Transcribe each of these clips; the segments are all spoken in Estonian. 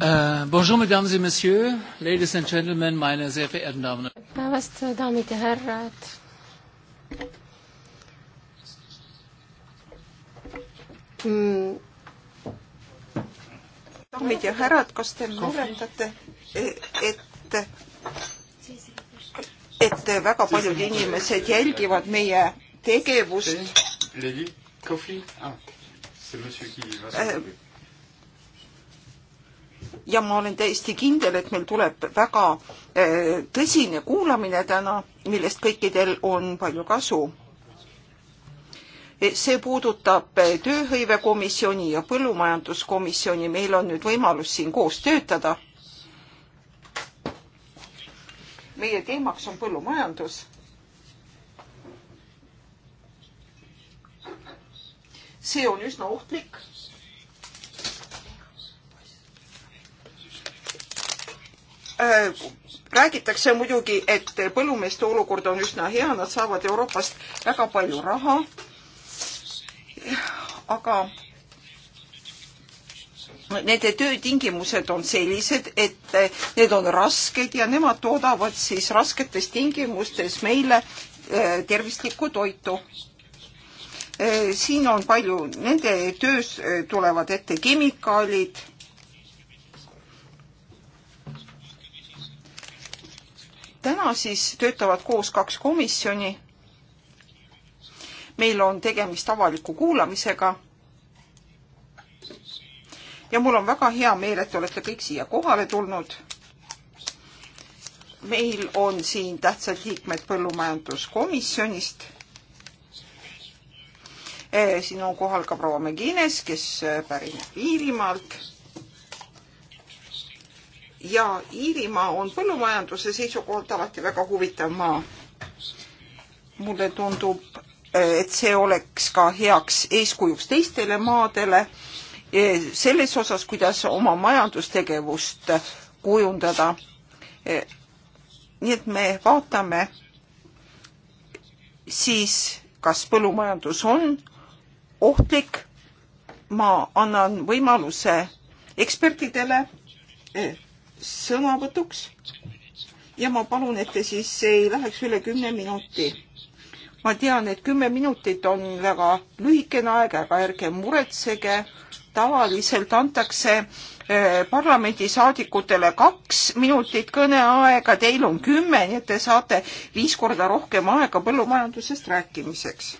Uh, bonjour, mesdames et messieurs, ladies and gentlemen, meine sehr verehrten Damen und Herren. Päevast, daamid ja härrad. Mm. daamid ja härrad, kas te mäletate, et, et väga paljud inimesed jälgivad meie tegevust? Lady, kohvi ah,? see monsieur qui va s'occuper ja ma olen täiesti kindel, et meil tuleb väga eh, tõsine kuulamine täna, millest kõikidel on palju kasu. Eh, see puudutab eh, tööhõivekomisjoni ja põllumajanduskomisjoni, meil on nüüd võimalus siin koos töötada. meie teemaks on põllumajandus see on üsna ohtlik Äh, räägitakse muidugi, et põllumeeste olukord on üsna hea, nad saavad Euroopast väga palju raha. aga nende töötingimused on sellised, et äh, need on rasked ja nemad toodavad siis rasketes tingimustes meile äh, tervislikku toitu. siin on palju, nende töös tulevad ette kemikaalid täna siis töötavad koos kaks komisjoni. meil on tegemist avaliku kuulamisega. ja mul on väga hea meel, et te olete kõik siia kohale tulnud. meil on siin tähtsad liikmed põllumajanduskomisjonist. Eh, siin on kohal ka proua Megines, kes eh, pärineb Iirimaalt ja Iirimaa on põllumajanduse seisukohalt alati väga huvitav maa. mulle tundub, et see oleks ka heaks eeskujuks teistele maadele e, selles osas, kuidas oma majandustegevust kujundada. E, nii et me vaatame siis, kas põllumajandus on ohtlik. ma annan võimaluse ekspertidele e, sõnavõtuks ja ma palun, et te siis ei läheks üle kümne minuti. ma tean, et kümme minutit on väga lühikene aeg, aga ärge muretsege, tavaliselt antakse eh, parlamendisaadikutele kaks minutit kõneaega, teil on kümme, nii et te saate viis korda rohkem aega põllumajandusest rääkimiseks.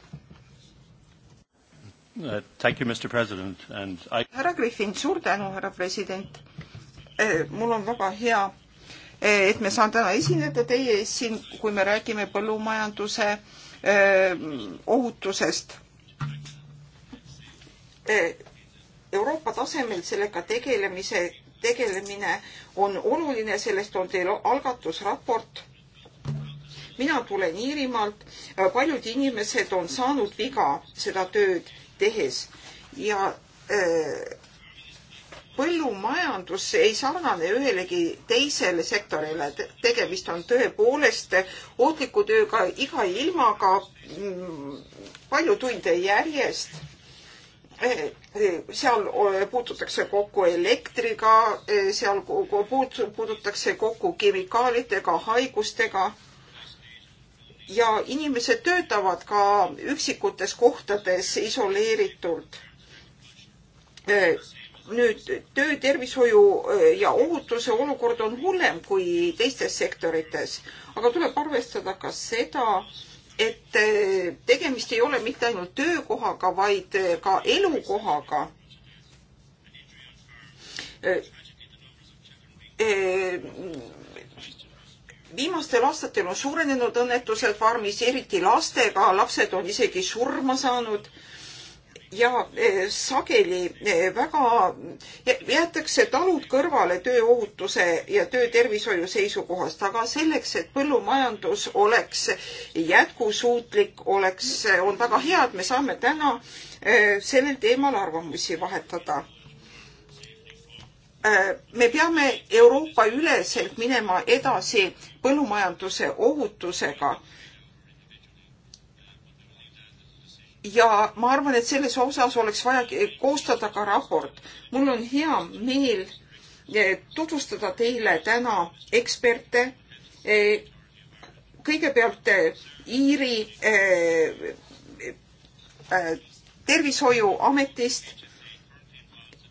härra Griffin, suur tänu, härra president. Eh, mul on väga hea, eh, et ma saan täna esineda teie ees siin, kui me räägime põllumajanduse eh, ohutusest. Euroopa tasemel sellega tegelemise, tegelemine on oluline, sellest on teil algatusraport. mina tulen Iirimaalt, paljud inimesed on saanud viga seda tööd tehes ja öö, põllumajandus ei sarnane ühelegi teisele sektorile, tegemist on tõepoolest ohtliku tööga iga ilmaga mm, palju tunde järjest. seal eh, puututakse kokku elektriga, eh, seal puututakse kokku kemikaalidega, haigustega ja inimesed töötavad ka üksikutes kohtades isoleeritult eh, nüüd töötervishoiu ja ohutuse olukord on hullem kui teistes sektorites, aga tuleb arvestada ka seda, et tegemist ei ole mitte ainult töökohaga, vaid ka elukohaga. viimastel aastatel on suurenenud õnnetused farmis, eriti lastega, lapsed on isegi surma saanud ja eh, sageli eh, väga jäetakse talud kõrvale tööohutuse ja töötervishoiu seisukohast, aga selleks, et põllumajandus oleks jätkusuutlik, oleks, on väga hea, et me saame täna eh, sellel teemal arvamusi vahetada me peame Euroopa üleselt minema edasi põllumajanduse ohutusega ja ma arvan, et selles osas oleks vaja koostada ka raport. mul on hea meel eh, tutvustada teile täna eksperte. Eh, kõigepealt eh, Iiri tervishoiuametist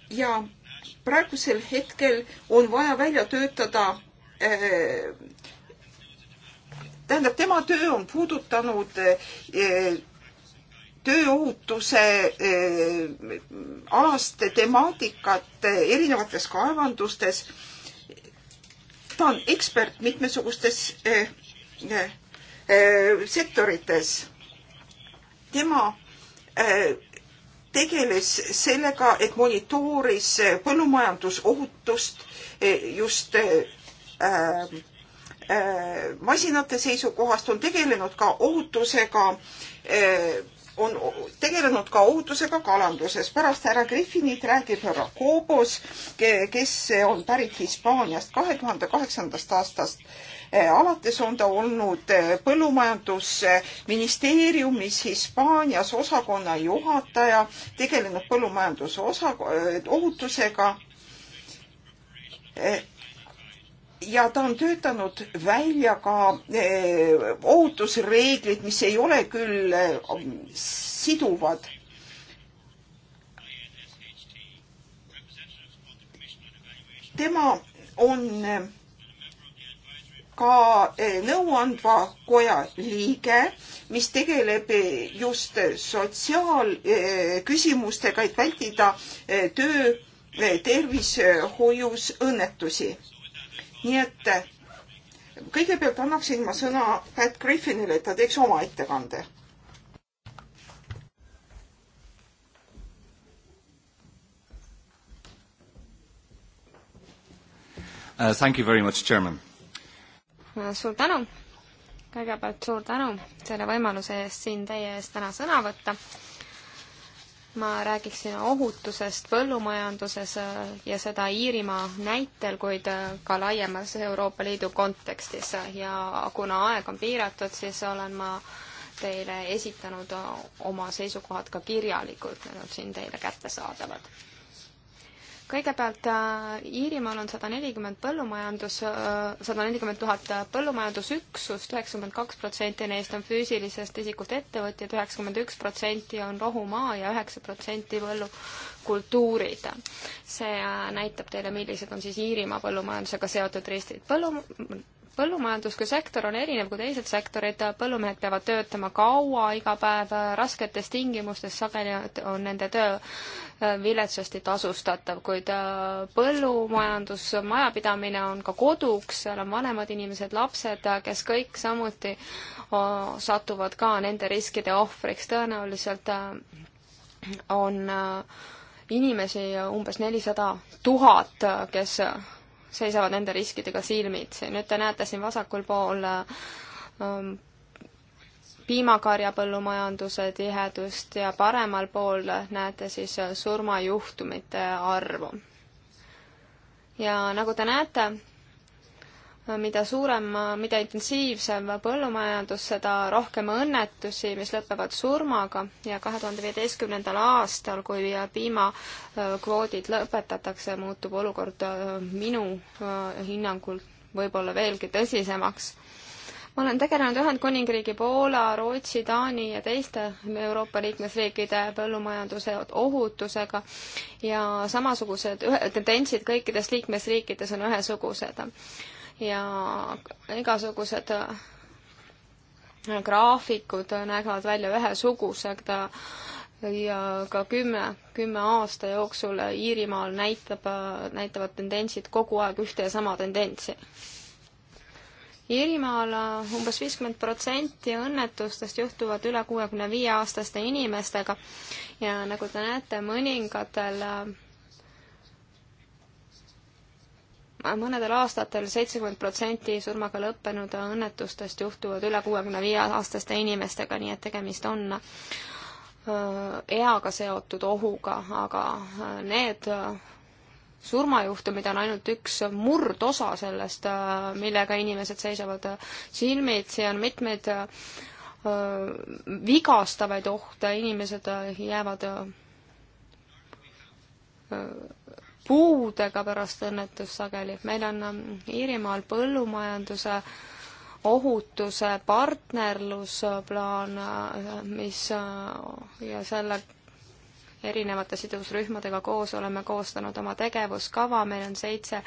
ja praegusel hetkel on vaja välja töötada tähendab, tema töö on puudutanud tööohutuse eh, alast temaatikat erinevates kaevandustes. ta on ekspert mitmesugustes eh, eh, sektorites. tema tegeles sellega, et monitooris põllumajandusohutust just masinate seisukohast, on tegelenud ka ohutusega on tegelenud ka ohutusega kalanduses. pärast härra Griffinit räägib härra Koobos, kes on pärit Hispaaniast kahe tuhande kaheksandast aastast. Eh, alates on ta olnud eh, põllumajandusministeeriumis Hispaanias osakonna juhataja, tegelenud põllumajanduse osa, eh, ohutusega ja ta on töötanud välja ka eh, ohutusreeglid, mis ei ole küll eh, siduvad. tema on eh, ka nõuandva koja liige, mis tegeleb just sotsiaalküsimustega, et vältida töö tervishoius õnnetusi nii et kõigepealt annaksin ma sõna Pat Griffinile, et ta teeks oma ettekande. Uh, thank you very much, Chairman. suur tänu. kõigepealt suur tänu selle võimaluse eest siin teie ees täna sõna võtta ma räägiksin ohutusest põllumajanduses äh, ja seda Iirimaa näitel, kuid äh, ka laiemas Euroopa Liidu kontekstis ja kuna aeg on piiratud, siis olen ma teile esitanud äh, oma seisukohad ka kirjalikult, need on siin teile kättesaadavad kõigepealt äh, Iirimaal on sada nelikümmend põllumajandus, äh, sada nelikümmend tuhat äh, põllumajandusüksust, üheksakümmend kaks protsenti neist on füüsilisest isikust ettevõtjad, üheksakümmend üks protsenti on rohumaa ja üheksa protsenti põllukultuurid. see näitab teile, millised on siis Iirimaa põllumajandusega seotud riskid. põllu-, põllumajandus kui sektor on erinev kui teised sektorid, põllumehed peavad töötama kaua iga päev, rasketes tingimustes sageli on nende töö äh, viletsasti tasustatav, kuid äh, põllumajandus, majapidamine on ka koduks, seal on vanemad inimesed, lapsed, kes kõik samuti äh, satuvad ka nende riskide ohvriks, tõenäoliselt on inimesi umbes nelisada tuhat, kes seisavad nende riskidega silmitsi. nüüd te näete siin vasakul pool um, piimakarjapõllumajanduse tihedust ja paremal pool näete siis surmajuhtumite arvu. ja nagu te näete, mida suurem, mida intensiivsem põllumajandus, seda rohkem õnnetusi, mis lõpevad surmaga ja kahe tuhande viieteistkümnendal aastal, kui piimakvoodid äh, lõpetatakse, muutub olukord äh, minu äh, hinnangul võib-olla veelgi tõsisemaks. ma olen tegelenud Ühendkuningriigi, Poola, Rootsi, Taani ja teiste Euroopa liikmesriikide põllumajanduse ohutusega ja samasugused tendentsid kõikides liikmesriikides on ühesugused ja igasugused äh, graafikud näevad välja ühesugused äh, ja ka kümme, kümme aasta jooksul Iirimaal näitab, äh, näitavad tendentsid kogu aeg ühte ja sama tendentsi. Iirimaal umbes viiskümmend protsenti õnnetustest juhtuvad üle kuuekümne viie aastaste inimestega ja nagu te näete, mõningatel mõnedel aastatel seitsekümmend protsenti surmaga lõppenud õnnetustest juhtuvad üle kuuekümne viie aastaste inimestega, nii et tegemist on eaga seotud ohuga, aga need surmajuhtumid on ainult üks murdosa sellest, millega inimesed seisavad silmitsi, on mitmeid vigastavaid ohte, inimesed jäävad puudega pärast õnnetust sageli. meil on ähm, Iirimaal põllumajanduse ohutuse partnerlusplaan, äh, mis äh, ja selle erinevate sidusrühmadega koos oleme koostanud oma tegevuskava, meil on seitse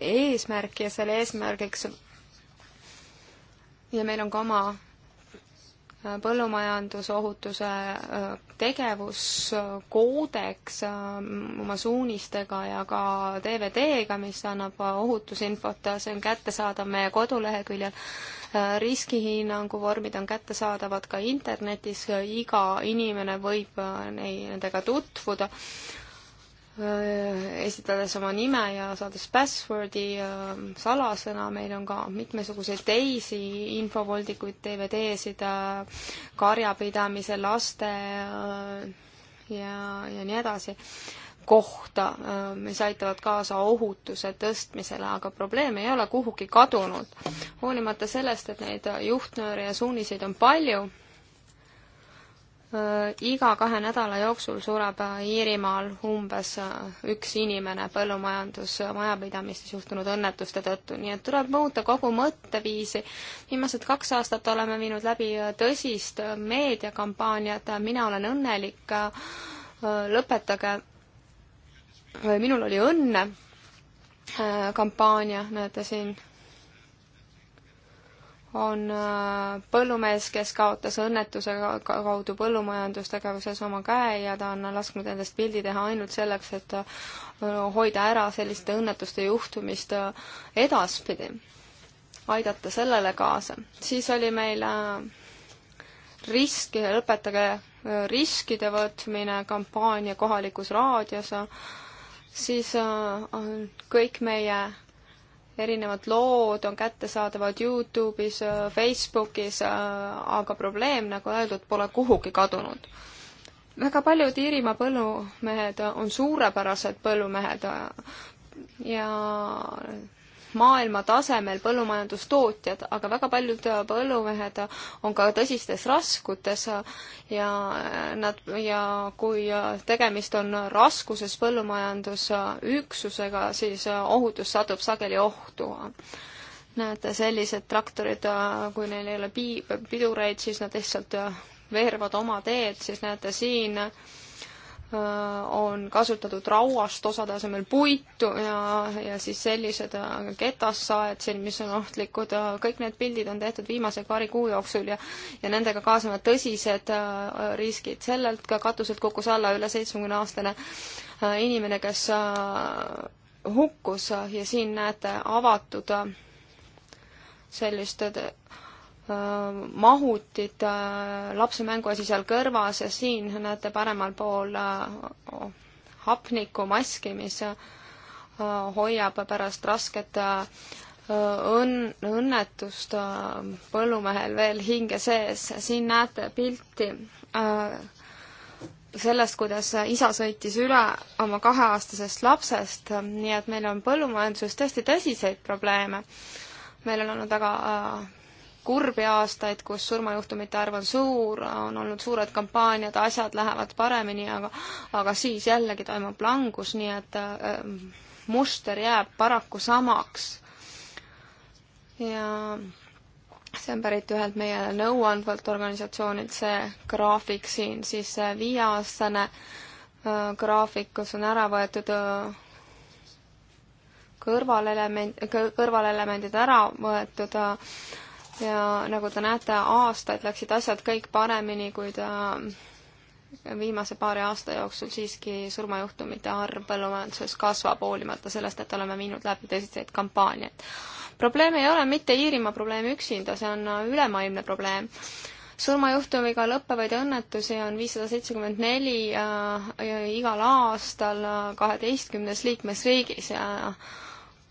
eesmärki ja selle eesmärgiks ja meil on ka oma põllumajandusohutuse äh, tegevuskoodeks äh, oma suunistega ja ka DVD-ga, mis annab ohutusinfot, see on kättesaadav meie koduleheküljel. Äh, riskihinnangu vormid on kättesaadavad ka internetis, iga inimene võib nendega tutvuda Äh, esitades oma nime ja saades password'i äh, salasõna, meil on ka mitmesuguseid teisi infovoldikuid, DVD-sid äh, karjapidamise, laste ja, ja nii edasi kohta, mis aitavad kaasa ohutuse tõstmisele, aga probleem ei ole kuhugi kadunud. hoolimata sellest, et neid juhtnööre ja suuniseid on palju, Äh, iga kahe nädala jooksul sureb äh, Iirimaal umbes äh, üks inimene põllumajandus, majapidamistes juhtunud õnnetuste tõttu, nii et tuleb muuta kogu mõtteviisi. viimased kaks aastat oleme viinud läbi tõsist meediakampaaniat Mina olen õnnelik, lõpetage, minul oli õnne kampaania, näete siin on äh, põllumees, kes kaotas õnnetuse kaudu põllumajandustegevuses oma käe ja ta on lasknud endast pildi teha ainult selleks, et äh, hoida ära selliste õnnetuste juhtumist äh, edaspidi, aidata sellele kaasa. siis oli meil riski, lõpetage riskide võtmine kampaania kohalikus raadios, siis kõik meie erinevad lood on kättesaadavad Youtube'is, Facebookis, aga probleem, nagu öeldud, pole kuhugi kadunud. väga paljud Iirimaa põllumehed on suurepärased põllumehed ja maailma tasemel põllumajandustootjad, aga väga paljud põllumehed on ka tõsistes raskutes ja nad ja kui tegemist on raskuses põllumajandusüksusega, siis ohutus satub sageli ohtu näete, sellised traktorid, kui neil ei ole pii-, pidureid, siis nad lihtsalt veervad oma teed, siis näete siin äh, Äh, on kasutatud rauast osade asemel puitu ja, ja siis sellised äh, ketassaed siin, mis on ohtlikud, äh, kõik need pildid on tehtud viimase paari kuu jooksul ja ja nendega kaasnevad tõsised riskid. sellelt ka katuselt kukkus alla üle seitsmekümne aastane inimene, kes hukkus ja siin näete avatud sellist Äh, mahutid, äh, lapse mänguasi seal kõrvas ja siin näete paremal pool äh, hapnikumaski, mis hoiab pärast rasket õnn, õnnetust põllumehel veel hinge sees. siin näete pilti sellest, kuidas isa sõitis üle oma kaheaastasest lapsest, nii et meil on põllumajanduses tõesti tõsiseid probleeme. meil on olnud väga kurbi aastaid, kus surmajuhtumite arv on suur, on olnud suured kampaaniad, asjad lähevad paremini, aga aga siis jällegi toimub langus, nii et äh, muster jääb paraku samaks. ja see on pärit ühelt meie nõuandvalt organisatsioonilt, see graafik siin, siis see viieaastane äh, graafik, kus on ära võetud äh, kõrvalelement, kõrvalelemendid ära võetud äh, ja nagu te näete, aastaid läksid asjad kõik paremini, kuid äh, viimase paari aasta jooksul siiski surmajuhtumite arv põllumajanduses kasvab, hoolimata sellest, et oleme viinud läbi tõsiseid kampaaniaid. probleem ei ole mitte Iirimaa probleem üksinda, see on äh, ülemaailmne probleem. surmajuhtumiga lõppevaid õnnetusi on viissada seitsekümmend neli äh, igal aastal kaheteistkümnes liikmesriigis ja, ja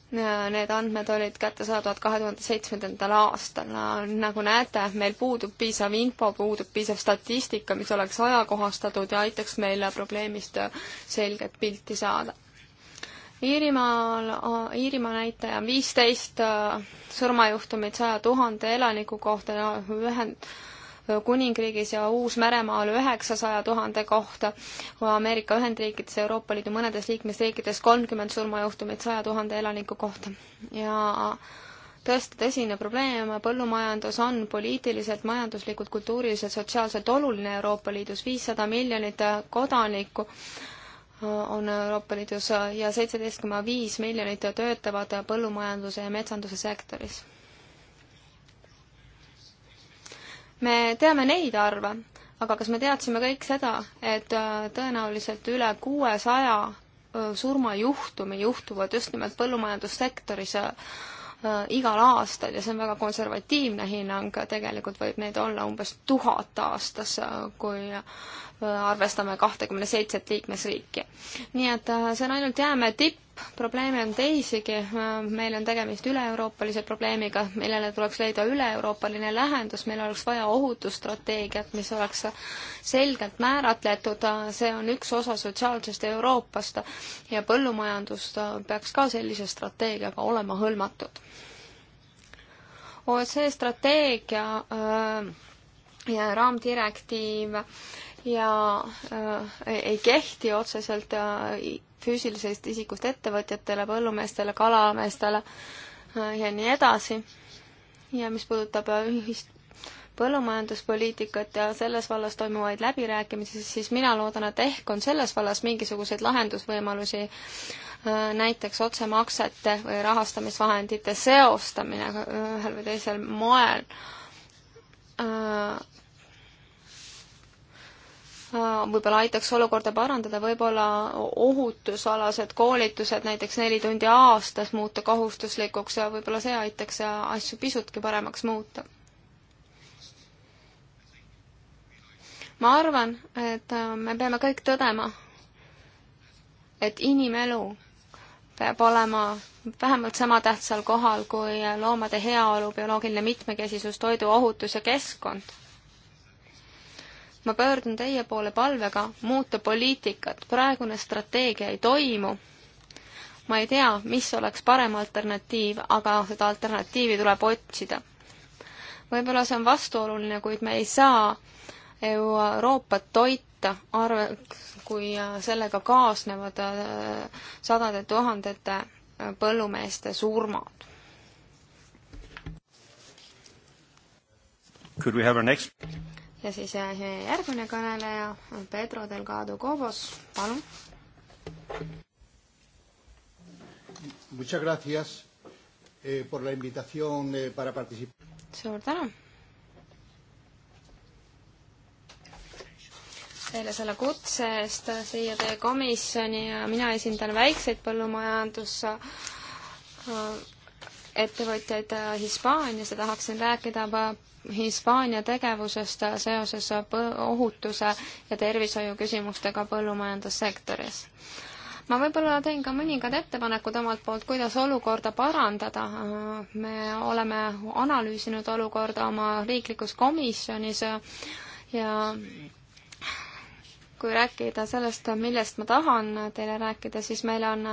Need andmed olid kättesaadavad kahe tuhande seitsmendal aastal. nagu näete, meil puudub piisav info, puudub piisav statistika, mis oleks ajakohastatud ja aitaks meil probleemist selget pilti saada. Iirimaal, Iirimaa näitaja on viisteist äh, surmajuhtumit saja tuhande elaniku kohta ja ühend-, Kuningriigis ja Uus-Meremaal üheksasaja tuhande kohta, Ameerika Ühendriikides, Euroopa Liidu mõnedes liikmesriikides kolmkümmend surmajuhtumit saja tuhande elaniku kohta. ja tõesti tõsine probleem, põllumajandus on poliitiliselt, majanduslikult, kultuuriliselt, sotsiaalselt oluline Euroopa Liidus, viissada miljonit kodanikku on Euroopa Liidus ja seitseteist koma viis miljonit töötavad põllumajanduse ja metsanduse sektoris me teame neid arve, aga kas me teadsime kõik seda, et äh, tõenäoliselt üle kuuesaja äh, surmajuhtumi juhtuvad just nimelt põllumajandussektoris äh, igal aastal ja see on väga konservatiivne hinnang, tegelikult võib neid olla umbes tuhat aastas, kui arvestame kahtekümne seitset liikmesriiki. nii et see on ainult jäämäe tipp, lõpp, probleeme on teisigi, meil on tegemist üle-euroopalise probleemiga, millele tuleks leida üle-euroopaline lahendus, meil oleks vaja ohutusstrateegiat, mis oleks selgelt määratletud, see on üks osa sotsiaalsest Euroopast ja põllumajandus peaks ka sellise strateegiaga olema hõlmatud. OSCE strateegia äh, ja raamdirektiiv ja äh, ei kehti otseselt äh, füüsilisest isikust ettevõtjatele, põllumeestele, kalameestele äh, ja nii edasi. ja mis puudutab äh, ühist põllumajanduspoliitikat ja selles vallas toimuvaid läbirääkimisi, siis mina loodan, et ehk on selles vallas mingisuguseid lahendusvõimalusi, äh, näiteks otsemaksete või rahastamisvahendite seostamine ühel või teisel moel Äh, võib-olla aitaks olukorda parandada, võib-olla ohutusalased koolitused näiteks neli tundi aastas muuta kohustuslikuks ja võib-olla see aitaks asju pisutki paremaks muuta. ma arvan, et äh, me peame kõik tõdema, et inimelu peab olema vähemalt sama tähtsal kohal kui loomade heaolu, bioloogiline mitmekesisus, toiduohutus ja keskkond ma pöördun teie poole palvega muuta poliitikat, praegune strateegia ei toimu. ma ei tea, mis oleks parem alternatiiv, aga seda alternatiivi tuleb otsida. võib-olla see on vastuoluline, kuid me ei saa Euroopat toita arve, kui sellega kaasnevad äh, sadade tuhandete äh, põllumeeste surmad. Could we have our next? ja siis äh, järgmine kõneleja on Pedro Delgado Cobos, palun. Muchas gracias eh, por la invitación eh, para participar. suur tänu. Teile selle kutse eest siia teie komisjoni ja mina esindan väikseid põllumajandus äh, ettevõtjaid äh, Hispaanias ja tahaksin rääkida Hispaania tegevusest seoses ohutuse ja tervishoiu küsimustega põllumajandussektoris. ma võib-olla teen ka mõningad ettepanekud omalt poolt, kuidas olukorda parandada. me oleme analüüsinud olukorda oma riiklikus komisjonis ja kui rääkida sellest, millest ma tahan teile rääkida, siis meil on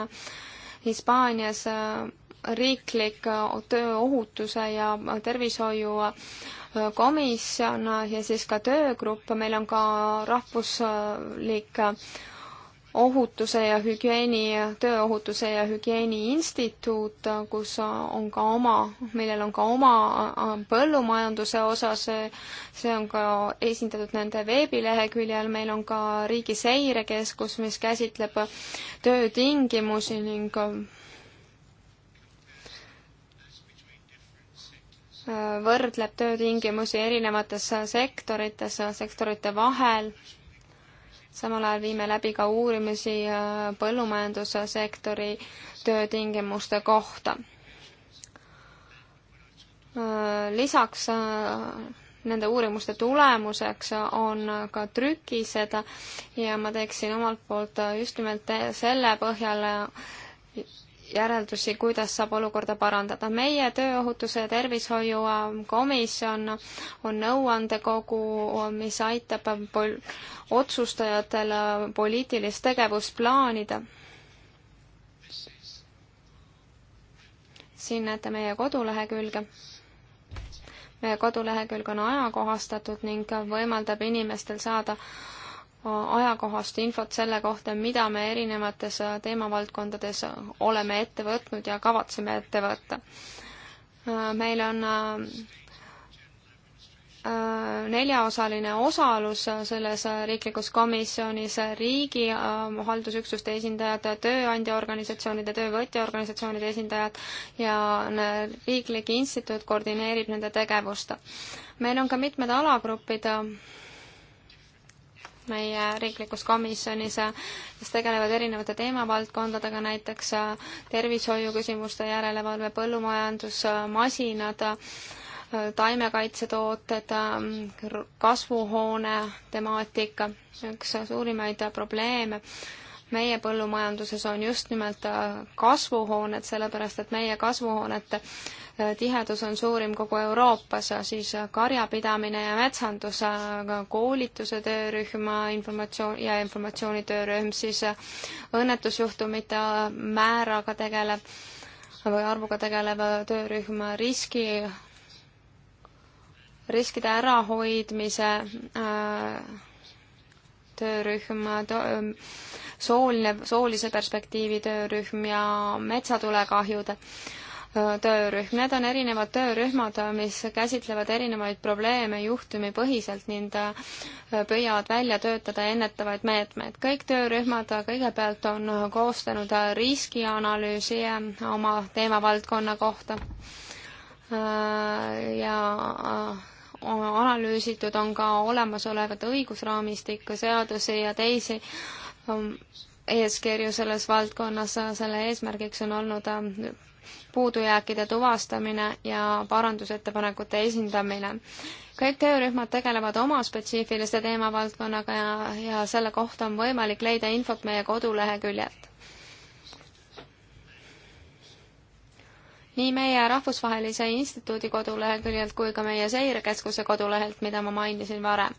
Hispaanias riiklik tööohutuse ja tervishoiu komisjon ja siis ka töögrupp, meil on ka rahvuslik ohutuse ja hügieeni, tööohutuse ja hügieeni instituut, kus on ka oma, millel on ka oma äh, põllumajanduse osa, see, see on ka esindatud nende veebileheküljel, meil on ka riigiseirekeskus, mis käsitleb töötingimusi ning äh, võrdleb töötingimusi erinevates sektorites, sektorite vahel. samal ajal viime läbi ka uurimisi äh, põllumajandussektori töötingimuste kohta. Äh, lisaks äh, nende uurimuste tulemuseks on ka trükised ja ma teeksin omalt poolt just nimelt selle põhjal järeldusi, kuidas saab olukorda parandada. meie Tööohutuse ja Tervishoiu ähm, Komisjon on nõuandekogu, mis aitab pol-, otsustajatel poliitilist tegevust plaanida. siin näete meie kodulehekülge meie kodulehekülg on ajakohastatud ning võimaldab inimestel saada ajakohast infot selle kohta, mida me erinevates äh, teemavaldkondades oleme ette võtnud ja kavatseme ette võtta. Äh, meil on äh, neljaosaline osalus selles riiklikus komisjonis, riigi haldusüksuste esindajad, tööandjaorganisatsioonide, töövõtjaorganisatsioonide esindajad ja riiklik instituut koordineerib nende tegevust. meil on ka mitmed alagrupid meie riiklikus komisjonis, kes tegelevad erinevate teemavaldkondadega, näiteks äh, tervishoiuküsimuste järelevalve, põllumajandus, äh, masinad, äh, taimekaitsetooted, kasvuhoone temaatika, üks suurimaid probleeme meie põllumajanduses on just nimelt kasvuhooned, sellepärast et meie kasvuhoonete tihedus on suurim kogu Euroopas, siis karjapidamine ja metsandus, koolituse töörühm, informatsioon ja informatsiooni töörühm, siis õnnetusjuhtumite määraga tegelev või arvuga tegelev töörühm, riski, riskide ärahoidmise äh, töörühm, ähm, sooline, soolise perspektiivi töörühm ja metsatulekahjude töörühm. Need on erinevad töörühmad, mis käsitlevad erinevaid probleeme juhtumipõhiselt ning äh, püüavad välja töötada ennetavaid meetmeid. kõik töörühmad äh, kõigepealt on äh, koostanud riskianalüüsi oma teemavaldkonna kohta ja analüüsitud on ka olemasolevat õigusraamistikku, seadusi ja teisi ähm, eeskirju selles valdkonnas, selle eesmärgiks on olnud puudujääkide tuvastamine ja parandusettepanekute esindamine. kõik töörühmad tegelevad oma spetsiifilise teemavaldkonnaga ja, ja selle kohta on võimalik leida infot meie koduleheküljelt. nii meie Rahvusvahelise Instituudi koduleheküljelt kui ka meie Seirekeskuse kodulehelt, mida ma mainisin varem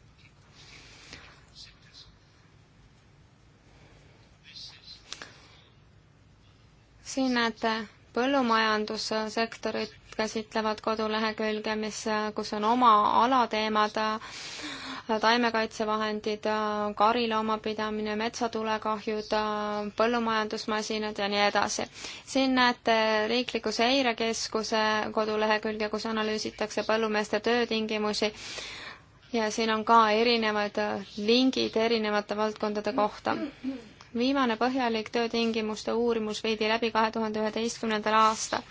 siin näete põllumajandussektorit käsitlevat kodulehekülge, mis, kus on oma alateemad, taimekaitsevahendid, kariloomapidamine, metsatulekahjud, põllumajandusmasinad ja nii edasi. siin näete Riikliku Seirekeskuse kodulehekülge, kus analüüsitakse põllumeeste töötingimusi ja siin on ka erinevad lingid erinevate valdkondade kohta viimane põhjalik töötingimuste uurimus viidi läbi kahe tuhande üheteistkümnendal aastal.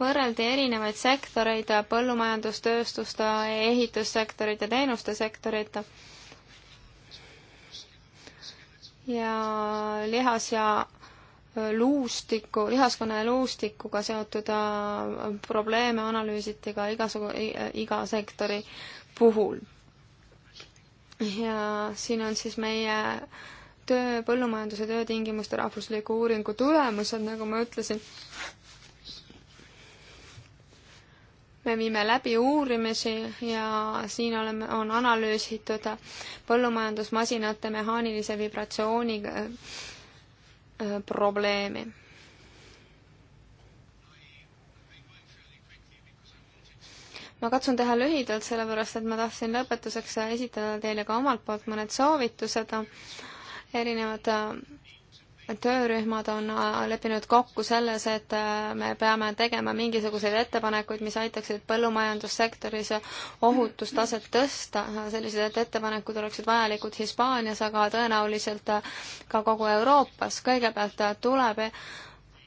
võrreldi erinevaid sektoreid, põllumajandustööstust, ehitussektorit ja teenuste sektorit ja lihas ja luustiku, lihaskonna ja luustikuga seotud äh, probleeme analüüsiti ka igasugu, iga sektori puhul. ja siin on siis meie äh, töö, äh, põllumajanduse töötingimuste rahvusliku uuringu tulemused, nagu ma ütlesin. me viime läbi uurimisi ja siin oleme, on analüüsitud põllumajandusmasinate mehaanilise vibratsiooni äh, äh, probleemi ma katsun teha lühidalt, sellepärast et ma tahtsin lõpetuseks esitada teile ka omalt poolt mõned soovitused erinevad äh, töörühmad on äh, leppinud kokku selles, et äh, me peame tegema mingisuguseid ettepanekuid, mis aitaksid põllumajandussektoris ohutustaset tõsta. sellised ettepanekud oleksid vajalikud Hispaanias, aga tõenäoliselt ka kogu Euroopas. kõigepealt tuleb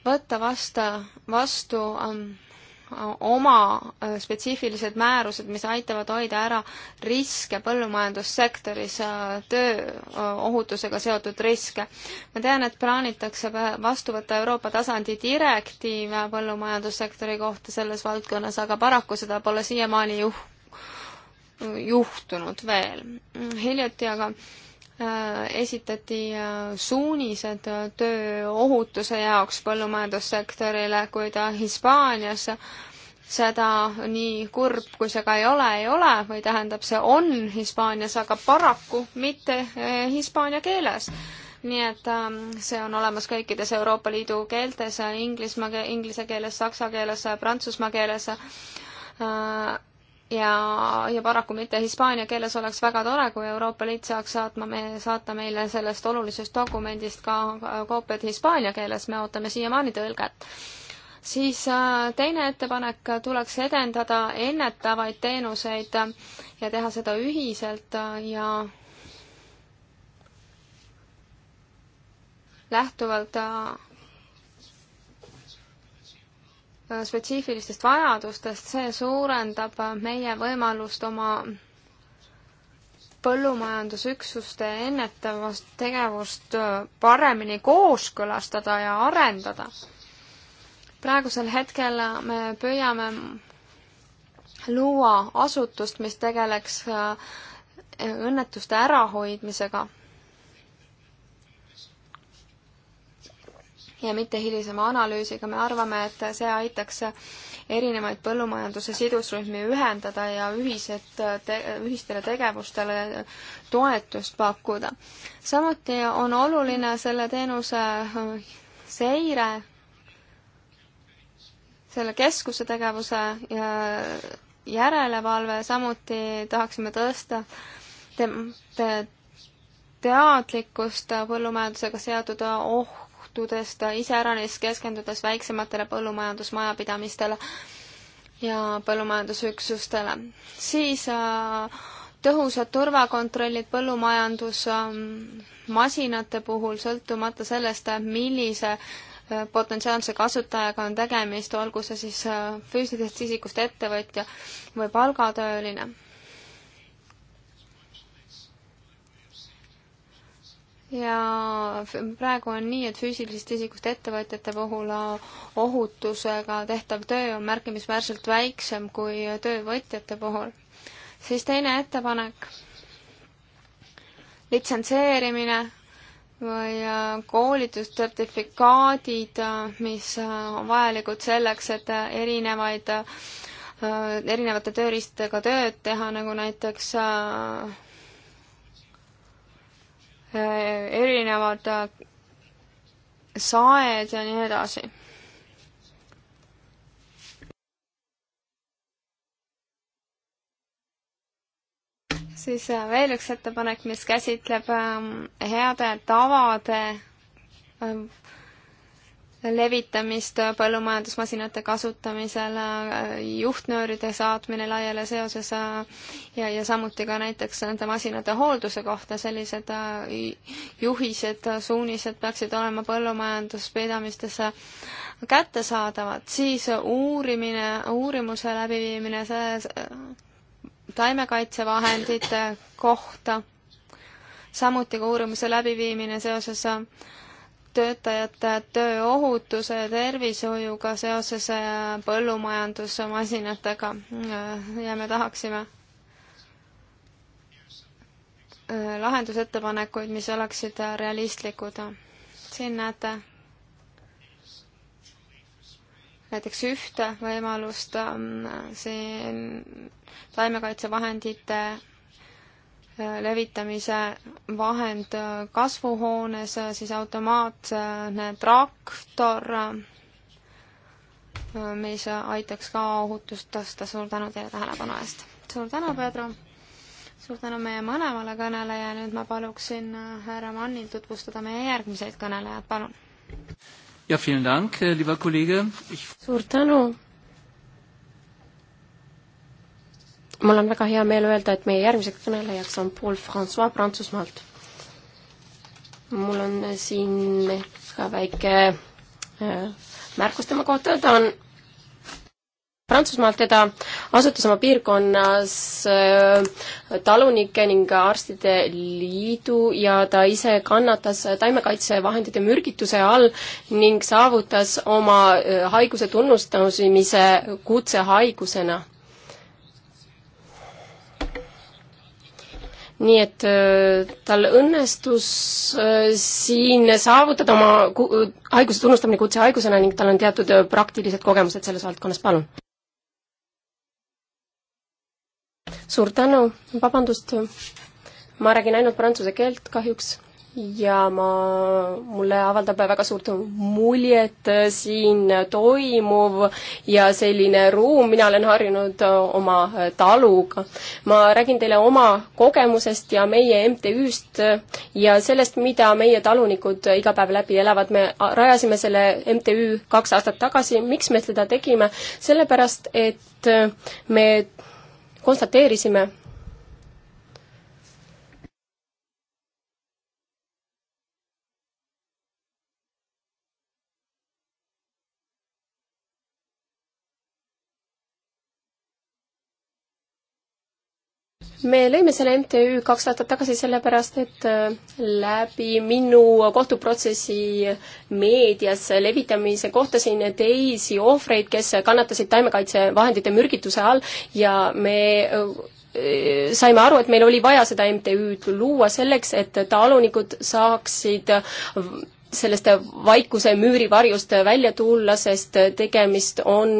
võtta vasta, vastu, vastu ähm, oma äh, spetsiifilised määrused, mis aitavad hoida ära riske põllumajandussektoris, äh, tööohutusega seotud riske. ma tean, et plaanitakse vastu võtta Euroopa tasandi direktiiv äh, põllumajandussektori kohta selles valdkonnas, aga paraku seda pole siiamaani juh-, juhtunud veel. Mm, hiljuti aga Äh, esitati äh, suunised äh, tööohutuse jaoks põllumajandussektorile, kuid Hispaanias seda nii kurb, kui see ka ei ole, ei ole või tähendab, see on Hispaanias, aga paraku mitte hispaania keeles. nii et ähm, see on olemas kõikides Euroopa Liidu keeltes, inglismaa, inglise keeles, saksa keeles, prantsusmaa keeles ja, ja paraku mitte hispaania keeles oleks väga tore, kui Euroopa Liit saaks saatma me, saata meile sellest olulisest dokumendist ka koopiad hispaania keeles, me ootame siiamaani tõlget. siis äh, teine ettepanek, tuleks edendada ennetavaid teenuseid ja teha seda ühiselt äh, ja lähtuvalt äh, Äh, spetsiifilistest vajadustest, see suurendab äh, meie võimalust oma põllumajandusüksuste ennetavast tegevust äh, paremini kooskõlastada ja arendada. praegusel hetkel me püüame luua asutust, mis tegeleks õnnetuste ärahoidmisega ja mitte hilisema analüüsiga, me arvame, et see aitaks erinevaid põllumajanduse sidusrühmi ühendada ja ühised te,, ühistele tegevustele toetust pakkuda. samuti on oluline selle teenuse äh, seire, selle keskuse tegevuse äh, järelevalve, samuti tahaksime tõsta te, te, teadlikkust põllumajandusega seotud oh, lähtudest, iseäranis keskendudes väiksematele põllumajandusmajapidamistele ja põllumajandusüksustele. siis äh, tõhusad turvakontrollid põllumajandusmasinate äh, puhul, sõltumata sellest, millise äh, potentsiaalse kasutajaga on tegemist, olgu see siis füüsilisest isikust ettevõtja või palgatööline ja praegu on nii, et füüsilisest isikust ettevõtjate puhul ohutusega tehtav töö on märkimisväärselt väiksem kui töövõtjate puhul. siis teine ettepanek, litsenseerimine või äh, koolitussertifikaadid, äh, mis äh, on vajalikud selleks, et erinevaid, erinevate tööriistadega tööd teha, nagu näiteks Äh, erinevad äh, saed ja nii edasi. siis äh, veel üks ettepanek, mis käsitleb ähm, heade tavade ähm, levitamist põllumajandusmasinate kasutamisel, juhtnööride saatmine laiale seoses ja, ja samuti ka näiteks nende masinate hoolduse kohta, sellised äh, juhised, suunised peaksid olema põllumajanduspidamistes kättesaadavad, siis uurimine, uurimuse läbiviimine selle taimekaitsevahendite kohta, samuti ka uurimuse läbiviimine seoses äh, töötajate tööohutuse ja tervishoiuga seoses äh, põllumajandusmasinatega äh, ja me tahaksime äh, lahendusettepanekuid, mis oleksid realistlikud. siin näete näiteks ühte võimalust, siin taimekaitsevahendite levitamise vahend kasvuhoones, siis automaatne traktor, mis aitaks ka ohutust tõsta. suur tänu teile tähelepanu eest! suur tänu, Pedro! suur tänu meie mõlemale kõneleja, nüüd ma paluksin härra Mannil tutvustada meie järgmiseid kõnelejad, palun! jah, vielen Dank, lieber Kollege ich...! suur tänu! mul on väga hea meel öelda, et meie järgmiseks kõnelejaks on Paul Francois Prantsusmaalt. mul on siin ka väike äh, märkus tema kohta, ta on Prantsusmaalt, teda asutas oma piirkonnas äh, Talunike ning Arstide Liidu ja ta ise kannatas taimekaitsevahendite mürgituse all ning saavutas oma äh, haiguse tunnustamise kutsehaigusena nii et äh, tal õnnestus äh, siin saavutada oma haiguse tunnustamine kutsehaigusena ning tal on teatud äh, praktilised kogemused selles valdkonnas, palun. suur tänu, vabandust, ma räägin ainult prantsuse keelt kahjuks ja ma, mulle avaldab väga suurt muljet äh, siin toimuv ja selline ruum, mina olen harjunud äh, oma äh, taluga. ma räägin teile oma kogemusest ja meie MTÜ-st ja sellest, mida meie talunikud iga päev läbi elavad. me rajasime selle MTÜ kaks aastat tagasi, miks me seda tegime? sellepärast, et me konstateerisime, me lõime selle MTÜ kaks aastat tagasi sellepärast, et äh, läbi minu kohtuprotsessi meedias levitamise kohtasin teisi ohvreid, kes kannatasid taimekaitsevahendite mürgituse all ja me äh, saime aru, et meil oli vaja seda MTÜ-d luua selleks, et talunikud saaksid sellest vaikuse müüri varjust välja tulla, sest tegemist on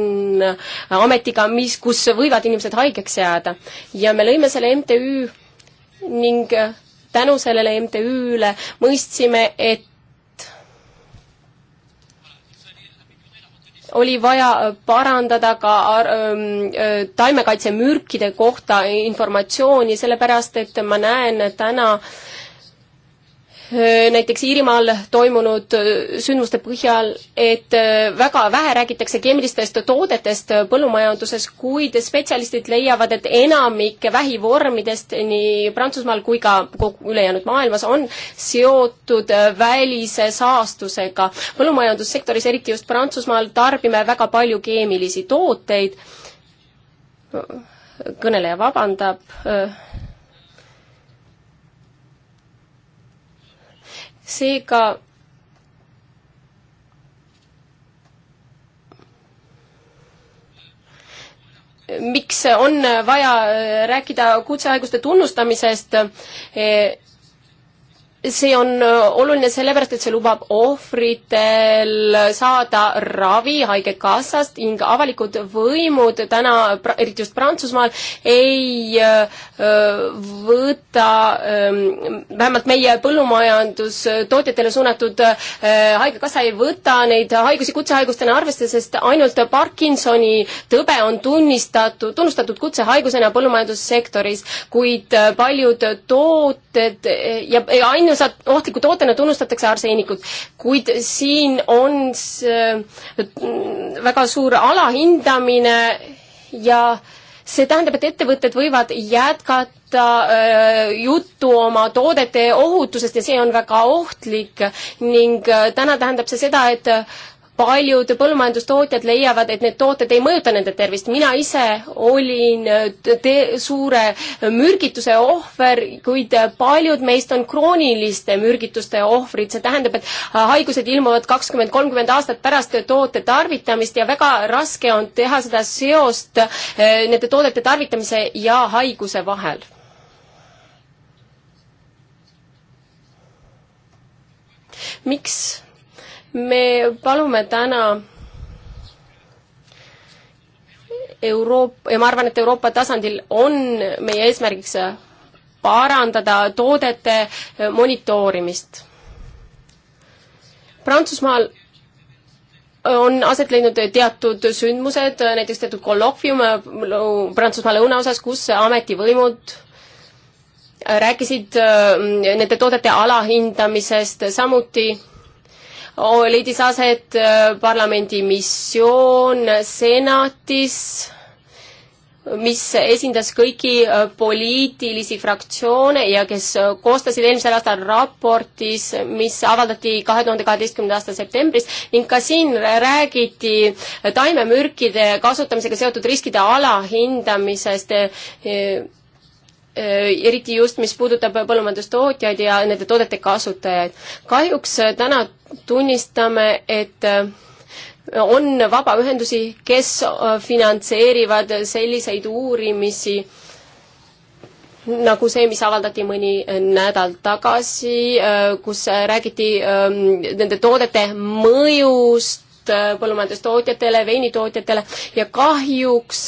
ametiga, mis, kus võivad inimesed haigeks jääda. ja me lõime selle MTÜ ning tänu sellele MTÜ-le mõistsime, et oli vaja parandada ka ähm, äh, taimekaitsemürkide kohta informatsiooni, sellepärast et ma näen täna äh, Äh, näiteks Iirimaal toimunud äh, sündmuste põhjal, et äh, väga vähe räägitakse keemilistest toodetest põllumajanduses, kuid spetsialistid leiavad, et enamik vähivormidest nii Prantsusmaal kui ka kogu ülejäänud maailmas on seotud välise saastusega. põllumajandussektoris, eriti just Prantsusmaal, tarbime väga palju keemilisi tooteid. kõneleja vabandab seega miks on vaja rääkida kutsehaiguste tunnustamisest see on äh, oluline sellepärast, et see lubab ohvritel saada ravi Haigekassast ning avalikud võimud täna, eriti just Prantsusmaal, ei äh, võta ähm, vähemalt meie põllumajandustootjatele suunatud äh, Haigekassa ei võta neid haigusi kutsehaigustena arvesse, sest ainult Parkinsoni tõbe on tunnistatud, tunnustatud kutsehaigusena põllumajandussektoris, kuid paljud tooted ja, ja ainult tunnusa, ohtliku tootena tunnustatakse arseenikut, kuid siin on see äh, väga suur alahindamine ja see tähendab, et ettevõtted võivad jätkata äh, juttu oma toodete ohutusest ja see on väga ohtlik ning äh, täna tähendab see seda, et paljud põllumajandustootjad leiavad, et need tooted ei mõjuta nende tervist. mina ise olin äh, suure mürgituse ohver, kuid paljud meist on krooniliste mürgituste ohvrid. see tähendab, et äh, haigused ilmuvad kakskümmend, kolmkümmend aastat pärast toote tarvitamist ja väga raske on teha seda seost äh, nende toodete tarvitamise ja haiguse vahel miks me palume täna Euroopa ja ma arvan, et Euroopa tasandil on meie eesmärgiks parandada toodete monitoorimist. Prantsusmaal on aset leidnud teatud sündmused, näiteks teatud kolloquium Prantsusmaa lõunaosas, kus ametivõimud rääkisid äh, nende toodete alahindamisest, samuti leidis aset äh, parlamendi missioon senatis, mis esindas kõiki äh, poliitilisi fraktsioone ja kes äh, koostasid eelmisel aastal raportis, mis avaldati kahe tuhande kaheteistkümnenda aasta septembris ning ka siin räägiti taimemürkide kasutamisega seotud riskide alahindamisest eriti just, mis puudutab põllumajandustootjaid ja nende toodete kasutajaid. kahjuks täna tunnistame, et äh, on vabaühendusi, kes äh, finantseerivad selliseid uurimisi, nagu see, mis avaldati mõni nädal tagasi, äh, kus räägiti ähm, nende toodete mõjust põllumajandustootjatele, veinitootjatele ja kahjuks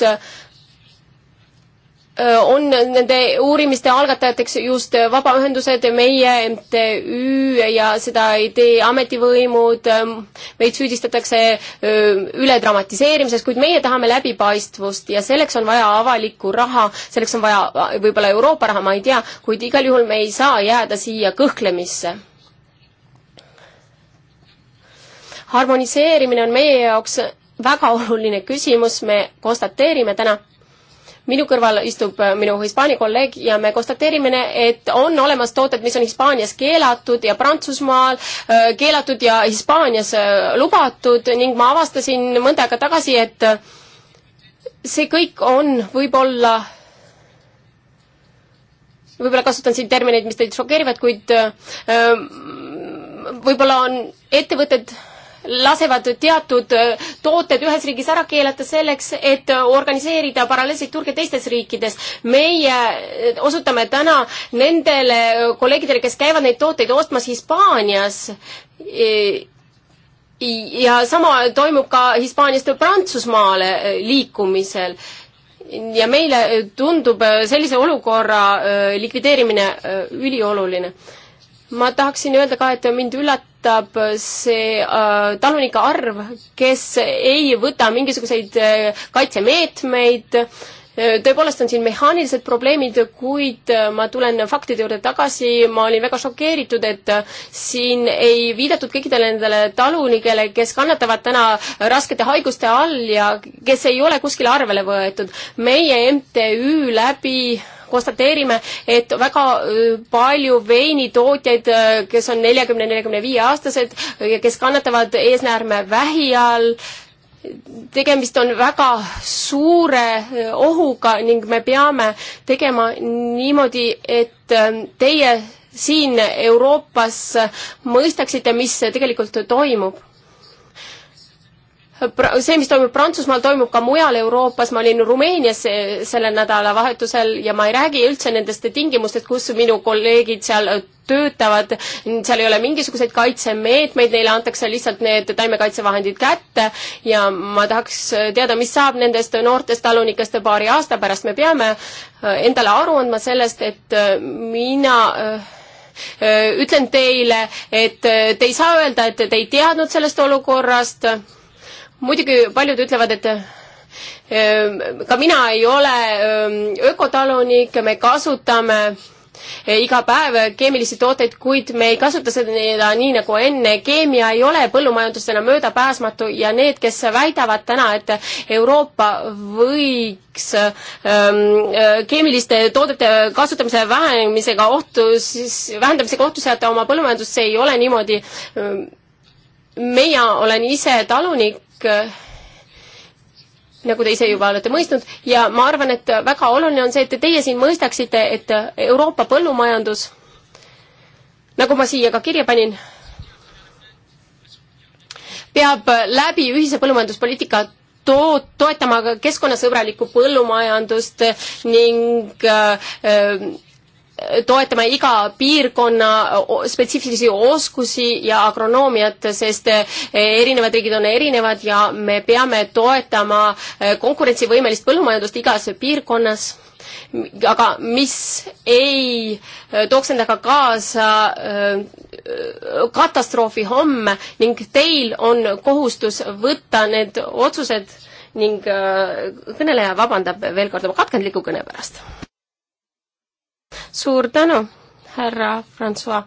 Äh, on nende uurimiste algatajateks just vabaühendused, meie MTÜ ja seda ei tee ametivõimud, ähm, meid süüdistatakse äh, üledramatiseerimises, kuid meie tahame läbipaistvust ja selleks on vaja avalikku raha, selleks on vaja äh, võib-olla Euroopa raha, ma ei tea, kuid igal juhul me ei saa jääda siia kõhklemisse harmoniseerimine on meie jaoks väga oluline küsimus, me konstateerime täna, minu kõrval istub äh, minu Hispaania kolleeg ja me konstateerime, et on olemas tooted, mis on Hispaanias keelatud ja Prantsusmaal äh, keelatud ja Hispaanias äh, lubatud ning ma avastasin mõnda aega tagasi, et see kõik on võib-olla, võib-olla kasutan siin termineid, mis teid šokeerivad, kuid võib-olla on ettevõtted lasevad teatud äh, tooted ühes riigis ära keelata selleks, et äh, organiseerida paralleelseid turge teistes riikides. meie äh, osutame täna nendele kolleegidele, kes käivad neid tooteid ostmas Hispaanias ja sama toimub ka Hispaaniast Prantsusmaale liikumisel. ja meile tundub sellise olukorra likvideerimine ülioluline ma tahaksin öelda ka, et mind üllatab see äh, talunike arv, kes ei võta mingisuguseid äh, kaitsemeetmeid äh,, tõepoolest on siin mehaanilised probleemid, kuid äh, ma tulen faktide juurde tagasi, ma olin väga šokeeritud, et äh, siin ei viidatud kõikidele nendele talunikele, kes kannatavad täna raskete haiguste all ja kes ei ole kuskile arvele võetud. meie MTÜ läbi konstateerime, et väga palju veinitootjaid, kes on neljakümne, neljakümne viie aastased ja kes kannatavad eesnäärmevähi all, tegemist on väga suure ohuga ning me peame tegema niimoodi, et teie siin Euroopas mõistaksite, mis tegelikult toimub see, mis toimub Prantsusmaal, toimub ka mujal Euroopas, ma olin Rumeenias sellel nädalavahetusel ja ma ei räägi üldse nendest tingimustest, kus minu kolleegid seal töötavad, seal ei ole mingisuguseid kaitsemeetmeid, neile antakse lihtsalt need taimekaitsevahendid kätte ja ma tahaks teada, mis saab nendest noortest talunikest paari aasta pärast, me peame äh, endale aru andma sellest, et äh, mina äh, ütlen teile, et te ei saa öelda, et te ei teadnud sellest olukorrast muidugi paljud ütlevad, et ähm, ka mina ei ole ähm, ökotalunik, me kasutame äh, iga päev keemilisi tooteid, kuid me ei kasuta seda nii nagu enne. keemia ei ole põllumajandusena möödapääsmatu ja need, kes väidavad täna, et Euroopa võiks ähm, äh, keemiliste toodete kasutamise vähenemisega ohtu, siis vähendamisega ohtu seada oma põllumajandust, see ei ole niimoodi ähm, meie olen ise talunik nagu te ise juba olete mõistnud ja ma arvan, et väga oluline on see, et teie siin mõistaksite, et Euroopa põllumajandus, nagu ma siia ka kirja panin, peab läbi ühise põllumajanduspoliitika to-, toetama ka keskkonnasõbralikku põllumajandust ning äh, toetama iga piirkonna spetsiifilisi oskusi ja agronoomiat, sest eh, erinevad riigid on erinevad ja me peame toetama eh, konkurentsivõimelist põllumajandust igas piirkonnas, aga mis ei eh, tooks endaga kaasa katastroofi homme ning teil on kohustus võtta need otsused ning kõneleja vabandab veel kord oma katkendliku kõne pärast suur tänu, härra Francois.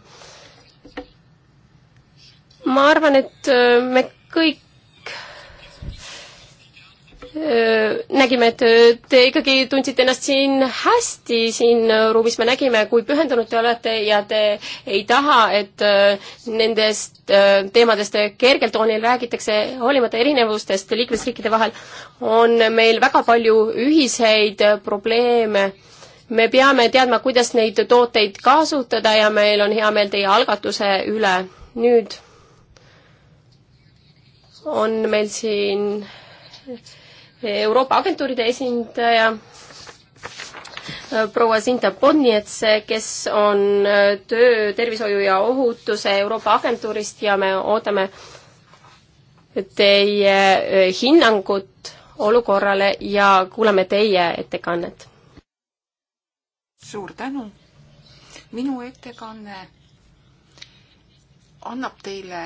ma arvan, et äh, me kõik äh, nägime, et äh, te ikkagi tundsite ennast siin hästi siin ruumis, me nägime, kui pühendunud te olete ja te ei taha, et nendest teemadest kergeltoonil räägitakse, hoolimata erinevustest liikmesriikide vahel, on meil väga palju ühiseid probleeme me peame teadma, kuidas neid tooteid kasutada ja meil on hea meel teie algatuse üle. nüüd on meil siin Euroopa agentuuride esindaja proua Sinta Bonniets, kes on töö, tervishoiu ja ohutuse Euroopa agentuurist ja me ootame teie hinnangut olukorrale ja kuulame teie ettekannet suur tänu. minu ettekanne annab teile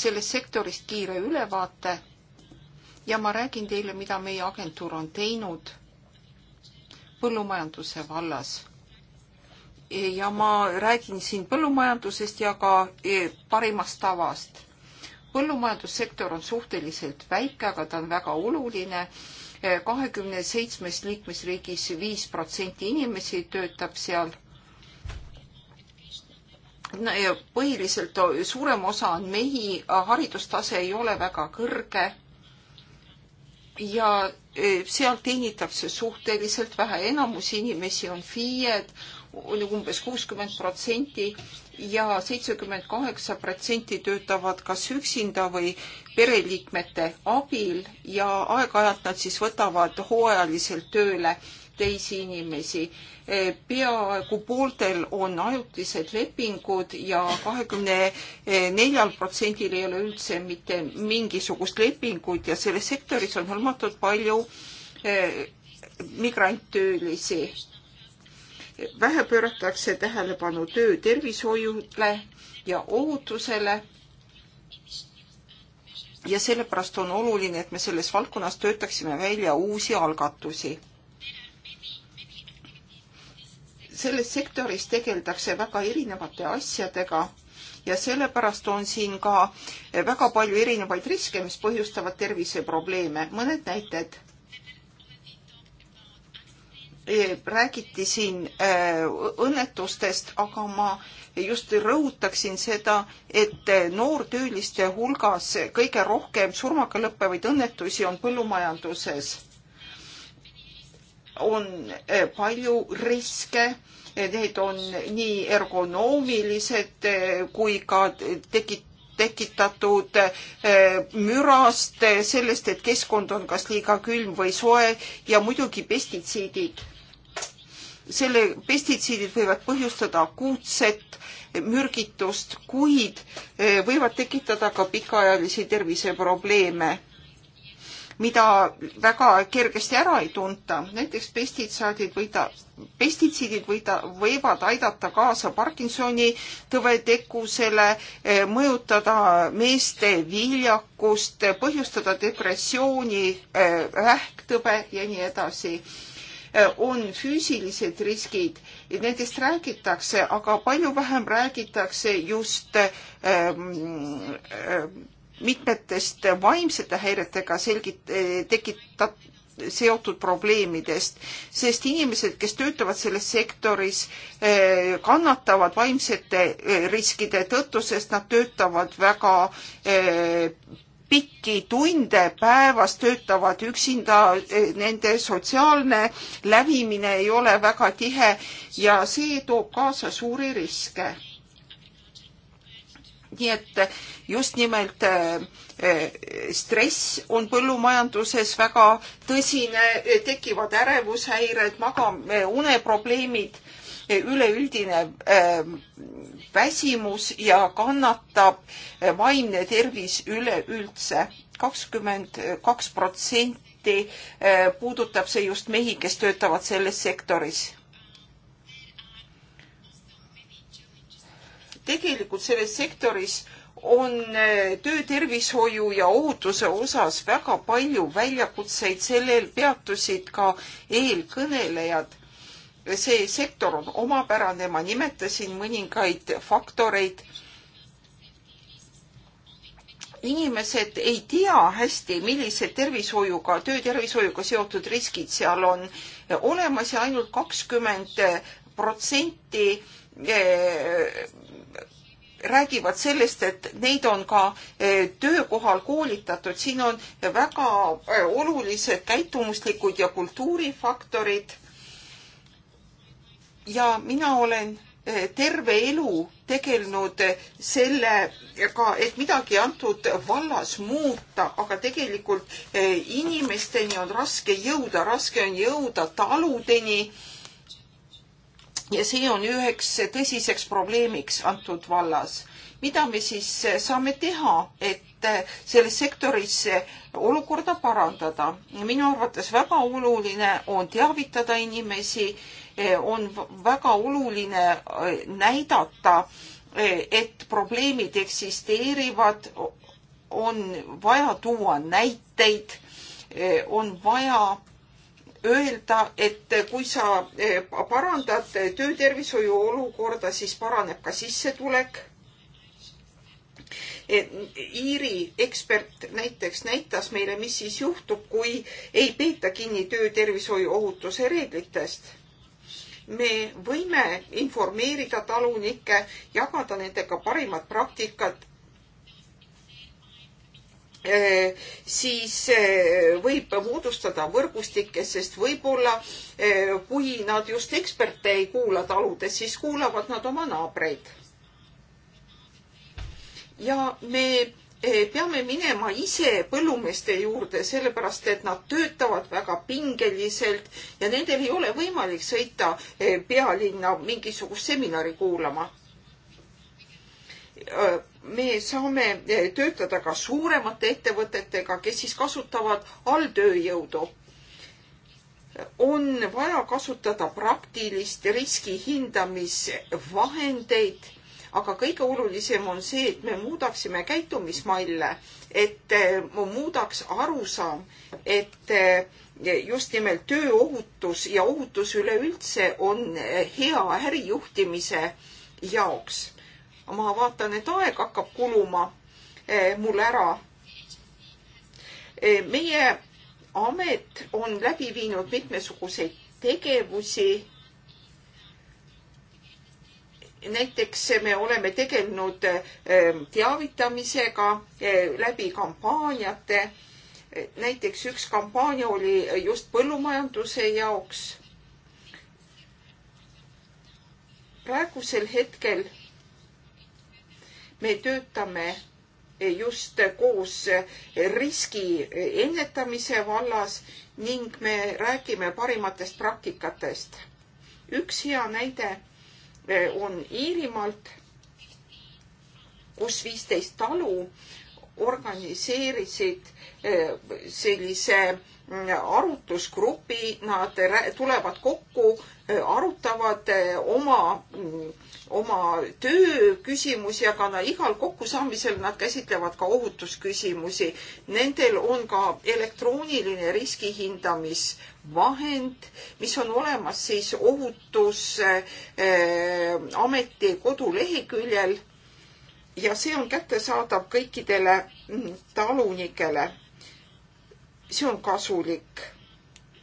sellest sektorist kiire ülevaate ja ma räägin teile, mida meie agentuur on teinud põllumajanduse vallas. ja ma räägin siin põllumajandusest ja ka e, parimast tavast. põllumajandussektor on suhteliselt väike, aga ta on väga oluline kahekümne seitsmest liikmesriigis viis protsenti inimesi töötab seal. no ja põhiliselt suurem osa on mehi, haridustase ei ole väga kõrge. ja e, seal teenitakse suhteliselt vähe, enamus inimesi on FIE-d, umbes kuuskümmend protsenti ja seitsekümmend kaheksa protsenti töötavad kas üksinda või pereliikmete abil ja aeg-ajalt nad siis võtavad hooajaliselt tööle teisi inimesi. Eh, peaaegu pooltel on ajutised lepingud ja kahekümne neljal protsendil ei ole üldse mitte mingisugust lepingut ja selles sektoris on hõlmatud palju eh, migranttöölisi. vähe pööratakse tähelepanu töötervishoiule ja ohutusele ja sellepärast on oluline, et me selles valdkonnas töötaksime välja uusi algatusi. selles sektoris tegeldakse väga erinevate asjadega ja sellepärast on siin ka väga palju erinevaid riske, mis põhjustavad terviseprobleeme. mõned näited. räägiti siin äh, õnnetustest, aga ma just rõhutaksin seda, et noortööliste hulgas kõige rohkem surmaga lõppevaid õnnetusi on põllumajanduses. on eh, palju riske, need on nii ergonoomilised eh, kui ka tekit-, tekitatud eh, mürast, sellest, et keskkond on kas liiga külm või soe ja muidugi pestitsiidid. selle, pestitsiidid võivad põhjustada akuutset mürgitust, kuid eh, võivad tekitada ka pikaajalisi terviseprobleeme, mida väga kergesti ära ei tunta. näiteks pestitsiidid või ta, pestitsiidid või ta, võivad aidata kaasa Parkinsoni tõvetekkusele, eh, mõjutada meeste viljakust, põhjustada depressiooni, vähktõbe eh, ja nii edasi on füüsilised riskid, nendest räägitakse, aga palju vähem räägitakse just ähm, ähm mitmetest vaimsete häiretega selgit-, tekitab, seotud probleemidest, sest inimesed, kes töötavad selles sektoris, äh, kannatavad vaimsete äh, riskide tõttu, sest nad töötavad väga äh, pikki tunde päevas töötavad üksinda, e, nende sotsiaalne lävimine ei ole väga tihe ja see toob kaasa suuri riske. nii et just nimelt e, e, stress on põllumajanduses väga tõsine, tekivad ärevushäired, magam-, uneprobleemid Eh, üleüldine eh, väsimus ja kannatab eh, vaimne tervis üleüldse. kakskümmend kaks protsenti puudutab see just mehi, kes töötavad selles sektoris. tegelikult selles sektoris on töötervishoiu ja ohutuse osas väga palju väljakutseid, sellel peatusid ka eelkõnelejad see sektor on omapärane, ma nimetasin mõningaid faktoreid. inimesed ei tea hästi, millised tervishoiuga, töötervishoiuga seotud riskid seal on olemas ja ainult kakskümmend protsenti eh, räägivad sellest, et neid on ka eh, töökohal koolitatud, siin on väga eh, olulised käitumuslikud ja kultuurifaktorid ja mina olen eh, terve elu tegelenud eh, sellega, eh, et midagi antud vallas muuta, aga tegelikult inimesteni on raske jõuda, raske on jõuda taludeni. ja see on üheks tõsiseks probleemiks antud vallas. mida me siis saame teha, et selles sektoris olukorda parandada? minu arvates väga oluline on teavitada inimesi Eh, on väga oluline eh, näidata, eh, et probleemid eksisteerivad, on vaja tuua näiteid, on vaja öelda, et kui sa parandad töötervishoiu olukorda, siis paraneb ka sissetulek. Iiri ekspert näiteks näitas meile, mis siis juhtub, kui ei peeta kinni töötervishoiu ohutuse reeglitest me võime informeerida talunikke, jagada nendega parimad praktikad, siis e, võib moodustada võrgustikke, sest võib-olla e, kui nad just eksperte ei kuula taludes, siis kuulavad nad oma naabreid. ja me Eh, peame minema ise põllumeeste juurde, sellepärast et nad töötavad väga pingeliselt ja nendel ei ole võimalik sõita eh, pealinna mingisugust seminari kuulama. Eh, me saame töötada ka suuremate ettevõtetega, kes siis kasutavad alltööjõudu on vaja kasutada praktilist riski hindamisvahendeid aga kõige olulisem on see, et me muudaksime käitumismalle, et eh, muudaks arusaam, et eh, just nimelt tööohutus ja ohutus üleüldse on eh, hea ärijuhtimise jaoks. ma vaatan, et aeg hakkab kuluma mul ära. meie amet on läbi viinud mitmesuguseid tegevusi näiteks me oleme tegelenud ähm, teavitamisega äh, läbi kampaaniate. näiteks üks kampaania oli just põllumajanduse jaoks. praegusel hetkel me töötame äh, just koos äh, riski ennetamise vallas ning me räägime parimatest praktikatest. üks hea näide Äh, on Iirimaalt, kus viisteist talu organiseerisid äh, sellise mm, arutlusgrupi, nad tulevad kokku arutavad eh, oma, oma tööküsimusi, aga na, igal kokkusaamisel nad käsitlevad ka ohutusküsimusi. Nendel on ka elektrooniline riskihindamisvahend, mis on olemas siis ohutusameti eh, äh, koduleheküljel ja see on kättesaadav kõikidele mm, talunikele. see on kasulik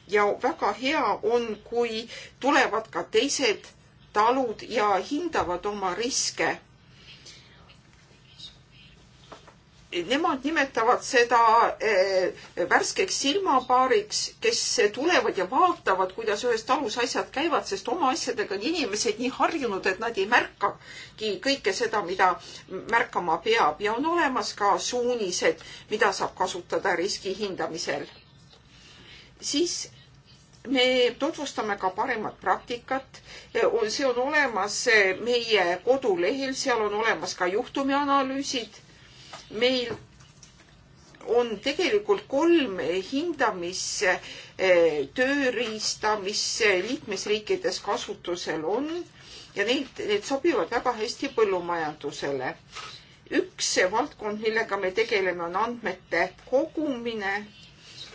ja väga hea on, kui tulevad ka teised talud ja hindavad oma riske. Nemad nimetavad seda eh, värskeks silmapaariks, kes tulevad ja vaatavad, kuidas ühes talus asjad käivad, sest oma asjadega on inimesed nii harjunud, et nad ei märkagi kõike seda, mida märkama peab ja on olemas ka suunised, mida saab kasutada riski hindamisel siis me tutvustame ka paremat praktikat. see on olemas eh, meie kodulehel, seal on olemas ka juhtumianalüüsid. meil on tegelikult kolm hindamistööriista, eh, mis eh, liikmesriikides kasutusel on ja neid, need sobivad väga hästi põllumajandusele. üks valdkond, millega me tegeleme, on andmete kogumine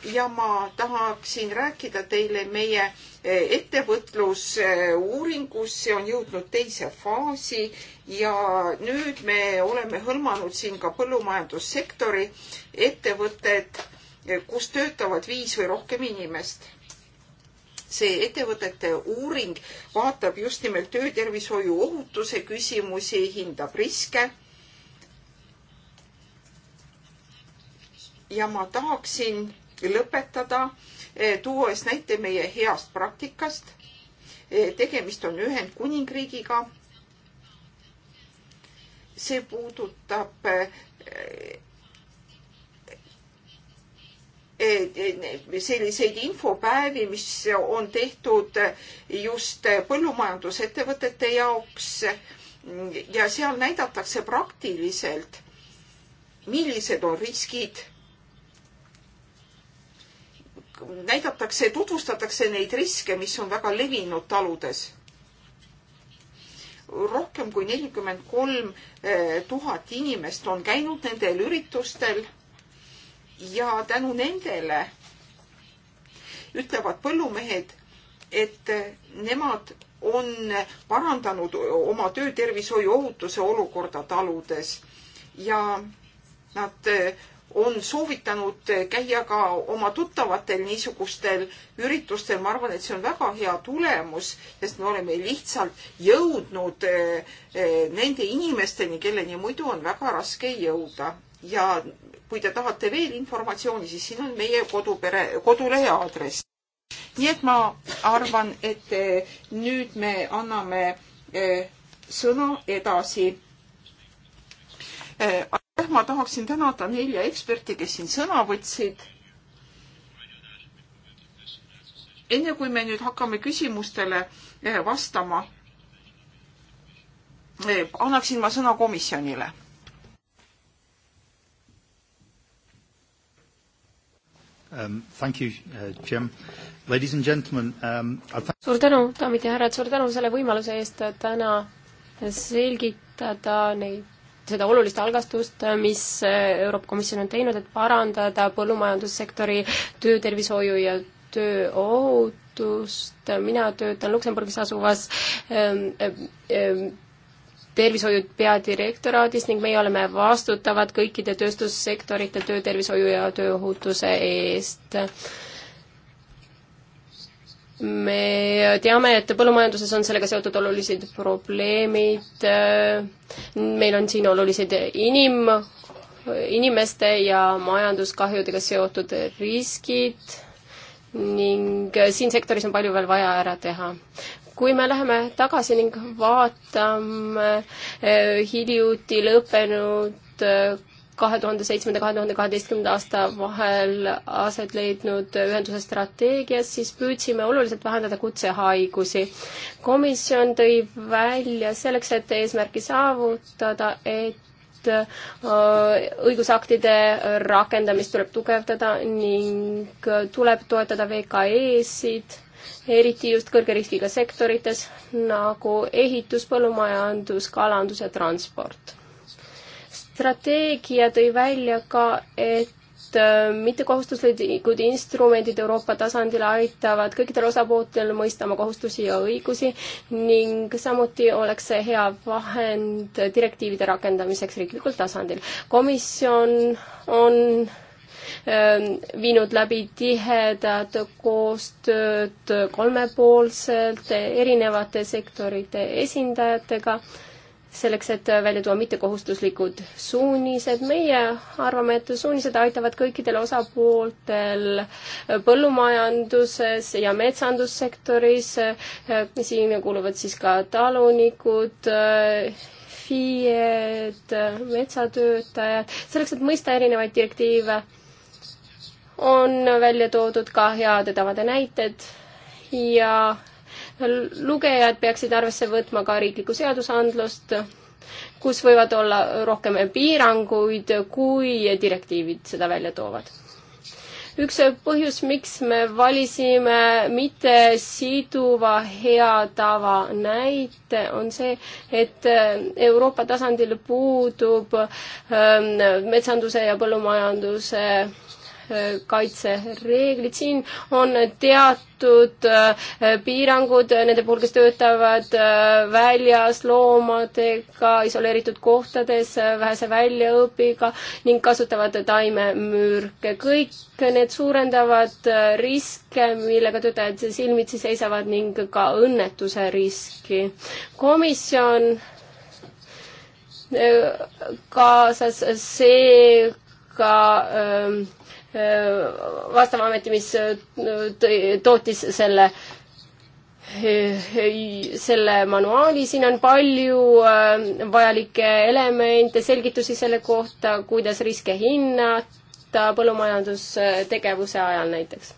ja ma tahaksin rääkida teile meie eh, ettevõtlusuuringus, see on jõudnud teise faasi ja nüüd me oleme hõlmanud siin ka põllumajandussektori ettevõtted, eh, kus töötavad viis või rohkem inimest see ettevõtete uuring vaatab just nimelt töötervishoiu ohutuse küsimusi, hindab riske ja ma tahaksin lõpetada, eh, tuues näite meie heast praktikast. Eh, tegemist on Ühendkuningriigiga. see puudutab eh, selliseid infopäevi, mis on tehtud just põllumajandusettevõtete jaoks ja seal näidatakse praktiliselt, millised on riskid näidatakse, tutvustatakse neid riske, mis on väga levinud taludes. rohkem kui nelikümmend kolm eh, tuhat inimest on käinud nendel üritustel ja tänu nendele ütlevad põllumehed, et nemad on parandanud oma töötervishoiu ohutuse olukorda taludes ja nad eh, on soovitanud käia ka oma tuttavatel niisugustel üritustel, ma arvan, et see on väga hea tulemus, sest me oleme lihtsalt jõudnud eh, eh, nende inimesteni, kelleni muidu on väga raske jõuda. ja kui te tahate veel informatsiooni, siis siin on meie kodupere, kodulehe aadress. nii et ma arvan, et eh, nüüd me anname sõna edasi ma tahaksin tänada nelja eksperti, kes siin sõna võtsid. enne kui me nüüd hakkame küsimustele eh, vastama, eh, annaksin ma sõna komisjonile. Um, thank you, uh, Jim. Ladies and gentlemen um,, suur tänu, daamid ja härrad, suur tänu selle võimaluse eest täna selgitada neid seda olulist algastust, mis äh, Euroopa Komisjon on teinud, et parandada põllumajandussektori töötervishoiu ja tööohutust, mina töötan Luksemburgis asuvas ähm, ähm, tervishoiu peadirektoraadis ning meie oleme vastutavad kõikide tööstussektorite töötervishoiu ja tööohutuse eest me teame, et põllumajanduses on sellega seotud olulised probleemid, meil on siin olulised inim, inimeste ja majanduskahjudega seotud riskid ning siin sektoris on palju veel vaja ära teha kui me läheme tagasi ning vaatame eh, hiljuti lõppenud kahe tuhande seitsmenda, kahe tuhande kaheteistkümnenda aasta vahel aset leidnud ühenduse strateegias, siis püüdsime oluliselt vähendada kutsehaigusi. komisjon tõi välja selleks, et eesmärki saavutada, et äh, õigusaktide rakendamist tuleb tugevdada ning tuleb toetada VKE-sid, eriti just kõrge riskiga sektorites nagu ehitus, põllumajandus, kalandus ja transport strateegia tõi välja ka, et äh, mittekohustuslikud instrumendid Euroopa tasandil aitavad kõikidel osapooltel mõista oma kohustusi ja õigusi ning samuti oleks see hea vahend direktiivide rakendamiseks riiklikul tasandil. komisjon on ähm, viinud läbi tihedat koostööd kolmepoolselt erinevate sektorite esindajatega selleks, et välja tuua mittekohustuslikud suunised. meie arvame, et suunised aitavad kõikidel osapooltel põllumajanduses ja metsandussektoris. sinna kuuluvad siis ka talunikud, FIE-d, metsatöötajad, selleks, et mõista erinevaid direktiive, on välja toodud ka heade tavade näited ja lugejad peaksid arvesse võtma ka riiklikku seadusandlust, kus võivad olla rohkem piiranguid, kui direktiivid seda välja toovad üks põhjus, miks me valisime mitte siduva hea tava näite, on see, et Euroopa tasandil puudub ähm, metsanduse ja põllumajanduse kaitsereeglid, siin on teatud äh, piirangud nende puhul, kes töötavad äh, väljas loomadega, isoleeritud kohtades, äh, vähese väljaõpiga ning kasutavad taimemürke. kõik need suurendavad riske, millega töötajad silmitsi seisavad ning ka õnnetuse riski. komisjon kaasas seega ähm, Äh, vastav ameti, mis äh, tõi, tootis selle äh, selle manuaali, siin on palju vajalikke elemente, selgitusi selle kohta, kuidas riske hinnata põllumajandustegevuse ajal näiteks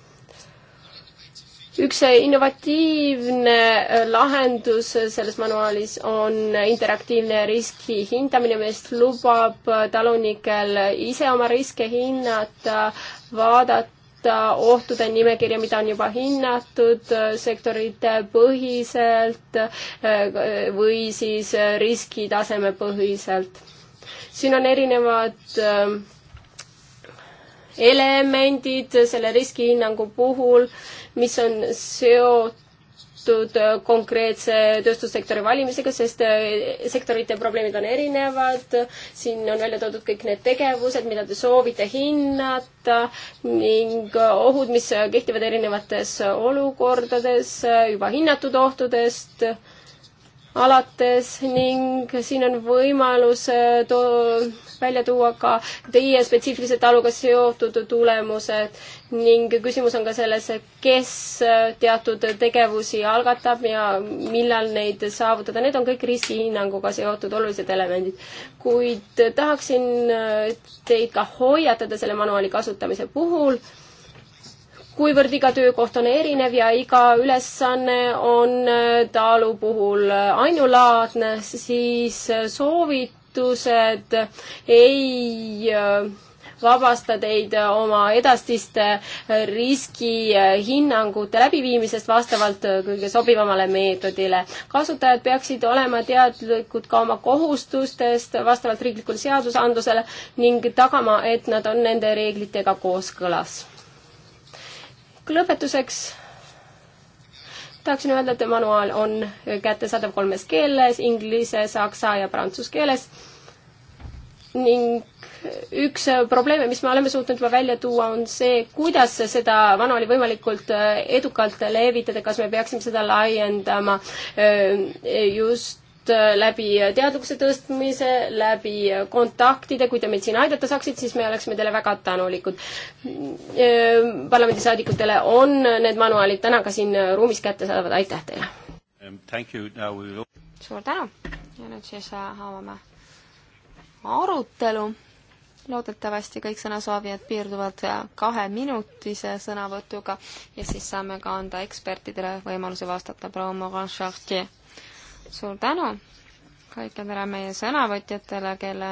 üks innovatiivne äh, lahendus selles manuaalis on interaktiivne riski hindamine, mis lubab äh, talunikel ise oma riske hinnata, vaadata ohtude nimekirja, mida on juba hinnatud äh, sektorite põhiselt või siis riskitaseme põhiselt. siin on erinevad elemendid selle riskihinnangu puhul, mis on seotud konkreetse tööstussektori valimisega, sest eh, sektorite probleemid on erinevad. siin on välja toodud kõik need tegevused, mida te soovite hinnata ning ohud, mis kehtivad erinevates olukordades, eh, juba hinnatud ohtudest alates ning siin on võimalus äh, too, välja tuua ka teie spetsiifilise taluga seotud tulemused ning küsimus on ka selles, kes äh, teatud tegevusi algatab ja millal neid saavutada, need on kõik riskihinnanguga seotud olulised elemendid. kuid tahaksin äh, teid ka hoiatada selle manuaali kasutamise puhul kuivõrd iga töökoht on erinev ja iga ülesanne on äh, talu puhul äh, ainulaadne, siis äh, soovitused ei vabasta teid oma edastiste riskihinnangute läbiviimisest vastavalt kõige sobivamale meetodile. kasutajad peaksid olema teadlikud ka oma kohustustest vastavalt riiklikule seadusandlusele ning tagama, et nad on nende reeglitega kooskõlas lõpetuseks tahaksin öelda, et manuaal on kättesaadav kolmes keeles, inglise, saksa ja prantsuse keeles. ning üks probleeme, mis me oleme suutnud juba välja tuua, on see, kuidas seda manuaali võimalikult edukalt levitada, kas me peaksime seda laiendama äh, just Äh, läbi teadlikkuse tõstmise, läbi kontaktide, kui te meid siin aidata saaksite, siis me oleksime teile väga tänulikud. Äh, parlamendisaadikutele on need manuaalid täna ka siin ruumis kättesaadavad, aitäh teile um, will...! suur tänu ja nüüd siis äh, avame arutelu. loodetavasti kõik sõnasoovijad piirduvad kaheminutise sõnavõtuga ja siis saame ka anda ekspertidele võimaluse vastata. proua Morin Chartier suur tänu kõikidele meie sõnavõtjatele, kelle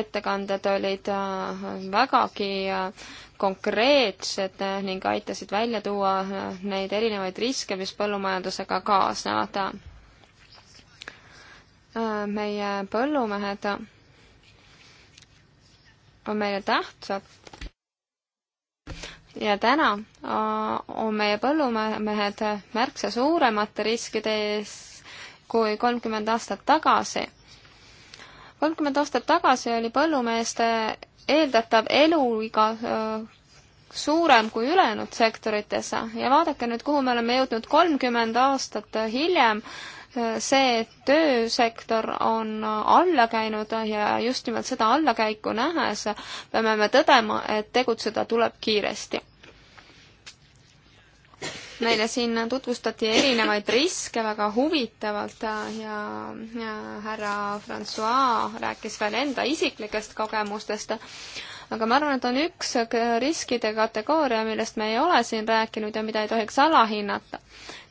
ettekanded olid äh, vägagi äh, konkreetsed äh, ning aitasid välja tuua neid erinevaid riske, mis põllumajandusega kaasnevad. meie põllumehed on meile tähtsad ja täna on meie põllumehed märksa suuremate riskide ees kui kolmkümmend aastat tagasi. kolmkümmend aastat tagasi oli põllumeeste eeldatav eluiga suurem kui ülejäänud sektorites ja vaadake nüüd, kuhu me oleme jõudnud kolmkümmend aastat hiljem, see töösektor on alla käinud ja just nimelt seda allakäiku nähes peame me tõdema, et tegutseda tuleb kiiresti meile siin tutvustati erinevaid riske väga huvitavalt ja, ja härra Francois rääkis veel enda isiklikest kogemustest, aga ma arvan, et on üks riskide kategooria, millest me ei ole siin rääkinud ja mida ei tohiks alahinnata.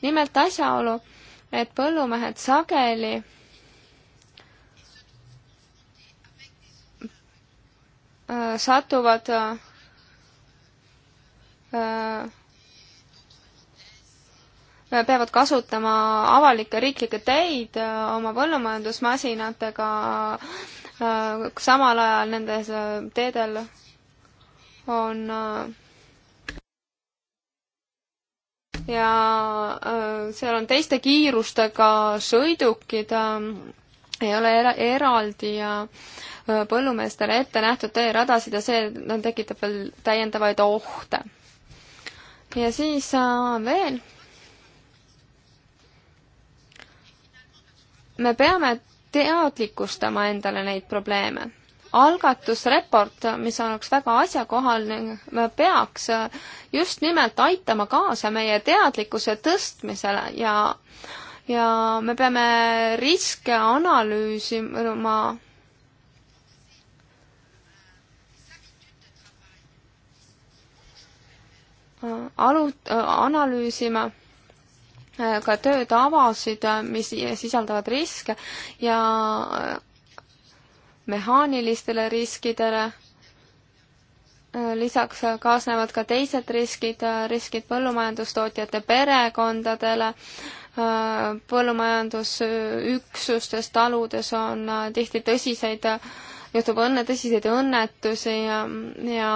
nimelt asjaolu, et põllumehed sageli satuvad öö, äh, peavad kasutama avalikke riiklikke teid äh, oma põllumajandusmasinatega, äh, samal ajal nendes äh, teedel on ja seal on teiste kiirustega sõidukid, ei ole era-, eraldi ja põllumeestele ette nähtud teeradasid ja see no, tekitab veel täiendavaid ohte. ja siis veel me peame teadlikustama endale neid probleeme. algatusreport, mis oleks väga asjakohane, peaks just nimelt aitama kaasa meie teadlikkuse tõstmisele ja ja me peame riske analüüsima alu-, analüüsima ka töötavasid, mis sisaldavad riske ja äh, mehaanilistele riskidele äh, lisaks kaasnevad ka teised riskid, äh, riskid põllumajandustootjate perekondadele, põllumajandusüksustes, taludes on tihti tõsiseid, juhtub õnne, tõsiseid õnnetusi ja, ja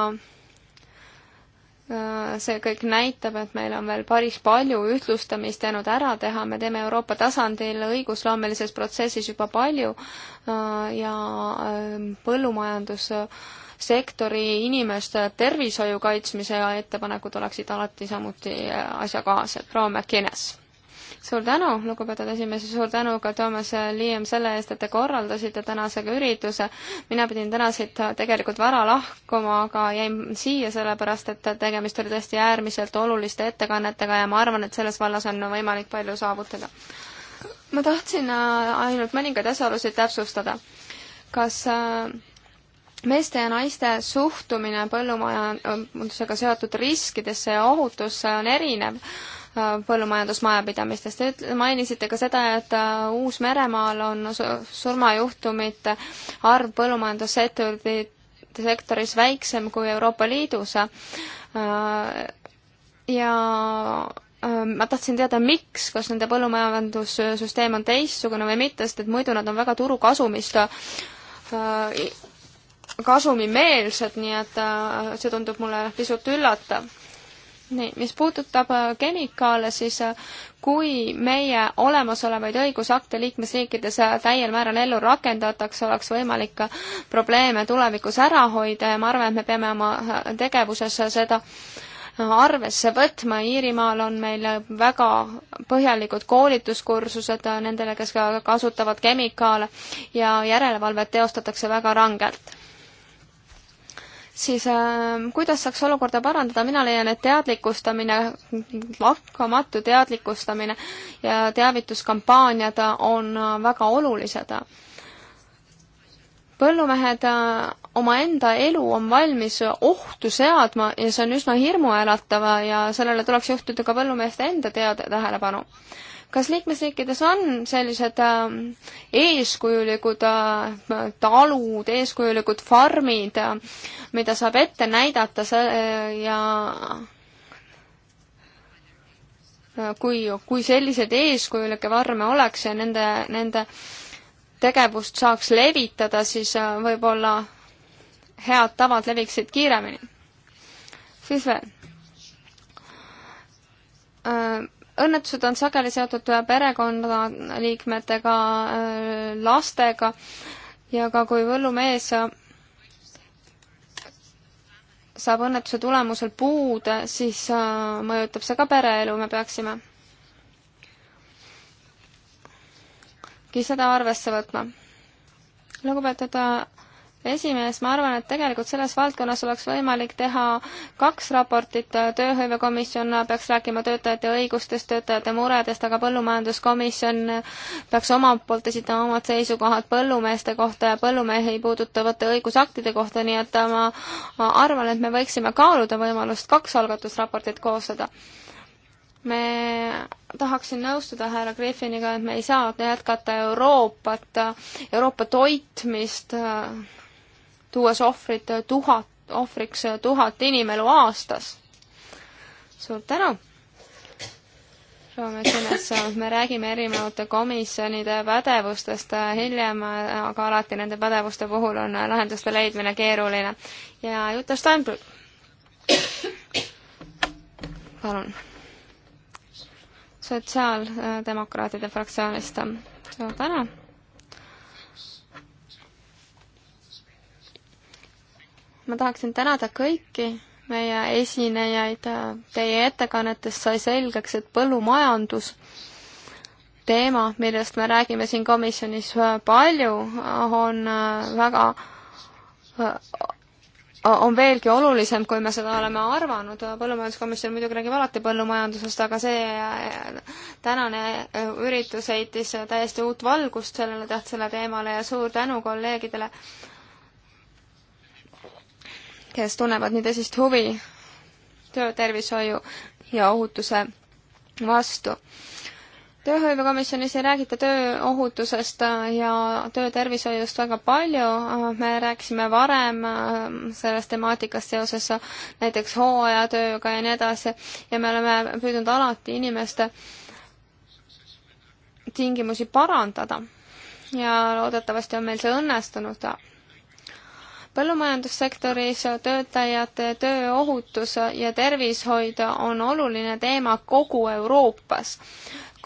see kõik näitab, et meil on veel päris palju ühtlustamist jäänud ära teha, me teeme Euroopa tasandil õigusloomelises protsessis juba palju äh, ja äh, põllumajandussektori inimeste tervishoiu kaitsmise ettepanekud oleksid alati samuti äh, asjakohased. proua McInnes suur tänu, lugupeetud esimees ja suur tänu ka Toomas Liiem selle eest, et te korraldasite tänase ürituse. mina pidin täna siit tegelikult vara lahkuma, aga jäin siia sellepärast, et tegemist oli tõesti äärmiselt oluliste ettekannetega ja ma arvan, et selles vallas on võimalik palju saavutada. ma tahtsin äh, ainult mõningaid asjaolusid täpsustada. kas äh, meeste ja naiste suhtumine põllumajandusega seotud riskidesse ja ohutusse on erinev põllumajandusmajapidamistest. Te mainisite ka seda, et äh, Uus-Meremaal on surmajuhtumite arv põllumajandussektoris väiksem kui Euroopa Liidus. Äh, ja äh, ma tahtsin teada, miks, kas nende põllumajandussüsteem on teistsugune või mitte, sest et muidu nad on väga turukasumist kasumimeelsed, nii et see tundub mulle pisut üllatav nii, mis puudutab äh, kemikaale, siis äh, kui meie olemasolevaid õigusakte liikmesriikides äh, täiel määral ellu rakendatakse, oleks võimalik probleeme tulevikus ära hoida ja ma arvan, et me peame oma tegevuses seda arvesse võtma, Iirimaal on meil väga põhjalikud koolituskursused nendele, kes kasutavad kemikaale ja järelevalvet teostatakse väga rangelt siis äh, kuidas saaks olukorda parandada, mina leian, et teadlikustamine, lakkamatu teadlikustamine ja teavituskampaaniad on äh, väga olulised. põllumehed äh, omaenda elu on valmis ohtu seadma ja see on üsna hirmuäratav ja sellele tuleks juhtida ka põllumeeste enda teada tähelepanu kas liikmesriikides on sellised äh, eeskujulikud äh, talud, eeskujulikud farmid äh,, mida saab ette näidata äh, ja äh, kui, kui selliseid eeskujulikke farme oleks ja nende, nende tegevust saaks levitada, siis äh, võib-olla head tavad leviksid kiiremini. siis veel äh, õnnetused on sageli seotud perekonnaliikmetega, lastega ja ka kui võllumees saab õnnetuse tulemusel puude, siis äh, mõjutab see ka pereelu, me peaksime seda arvesse võtma. lugupeetud äh, esimees, ma arvan, et tegelikult selles valdkonnas oleks võimalik teha kaks raportit, tööhõivekomisjon peaks rääkima töötajate õigustest, töötajate muredest, aga põllumajanduskomisjon peaks omalt poolt esitama omad seisukohad põllumeeste kohta ja põllumehi puudutavate õigusaktide kohta, nii et ma, ma arvan, et me võiksime kaaluda võimalust kaks algatusraportit koostada me tahaksin nõustuda härra Griffiniga, et me ei saa jätkata Euroopat, Euroopa toitmist tuues ohvrid tuhat, ohvriks tuhat inimelu aastas. suur tänu! Soome sõnas, äh, me räägime erinevate komisjonide pädevustest äh, hiljem, äh, aga alati nende pädevuste puhul on lahenduste leidmine keeruline. ja Juta Steinbrück. palun. sotsiaaldemokraatide fraktsioonist. suur tänu ma tahaksin tänada kõiki meie esinejaid, teie ettekannetest sai selgeks, et põllumajandus teema, millest me räägime siin komisjonis palju, on väga, on veelgi olulisem, kui me seda oleme arvanud. põllumajanduskomisjon muidugi räägib alati põllumajandusest, aga see tänane üritus heitis täiesti uut valgust sellele tähtsale teemale ja suur tänu kolleegidele kes tunnevad nii tõsist huvi töötervishoiu ja ohutuse vastu. tööhõivekomisjonis ei räägita tööohutusest ja töötervishoiust väga palju, me rääkisime varem ähm, sellest temaatikast seoses näiteks hooajatööga ja nii edasi ja me oleme püüdnud alati inimeste tingimusi parandada ja loodetavasti on meil see õnnestunud põllumajandussektoris töötajate tööohutus ja tervishoid on oluline teema kogu Euroopas,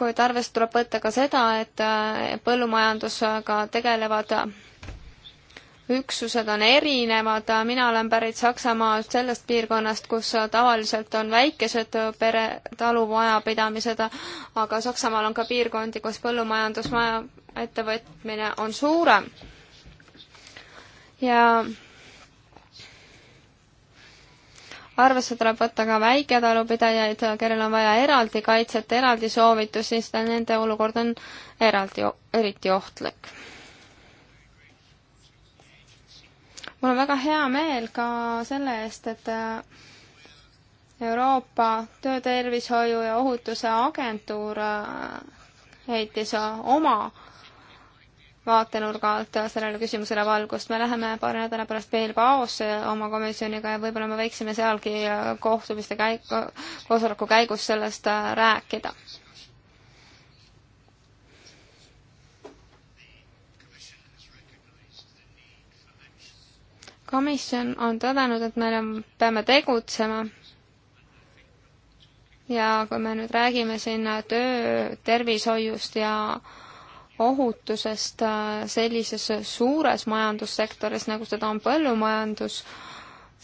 kuid arvesse tuleb võtta ka seda, et äh, põllumajandusega tegelevad üksused on erinevad, mina olen pärit Saksamaalt sellest piirkonnast, kus tavaliselt on väikesed pere, talumajapidamised, aga Saksamaal on ka piirkondi, kus põllumajandumaja ettevõtmine on suurem ja arvesse tuleb võtta ka väiketalupidajaid, kellel on vaja eraldi kaitset, eraldi soovitusi, sest nende olukord on eraldi, eriti ohtlik. mul on väga hea meel ka selle eest, et Euroopa Töötervishoiu ja Ohutuse Agentuur heitis oma vaatenurga alt sellele küsimusele valgust. me läheme paari nädala pärast veel Paosse oma komisjoniga ja võib-olla me võiksime sealgi kohtumiste käik-, koosoleku käigus sellest äh, rääkida. komisjon on tõdenud, et me peame tegutsema ja kui me nüüd räägime siin töötervishoiust ja äh, ohutusest äh, sellises suures majandussektoris, nagu seda on põllumajandus,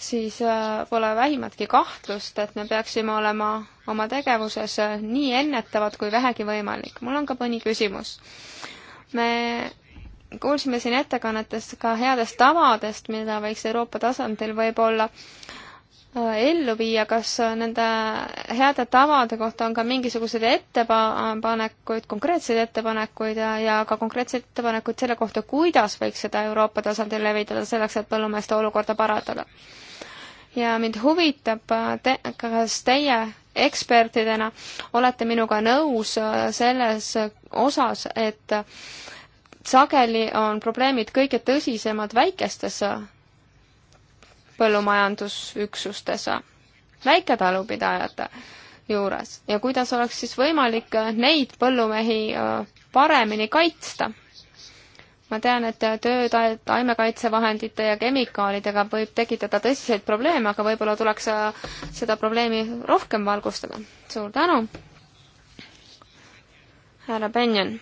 siis äh, pole vähimatki kahtlust, et me peaksime olema oma tegevuses äh, nii ennetavad kui vähegi võimalik. mul on ka mõni küsimus. me kuulsime siin ettekannetest ka headest tavadest, mida võiks Euroopa tasandil võib-olla äh, Äh, ellu viia, kas nende heade tavade kohta on ka mingisuguseid ettepanekuid, konkreetseid ettepanekuid ja, ja ka konkreetseid ettepanekuid selle kohta, kuidas võiks seda Euroopa tasandil levitada selleks, et põllumeeste olukorda parandada. ja mind huvitab te,, kas teie ekspertidena olete minuga nõus äh, selles osas, et sageli on probleemid kõige tõsisemad väikestes põllumajandusüksustes, väiketalupidajate juures ja kuidas oleks siis võimalik neid põllumehi paremini kaitsta. ma tean, et töö taimekaitsevahendite ja kemikaalidega võib tekitada tõsiseid probleeme, aga võib-olla tuleks seda probleemi rohkem valgustada. suur tänu, härra Benjon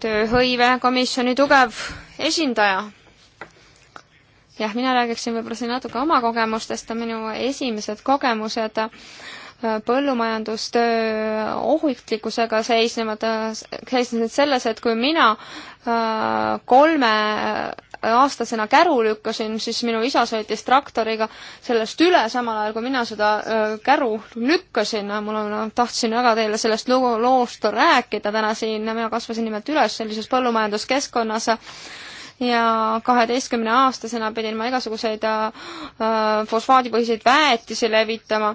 tööhõive komisjoni tugev esindaja jah, mina räägiksin võib-olla siin natuke oma kogemustest, minu esimesed kogemused äh, põllumajandustöö ohtlikkusega seisnevad, äh, seisnesid selles, et kui mina äh, kolme aastasena käru lükkasin, siis minu isa sõitis traktoriga sellest üle, samal ajal kui mina seda käru lükkasin, mul on, noh, tahtsin väga teile sellest lugu, loost rääkida täna siin, mina kasvasin nimelt üles sellises põllumajanduskeskkonnas, ja kaheteistkümne aastasena pidin ma igasuguseid äh, äh, fosfaadipõhiseid väetisi levitama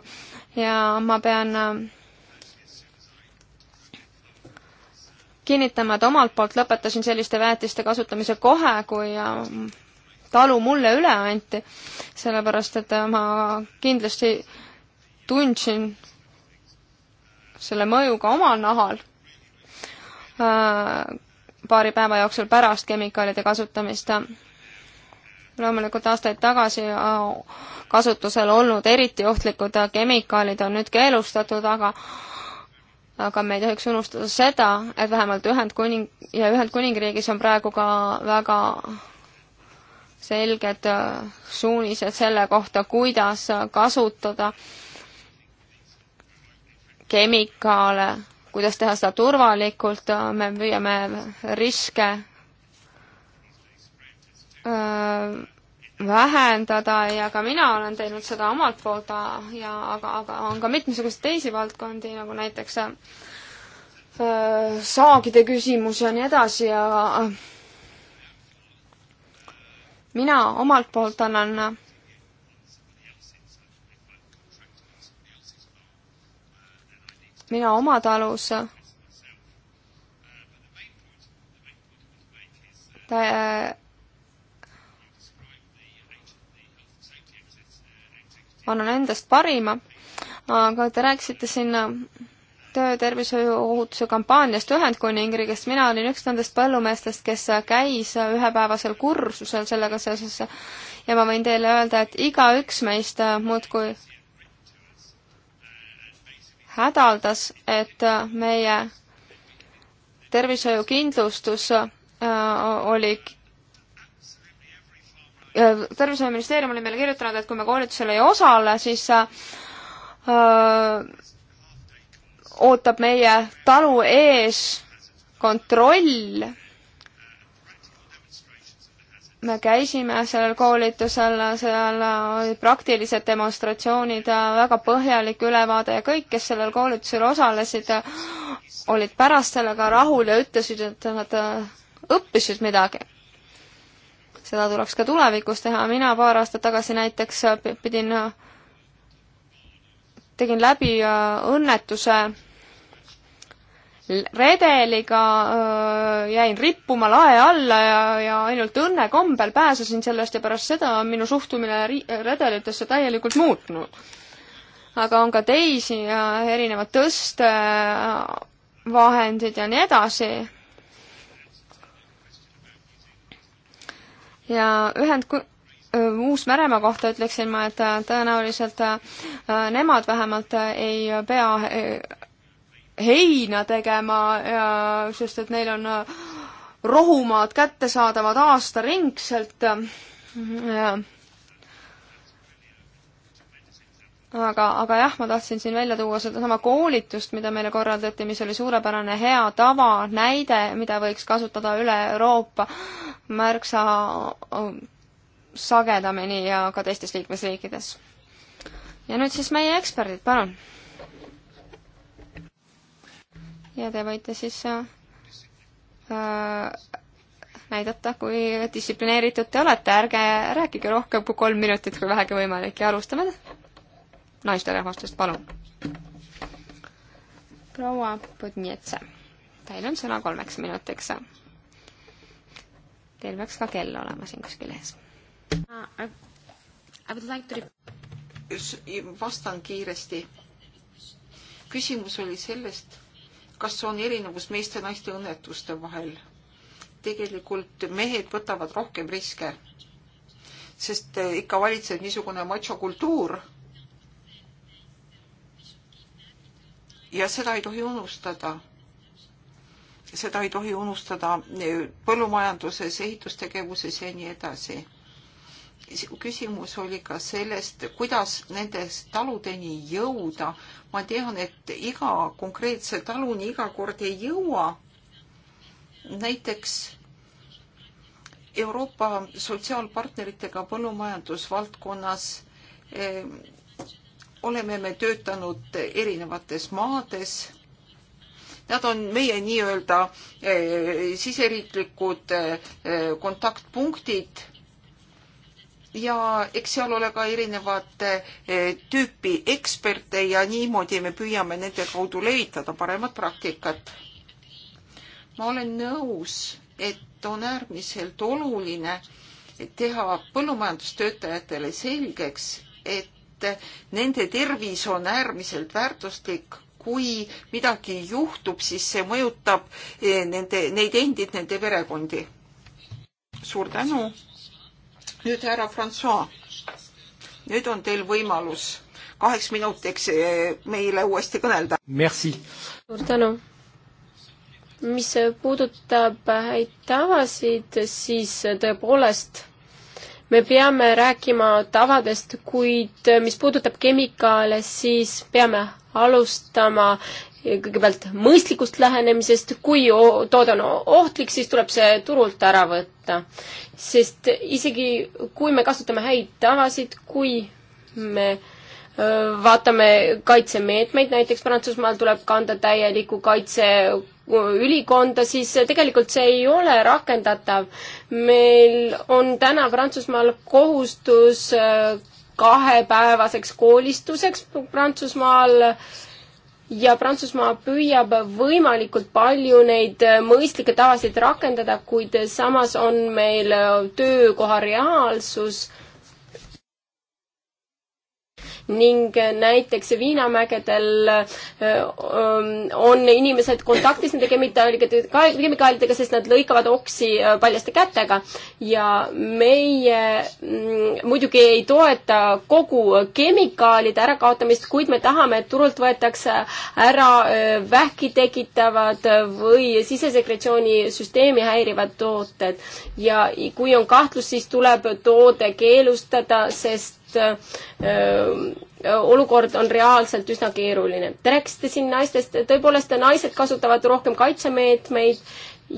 ja ma pean äh, kinnitama, et omalt poolt lõpetasin selliste väetiste kasutamise kohe, kui äh, talu mulle üle anti, sellepärast et äh, ma kindlasti tundsin selle mõju ka omal nahal paari päeva jooksul pärast kemikaalide kasutamist. loomulikult aastaid tagasi kasutusel olnud eriti ohtlikud kemikaalid on nüüd keelustatud, aga aga me ei tohiks unustada seda, et vähemalt Ühendkuning- ja Ühendkuningriigis on praegu ka väga selged äh, suunised selle kohta, kuidas kasutada kemikaale kuidas teha seda turvalikult, me püüame riske vähendada ja ka mina olen teinud seda omalt poolt ja aga, aga on ka mitmesuguseid teisi valdkondi, nagu näiteks öö, saagide küsimus ja nii edasi ja mina omalt poolt annan mina oma talus ta äh, annan endast parima, aga te rääkisite siin äh, töötervishoiuohutuse kampaaniast Ühendkuningriigist, mina olin üks nendest põllumeestest, kes äh, käis ühepäevasel kursusel sellega seoses ja ma võin teile öelda, et igaüks meist muudkui hädaldas, et äh, meie tervishoiukindlustus äh, oli äh, tervishoiuministeerium oli meile kirjutanud, et kui me koolitusel ei osale, siis öö, ootab meie talu ees kontroll me käisime sellel koolitusel, seal olid praktilised demonstratsioonid, väga põhjalik ülevaade ja kõik, kes sellel koolitusel osalesid, olid pärast sellega rahul ja ütlesid, et nad äh, õppisid midagi. seda tuleks ka tulevikus teha, mina paar aastat tagasi näiteks äh, pidin, äh, tegin läbi õnnetuse redeliga, jäin rippuma lae alla ja, ja ainult õnne kombel pääsesin sellest ja pärast seda on minu suhtumine redelitesse täielikult muutunud. aga on ka teisi ja erinevad tõstevahendid ja nii edasi. ja ühend-, Uus-Meremaa kohta ütleksin ma, et tõenäoliselt nemad vähemalt ei pea heina tegema ja sest, et neil on äh, rohumaad kättesaadavad aastaringselt. Äh, aga, aga jah, ma tahtsin siin välja tuua sedasama koolitust, mida meile korraldati, mis oli suurepärane hea tava näide, mida võiks kasutada üle Euroopa märksa äh, sagedamini ja ka teistes liikmesriikides. ja nüüd siis meie eksperdid, palun ja te võite siis äh, äh, näidata, kui distsiplineeritud te olete, ärge rääkige rohkem kui kolm minutit, kui vähegi võimalik ja alustame naisterahvastest, palun. proua Podnietse, teil on sõna kolmeks minutiks. Teil peaks ka kell olema siin kuskil ees uh,. Like to... vastan kiiresti. küsimus oli sellest kas on erinevus meeste ja naiste õnnetuste vahel? tegelikult mehed võtavad rohkem riske, sest eh, ikka valitseb niisugune machokultuur. ja seda ei tohi unustada. seda ei tohi unustada eh, põllumajanduses, ehitustegevuses ja nii edasi küsimus oli ka sellest, kuidas nende taludeni jõuda. ma tean, et iga konkreetse taluni iga kord ei jõua. näiteks Euroopa sotsiaalpartneritega põllumajandusvaldkonnas eh, oleme me töötanud erinevates maades Nad on meie nii-öelda eh, siseriiklikud eh, kontaktpunktid ja eks seal ole ka erinevate eh, tüüpi eksperte ja niimoodi me püüame nende kaudu levitada paremat praktikat. ma olen nõus, et on äärmiselt oluline teha põllumajandustöötajatele selgeks, et nende tervis on äärmiselt väärtuslik, kui midagi juhtub, siis see mõjutab eh, nende, neid endid, nende perekondi. suur tänu nüüd härra Francois, nüüd on teil võimalus kaheks minutiks eh, meile uuesti kõnelda. suur tänu. mis puudutab häid tavasid, siis tõepoolest me peame rääkima tavadest, kuid mis puudutab kemikaale, siis peame alustama kõigepealt mõistlikust lähenemisest, kui toode on ohtlik, siis tuleb see turult ära võtta. sest isegi kui me kasutame häid tavasid, kui me vaatame kaitsemeetmeid, näiteks Prantsusmaal tuleb kanda täielikku kaitseülikonda, siis tegelikult see ei ole rakendatav. meil on täna Prantsusmaal kohustus kahepäevaseks koolistuseks Prantsusmaal äh, ja Prantsusmaa püüab võimalikult palju neid äh, mõistlikke tavasid rakendada, kuid samas on meil äh, töökoha reaalsus äh, ning äh, näiteks Viinamägedel äh, ähm, on inimesed kontaktis nende kemikaalidega, kemikaalidega, sest nad lõikavad oksi äh, paljaste kätega ja meie mm, muidugi ei toeta kogu kemikaalide ärakaotamist, kuid me tahame, et turult võetakse ära vähki tekitavad või sisesekretsioonisüsteemi häirivad tooted ja kui on kahtlus, siis tuleb toode keelustada, sest sest äh, olukord on reaalselt üsna keeruline. Te rääkisite siin naistest, tõepoolest naised kasutavad rohkem kaitsemeetmeid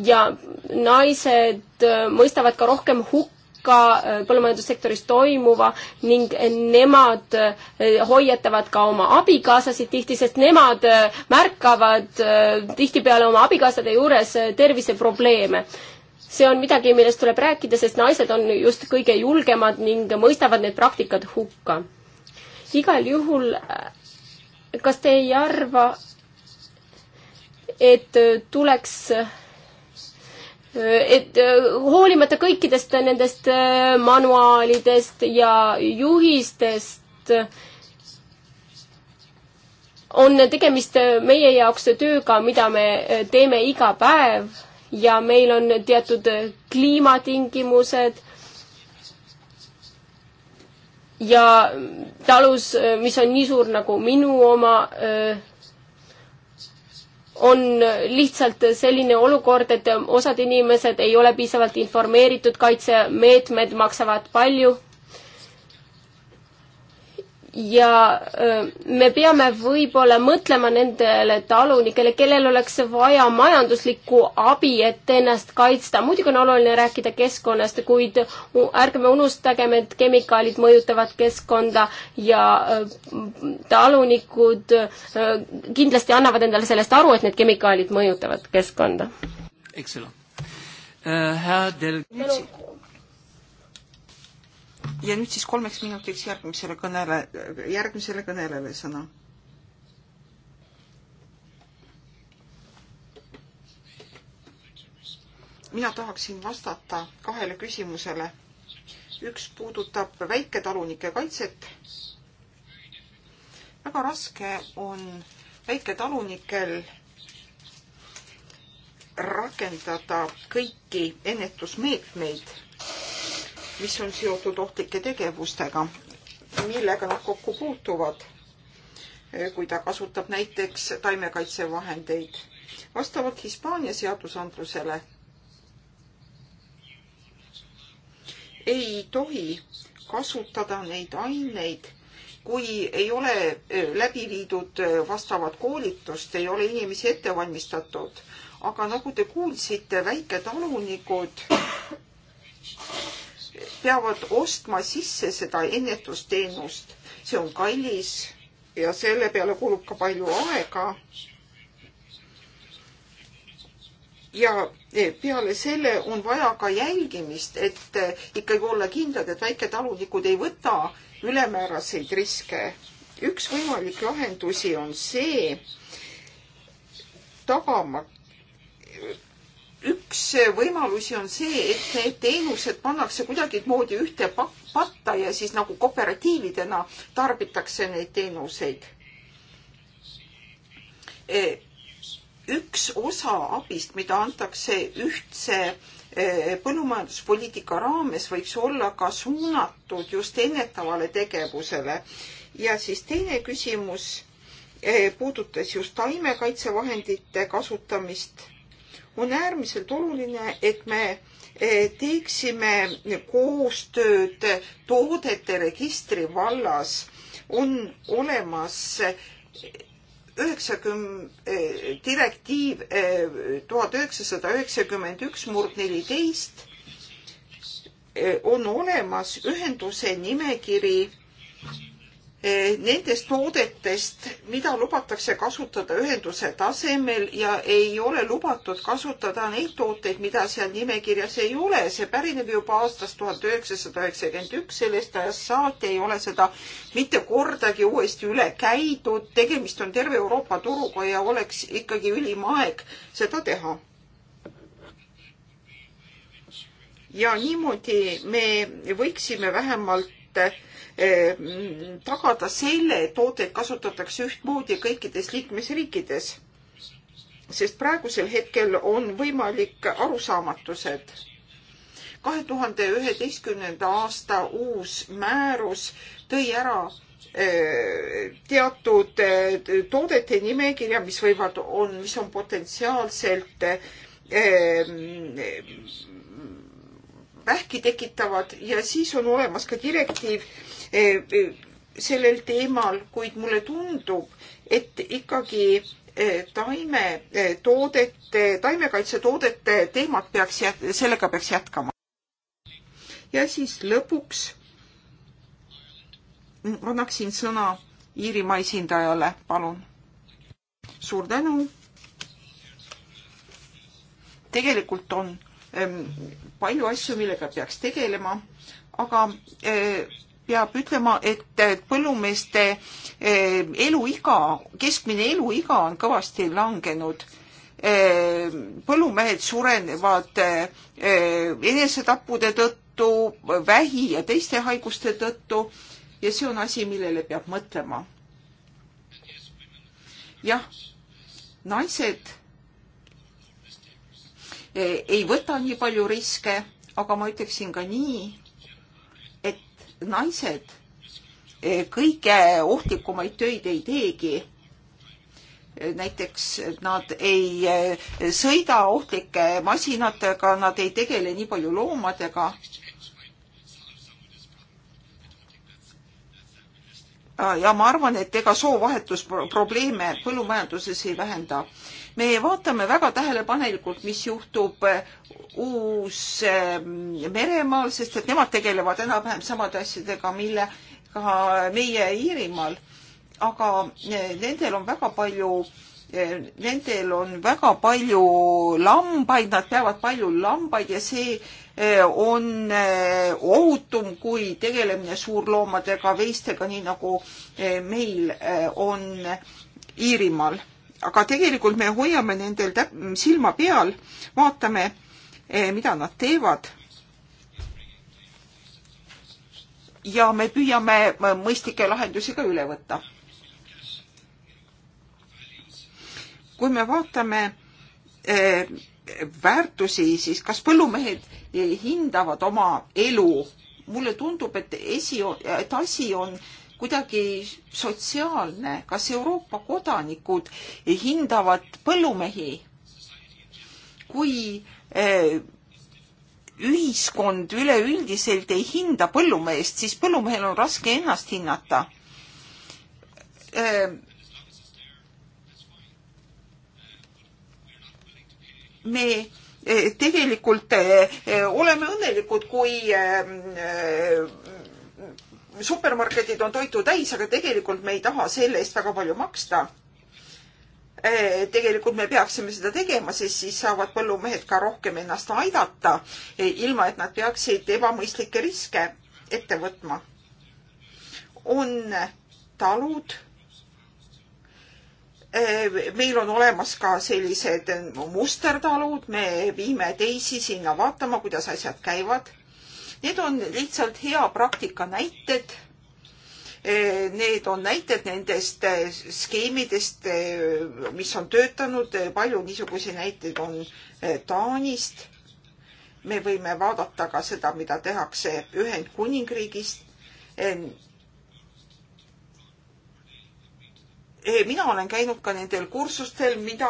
ja naised äh, mõistavad ka rohkem hukka äh, põllumajandussektoris toimuva ning nemad hoiatavad ka oma abikaasasid tihti, sest nemad märkavad tihtipeale oma abikaasade juures terviseprobleeme see on midagi, millest tuleb rääkida, sest naised on just kõige julgemad ning mõistavad need praktikad hukka. igal juhul, äh, kas te ei arva, et äh, tuleks äh, et hoolimata kõikidest nendest manuaalidest ja juhistest on tegemist meie jaoks tööga, mida me teeme iga päev ja meil on teatud kliimatingimused ja talus, mis on nii suur nagu minu oma, on lihtsalt selline olukord, et osad inimesed ei ole piisavalt informeeritud, kaitsemeetmed maksavad palju ja me peame võib-olla mõtlema nendele talunikele, kellel oleks vaja majanduslikku abi, et ennast kaitsta. muidugi on oluline rääkida keskkonnast, kuid ärgem unustagem, et kemikaalid mõjutavad keskkonda ja talunikud kindlasti annavad endale sellest aru, et need kemikaalid mõjutavad keskkonda. eks ole. Äh, Herr Del- ja nüüd siis kolmeks minutiks järgmisele kõnele, järgmisele kõnelele sõna. mina tahaksin vastata kahele küsimusele. üks puudutab väiketalunike kaitset. väga raske on väiketalunikel rakendada kõiki ennetusmeetmeid mis on seotud ohtlike tegevustega, millega nad kokku puutuvad, eh, kui ta kasutab näiteks taimekaitsevahendeid. vastavalt Hispaania seadusandlusele ei tohi kasutada neid aineid, kui ei ole eh, läbi viidud eh, vastavat koolitust, ei ole inimesi ette valmistatud. aga nagu te kuulsite, väiketalunikud peavad ostma sisse seda ennetusteenust. see on kallis ja selle peale kulub ka palju aega. ja peale selle on vaja ka jälgimist, et ikkagi olla kindlad, et väiketalunikud ei võta ülemääraseid riske. üks võimalik lahendusi on see, tagama üks võimalusi on see, et need teenused pannakse kuidagimoodi ühte patta ja siis nagu kooperatiividena tarbitakse neid teenuseid. E, üks osa abist, mida antakse ühtse e, põllumajanduspoliitika raames, võiks olla ka suunatud just ennetavale tegevusele. ja siis teine küsimus e, puudutas just taimekaitsevahendite kasutamist on äärmiselt oluline, et me eh, teeksime koostööd toodete registri vallas. on olemas eh, üheksakümne, eh, direktiiv tuhat üheksasada üheksakümmend üks murd neliteist on olemas ühenduse nimekiri Eh, nendest toodetest, mida lubatakse kasutada ühenduse tasemel ja ei ole lubatud kasutada neid tooteid, mida seal nimekirjas ei ole. see pärineb juba aastast tuhat üheksasada üheksakümmend üks, sellest ajast saati ei ole seda mitte kordagi uuesti üle käidud. tegemist on terve Euroopa turuga ja oleks ikkagi ülim aeg seda teha ja niimoodi me võiksime vähemalt Ehm, tagada selle, et tooteid kasutatakse ühtmoodi kõikides liikmesriikides. sest praegusel hetkel on võimalik arusaamatused. kahe tuhande üheteistkümnenda aasta uus määrus tõi ära ehm, teatud eh, toodete nimekirja, mis võivad, on, mis on potentsiaalselt ehm, vähki tekitavad ja siis on olemas ka direktiiv Eh, eh, sellel teemal, kuid mulle tundub, et ikkagi eh, taimetoodete, taimekaitsetoodete teemat peaks jät-, sellega peaks jätkama. ja siis lõpuks annaksin sõna Iirimaa esindajale, palun. suur tänu. tegelikult on ähm, palju asju, millega peaks tegelema, aga äh, peab ütlema, et põllumeeste eh, eluiga, keskmine eluiga on kõvasti langenud. Eh, põllumehed surenevad eh, enesetappude tõttu, vähi ja teiste haiguste tõttu ja see on asi, millele peab mõtlema. jah, naised ei võta nii palju riske, aga ma ütleksin ka nii naised e, kõige ohtlikumaid töid ei teegi. E, näiteks nad ei e, sõida ohtlike masinatega, nad ei tegele nii palju loomadega. ja ma arvan, et ega soovahetus probleeme põllumajanduses ei vähenda me vaatame väga tähelepanelikult, mis juhtub eh, Uus-Meremaal, eh, sest et nemad tegelevad enam-vähem samade asjadega, millega meie Iirimaal. aga eh, nendel on väga palju Nendel on väga palju lambaid, nad peavad palju lambaid ja see on ohutum kui tegelemine suurloomadega, veistega, nii nagu meil on Iirimaal aga tegelikult me hoiame nendel täp-, silma peal, vaatame, eh, mida nad teevad. ja me püüame eh, mõistlikke lahendusi ka üle võtta. kui me vaatame eh, väärtusi, siis kas põllumehed hindavad oma elu? mulle tundub, et esi, et asi on kuidagi sotsiaalne, kas Euroopa kodanikud hindavad põllumehi kui eh, ühiskond üleüldiselt ei hinda põllumeest, siis põllumehel on raske ennast hinnata. Eh, me eh, tegelikult oleme õnnelikud, kui supermarketid on toitu täis, aga tegelikult me ei taha selle eest väga palju maksta. Eh, tegelikult me peaksime seda tegema, sest siis saavad põllumehed ka rohkem ennast aidata, eh, ilma et nad peaksid ebamõistlikke riske ette võtma. on talud eh, meil on olemas ka sellised mustertalud, me viime teisi sinna vaatama, kuidas asjad käivad. Need on lihtsalt hea praktika näited. Eh, need on näited nendest eh, skeemidest, eh, mis on töötanud, palju niisuguseid näiteid on Taanist. me võime vaadata ka seda, mida tehakse Ühendkuningriigis mina olen käinud ka nendel kursustel, mida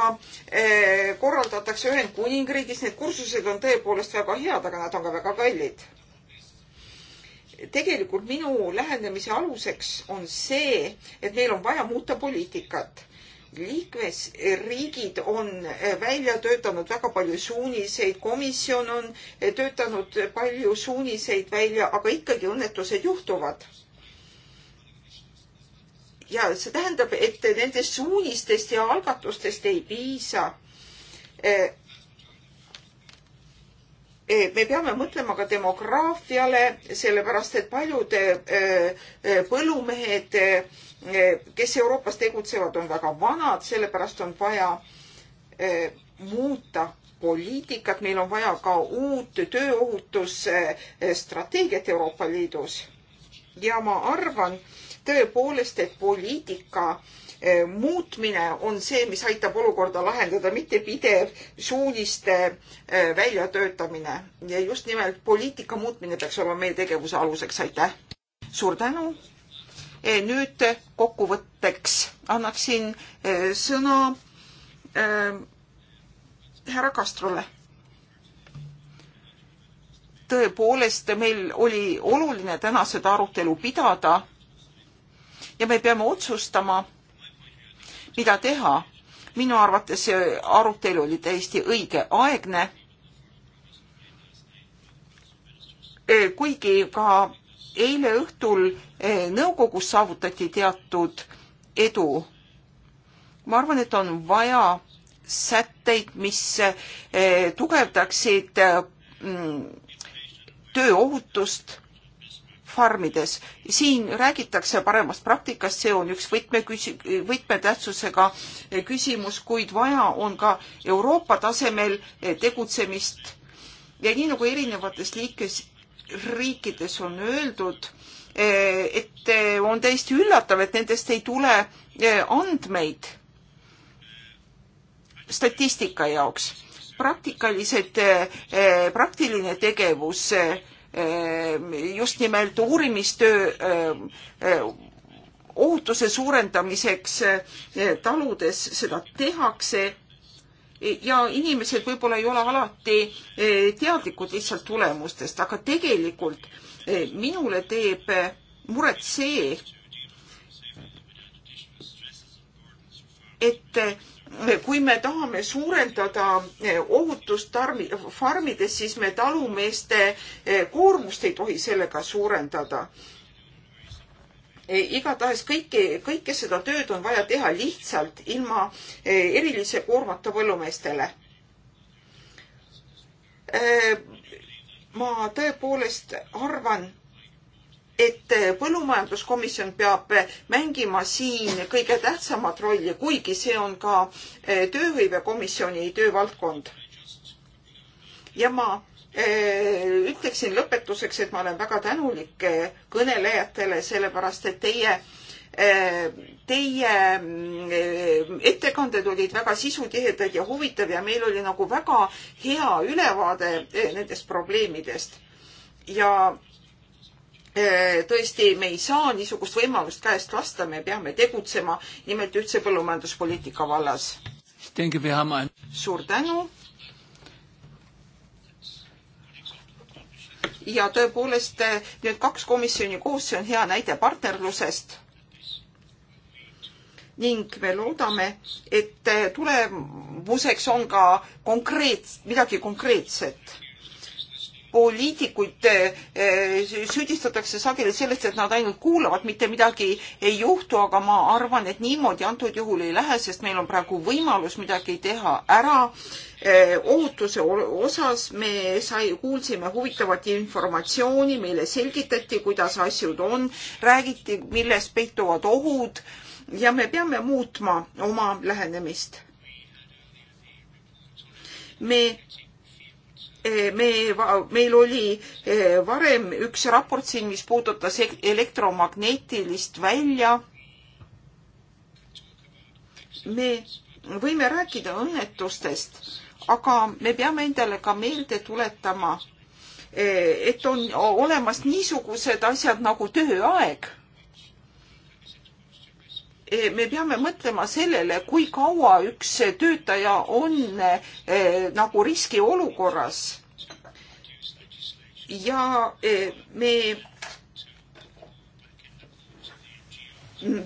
korraldatakse Ühendkuningriigis, need kursused on tõepoolest väga head, aga nad on ka väga kallid tegelikult minu lähenemise aluseks on see, et meil on vaja muuta poliitikat liikmesriigid on eh, välja töötanud väga palju suuniseid, komisjon on eh, töötanud palju suuniseid välja, aga ikkagi õnnetused juhtuvad. ja see tähendab, et nendest suunistest ja algatustest ei piisa. Eh, Eh, me peame mõtlema ka demograafiale, sellepärast et paljud eh, eh, põllumehed, kes Euroopas tegutsevad, on väga vanad, sellepärast on vaja muuta poliitikat, meil on vaja ka uut tööohutusstrateegiat Euroopa Liidus. ja ma arvan tõepoolest, et poliitika äh, Äh, muutmine on see, mis aitab olukorda lahendada, mitte pidev suuniste äh, väljatöötamine. ja just nimelt poliitika muutmine peaks olema meie tegevuse aluseks, aitäh! suur tänu! Äh, nüüd kokkuvõtteks annaksin sõna härra Kastrole tõepoolest meil oli oluline täna seda arutelu pidada ja me peame otsustama, mida teha. minu arvates see arutelu oli täiesti õigeaegne. E, kuigi ka eile õhtul e, nõukogus saavutati teatud edu. ma arvan, et on vaja sätteid, mis e, tugevdaksid tööohutust farmides. siin räägitakse paremast praktikast, see on üks võtmeküsi-, võtmetähtsusega küsimus, kuid vaja on ka Euroopa tasemel tegutsemist. ja nii nagu erinevates liikes, riikides on öeldud, eh, et eh, on täiesti üllatav, et nendest ei tule eh, andmeid statistika jaoks. praktikalised, praktiline tegevus Ehm, just nimelt uurimistöö ehm, ehm, ohutuse suurendamiseks eh, taludes seda tehakse ja inimesed võib-olla ei ole alati eh, teadlikud lihtsalt tulemustest, aga tegelikult eh, minule teeb muret see, et kui me tahame suurendada eh, ohutust tarmi, farmides, siis me talumeeste eh, koormust ei tohi sellega suurendada. Eh, igatahes kõike, kõike seda tööd on vaja teha lihtsalt, ilma erilise koormata põllumeestele. ma tõepoolest arvan, et põllumajanduskomisjon peab mängima siin kõige tähtsamat rolli, kuigi see on ka eh, tööhõivekomisjoni töövaldkond. ja ma eh, ütleksin lõpetuseks, et ma olen väga tänulik eh, kõnelejatele, sellepärast et teie Teie mm, ettekanded olid väga sisutihedad ja huvitav ja meil oli nagu väga hea ülevaade nendest probleemidest. ja Äh, tõesti, me ei saa niisugust võimalust käest lasta, me peame tegutsema nimelt ühtse põllumajanduspoliitika vallas. suur tänu. ja tõepoolest äh, need kaks komisjoni koos, see on hea näide partnerlusest. ning me loodame, et äh, tulemuseks on ka konkreet-, midagi konkreetset poliitikuid eh, eh, süüdistatakse sageli sellest, et nad ainult kuulavad, mitte midagi ei juhtu, aga ma arvan, et niimoodi antud juhul ei lähe, sest meil on praegu võimalus midagi teha ära. Eh, ohutuse osas me sai, kuulsime huvitavat informatsiooni, meile selgitati, kuidas asjad on, räägiti, milles peituvad ohud ja me peame muutma oma lähenemist. me Eh, me, meil oli eh, varem üks raport siin, mis puudutas e-, elektromagnetilist välja. me võime rääkida õnnetustest, aga me peame endale ka meelde tuletama, eh, et on olemas niisugused asjad nagu tööaeg Eh, me peame mõtlema sellele, kui kaua üks töötaja on eh, nagu riskiolukorras. ja eh, me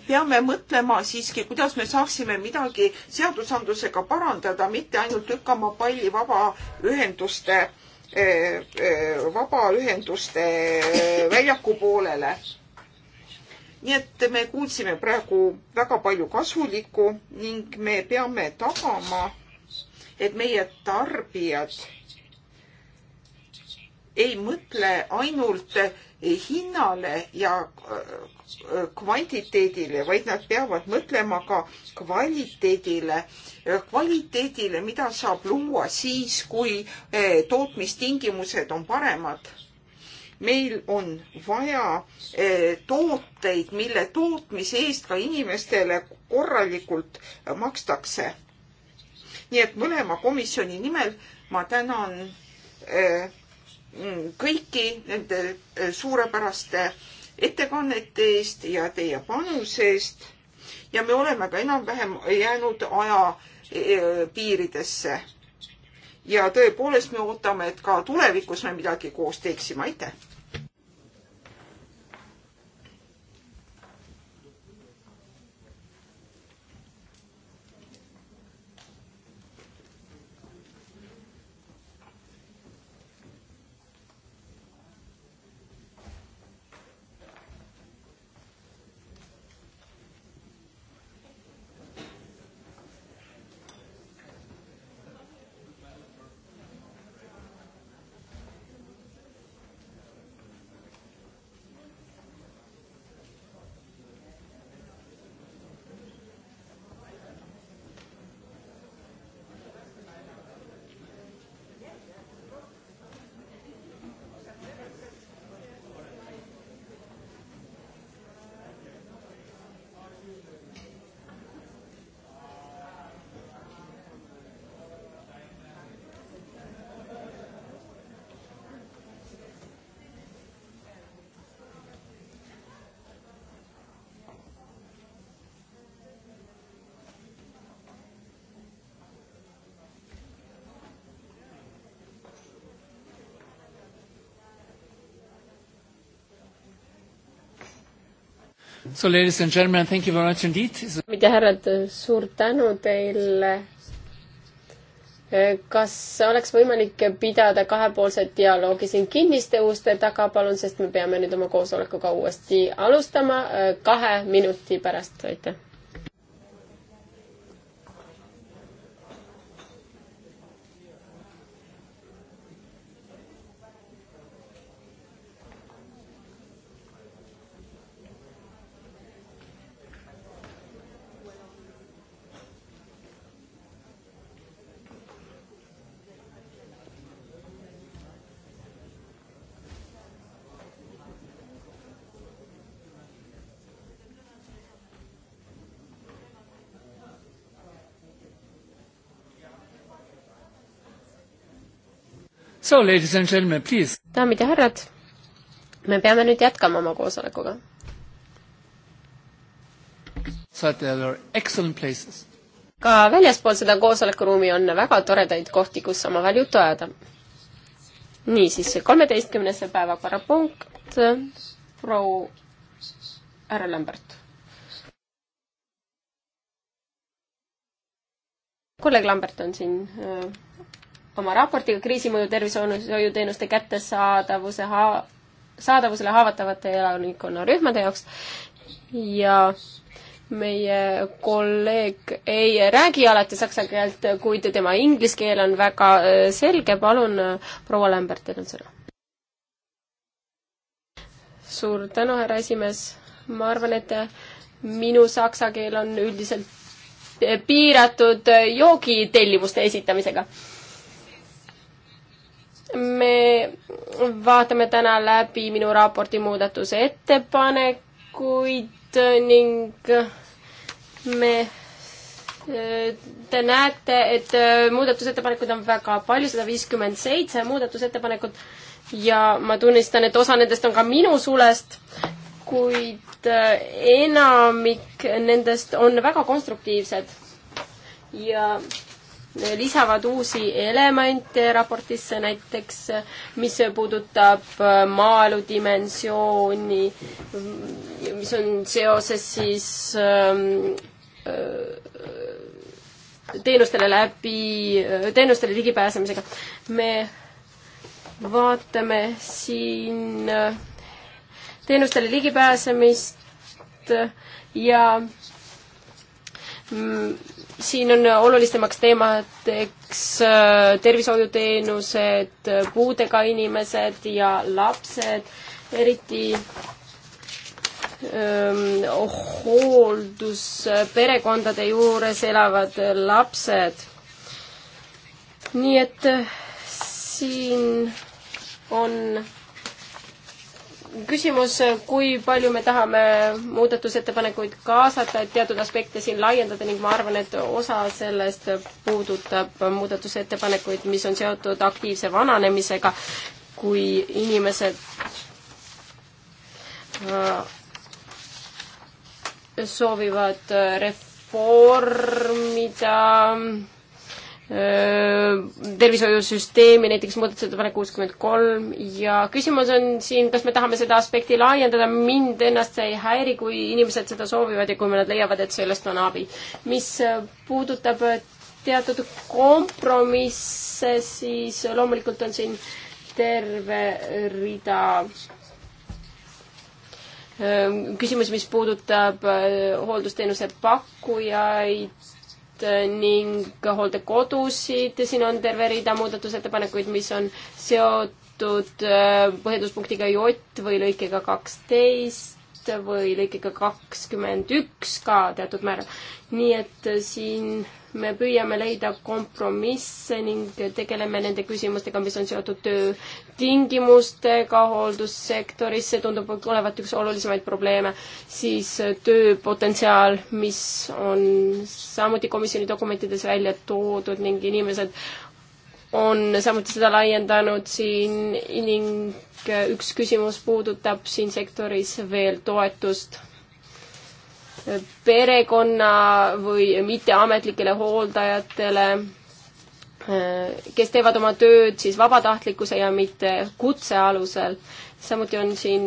peame mõtlema siiski, kuidas me saaksime midagi seadusandlusega parandada, mitte ainult lükkama palli vabaühenduste, vabaühenduste väljaku poolele nii et me kuulsime praegu väga palju kasulikku ning me peame tagama, et meie tarbijad ei mõtle ainult hinnale ja äh, kvantiteedile, vaid nad peavad mõtlema ka kvaliteedile, kvaliteedile, mida saab luua siis, kui äh, tootmistingimused on paremad meil on vaja eh, tooteid, mille tootmise eest ka inimestele korralikult eh, makstakse. nii et mõlema komisjoni nimel ma tänan eh, mm, kõiki nende suurepäraste ettekannete eest ja teie panuse eest ja me oleme ka enam-vähem jäänud aja piiridesse. ja tõepoolest me ootame, et ka tulevikus me midagi koos teeksime, aitäh! So ladies and gentlemen, thank you very much indeed. daamid ja härrad, suur tänu teile. kas oleks võimalik pidada kahepoolset dialoogi siin kinniste uste taga, palun, sest me peame nüüd oma koosolekuga uuesti alustama kahe minuti pärast, aitäh. So, ladies and gentlemen, please. daamid ja härrad, me peame nüüd jätkama oma koosolekuga. ka väljaspool seda koosolekuruumi on väga toredaid kohti, kus omavahel juttu ajada. niisiis, kolmeteistkümnes päevakorrapunkt, proua härra Lambert. kolleeg Lambert on siin äh, oma raportiga kriisimõju tervishoiuteenuste kättesaadavuse ha-, saadavusele haavatavate elanikkonnarühmade jaoks ja meie kolleeg ei räägi alati saksa keelt, kuid tema inglise keel on väga äh, selge, palun, äh, proua Lämbert, teil on sõna. suur tänu, härra esimees, ma arvan, et äh, minu saksa keel on üldiselt piiratud joogitellimuste esitamisega me vaatame täna läbi minu raporti muudatuse ettepanekuid ning me Te näete, et muudatusettepanekuid on väga palju, sada viiskümmend seitse muudatusettepanekut ja ma tunnistan, et osa nendest on ka minu sulest, kuid enamik nendest on väga konstruktiivsed. ja lisavad uusi elemente raportisse, näiteks mis puudutab äh, maaelu dimensiooni, mis on seoses siis ähm, äh, teenustele läbi, äh, teenustele ligipääsemisega. me vaatame siin teenustele ligipääsemist ja mm, siin on olulisemaks teemadeks äh, tervishoiuteenused, puudega inimesed ja lapsed, eriti öö, ähm, hooldus perekondade juures elavad lapsed. nii et äh, siin on küsimus, kui palju me tahame muudatusettepanekuid kaasata, et teatud aspekte siin laiendada ning ma arvan, et osa sellest puudutab muudatusettepanekuid, mis on seotud aktiivse vananemisega, kui inimesed äh, soovivad äh, reformida tervishoiusüsteemi, näiteks muudatusettepanek kuuskümmend kolm ja küsimus on siin, kas me tahame seda aspekti laiendada, mind ennast see ei häiri, kui inimesed seda soovivad ja kui nad leiavad, et sellest on abi. mis puudutab teatud kompromisse, siis loomulikult on siin terve rida küsimusi, mis puudutab hooldusteenuse pakkujaid Äh, ning hooldekodusid, siin on terve rida muudatusettepanekuid, mis on seotud äh, põhjenduspunktiga J või lõikega kaksteist või lõikega kakskümmend üks ka teatud määral. nii et äh, siin me püüame leida kompromisse ning tegeleme nende küsimustega, mis on seotud töötingimustega hooldussektoris, see tundub olevat üks olulisemaid probleeme. siis tööpotentsiaal, mis on samuti komisjoni dokumentides välja toodud ning inimesed on samuti seda laiendanud siin ning üks küsimus puudutab siin sektoris veel toetust perekonna või mitteametlikele hooldajatele, eh, kes teevad oma tööd siis vabatahtlikkuse ja mitte kutse alusel. samuti on siin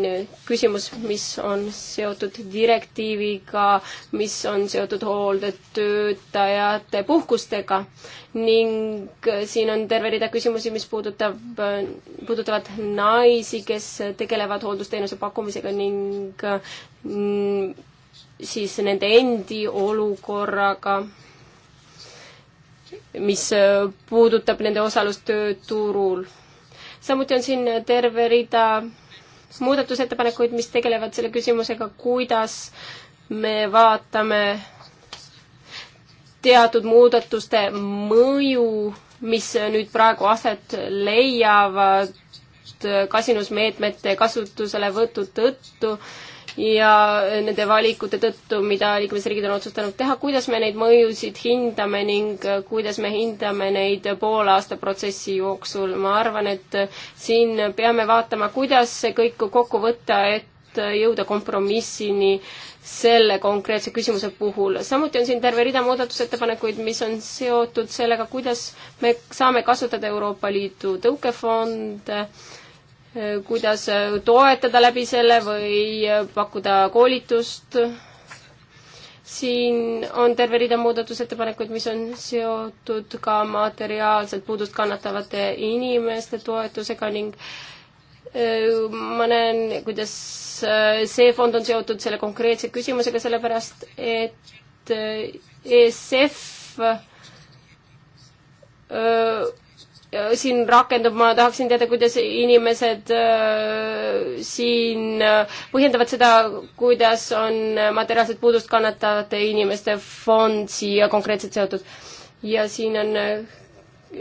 küsimus, mis on seotud direktiiviga, mis on seotud hooldetöötajate puhkustega ning siin on terve rida küsimusi, mis puudutab, puudutavad naisi, kes tegelevad hooldusteenuse pakkumisega ning mm, siis nende endi olukorraga, mis äh, puudutab nende osalust tööturul. samuti on siin terve rida muudatusettepanekuid, mis tegelevad selle küsimusega, kuidas me vaatame teatud muudatuste mõju, mis nüüd praegu aset leiavad kasinusmeetmete kasutuselevõtu tõttu ja nende valikute tõttu, mida liikmesriigid on otsustanud teha, kuidas me neid mõjusid hindame ning kuidas me hindame neid poole aasta protsessi jooksul. ma arvan, et siin peame vaatama, kuidas see kõik kokku võtta, et jõuda kompromissini selle konkreetse küsimuse puhul. samuti on siin terve rida muudatusettepanekuid, mis on seotud sellega, kuidas me saame kasutada Euroopa Liidu tõukefonde äh, kuidas toetada läbi selle või pakkuda koolitust. siin on terve rida muudatusettepanekuid, mis on seotud ka materiaalselt puudust kannatavate inimeste toetusega ning äh, ma näen, kuidas äh, see fond on seotud selle konkreetse küsimusega, sellepärast et äh, ESF Äh, siin rakendub, ma tahaksin teada, kuidas inimesed äh, siin äh, põhjendavad seda, kuidas on materiaalset puudust kannatavate inimeste fond siia konkreetselt seotud. ja siin on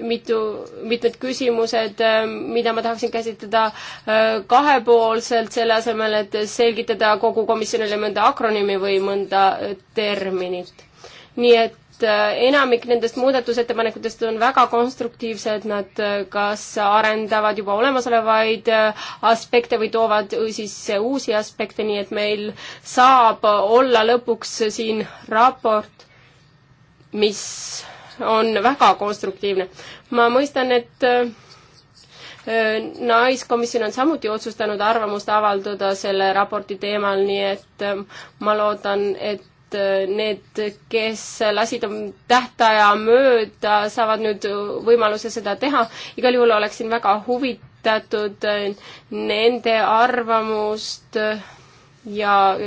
mitu, mitmed küsimused, mida ma tahaksin käsitleda kahepoolselt, selle asemel, et selgitada kogu komisjonile mõnda akronüümi või mõnda terminit. nii et et äh, enamik nendest muudatusettepanekutest on väga konstruktiivsed, nad äh, kas arendavad juba olemasolevaid äh, aspekte või toovad siis uusi aspekte, nii et meil saab olla lõpuks siin raport, mis on väga konstruktiivne. ma mõistan, et naiskomisjon on samuti otsustanud arvamust avaldada selle raporti teemal, nii et ma loodan, et et äh, need, kes lasid tähtaja mööda, saavad nüüd võimaluse seda teha. igal juhul oleksin väga huvitatud äh, nende arvamust äh, ja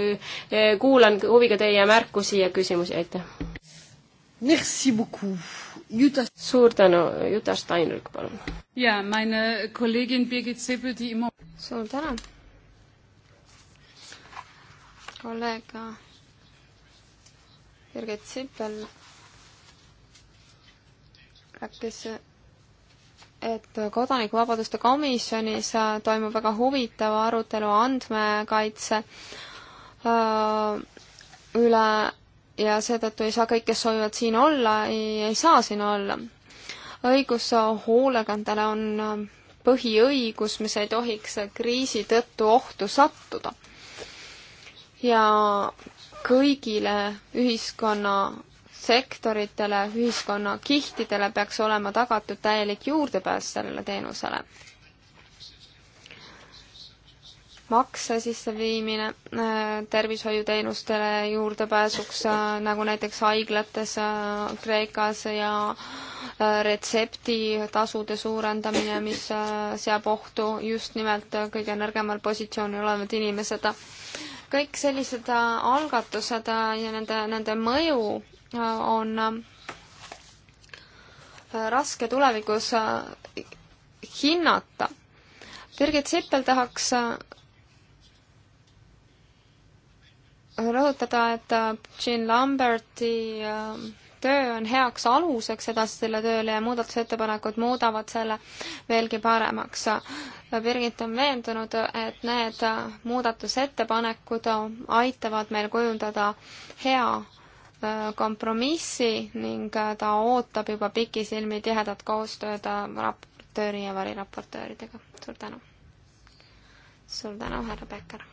kuulan huviga teie märkusi ja küsimusi, aitäh! Merci beaucoup! Jutta. Suur tänu, Jutta Steinrück, palun! jaa, meine kolleegin Birgit Seppel, die immo-. suur tänu! kolleeg Birgit Sippel rääkis, et kodanikuvabaduste komisjonis toimub väga huvitav arutelu andmekaitse äh, üle ja seetõttu ei saa kõik, kes soovivad siin olla, ei saa siin olla. õigus hoolekandele on äh, põhiõigus, mis ei tohiks kriisi tõttu ohtu sattuda. ja kõigile ühiskonna sektoritele, ühiskonna kihtidele peaks olema tagatud täielik juurdepääs sellele teenusele. makse sisseviimine äh, tervishoiuteenustele juurdepääsuks, äh, nagu näiteks haiglates äh, Kreekas ja retseptitasude suurendamine, mis seab ohtu just nimelt kõige nõrgemal positsioonil olevad inimesed kõik sellised äh, algatused äh, ja nende, nende mõju äh, on raske tulevikus hinnata. Birgit Sippel tahaks rõhutada, et Jean Lamberti töö on heaks aluseks edasisele tööle ja muudatusettepanekud muudavad selle veelgi paremaks. Birgit on veendunud, et need muudatusettepanekud aitavad meil kujundada hea äh, kompromissi ning ta ootab juba pikisilmi tihedat koostööd äh, raportööri ja variraportööridega. suur tänu! suur tänu, härra Pekker!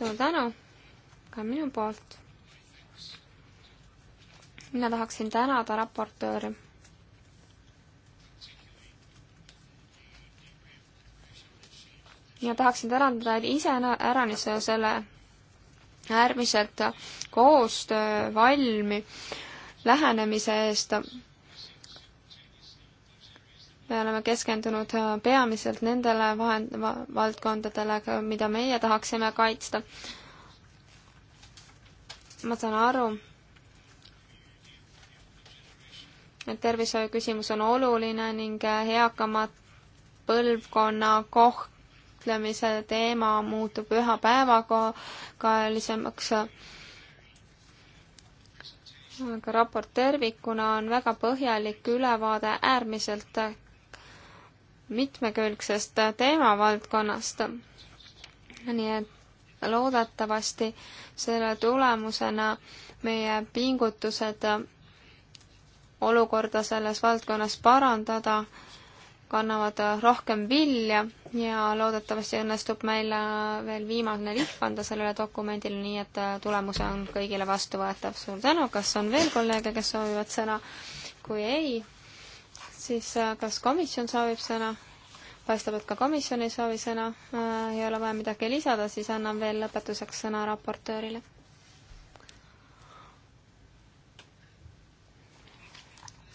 suur tänu ka minu poolt. mina tahaksin tänada raportööri. ja tahaksin tänada ise äranis selle äärmiselt koostöövalmi lähenemise eest me oleme keskendunud äh, peamiselt nendele vahend-, valdkondadele, mida meie tahaksime kaitsta. ma saan aru, et tervishoiuküsimus on oluline ning äh, eakamad põlvkonna kohtlemise teema muutub üha päevakaelisemaks aga raport tervikuna on väga põhjalik ülevaade äärmiselt mitmekülgsest teemavaldkonnast. nii et loodetavasti selle tulemusena meie pingutused olukorda selles valdkonnas parandada kannavad rohkem vilja ja loodetavasti õnnestub meil veel viimane lihv anda sellele dokumendile, nii et tulemus on kõigile vastuvõetav. suur tänu, kas on veel kolleege, kes soovivad sõna? kui ei, siis äh, kas komisjon soovib sõna? paistab, et ka komisjon ei soovi sõna, äh, ei ole vaja midagi lisada, siis annan veel lõpetuseks sõna raportöörile.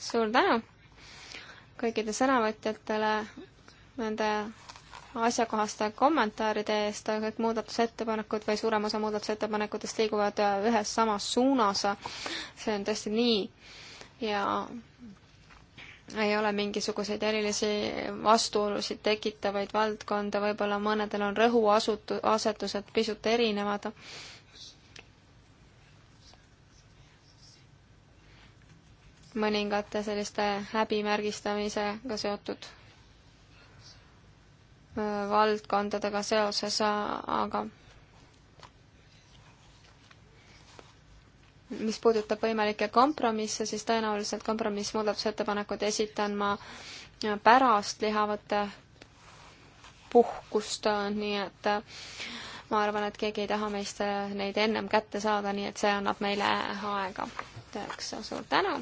suur tänu kõikide sõnavõtjatele nende asjakohaste kommentaaride eest, kõik muudatusettepanekud või suurem osa muudatusettepanekutest liiguvad ühes samas suunas. see on tõesti nii ja ei ole mingisuguseid erilisi vastuolusid tekitavaid valdkonda, võib-olla mõnedel on rõhuasutu-, asetused pisut erinevad. mõningate selliste häbimärgistamisega seotud äh, valdkondadega seoses, aga mis puudutab võimalikke kompromisse, siis tõenäoliselt kompromissmuudatusettepanekud esitan ma pärast lihavate puhkust, nii et äh, ma arvan, et keegi ei taha meist äh, neid ennem kätte saada, nii et see annab meile aega tööks. suur tänu!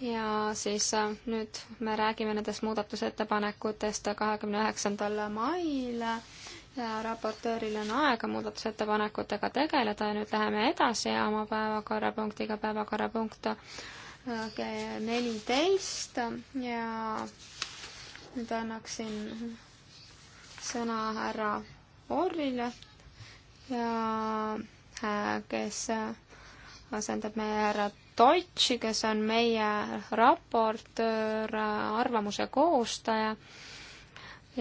ja siis äh, nüüd me räägime nendest muudatusettepanekutest kahekümne üheksandal mail ja raportööril on aega muudatusettepanekutega tegeleda ja nüüd läheme edasi oma päevakorrapunktiga, päevakorrapunkt äh, neliteist ja nüüd annaksin sõna härra Orrile ja äh, kes äh, asendab meie härra Deutschi, kes on meie raportöör, arvamuse koostaja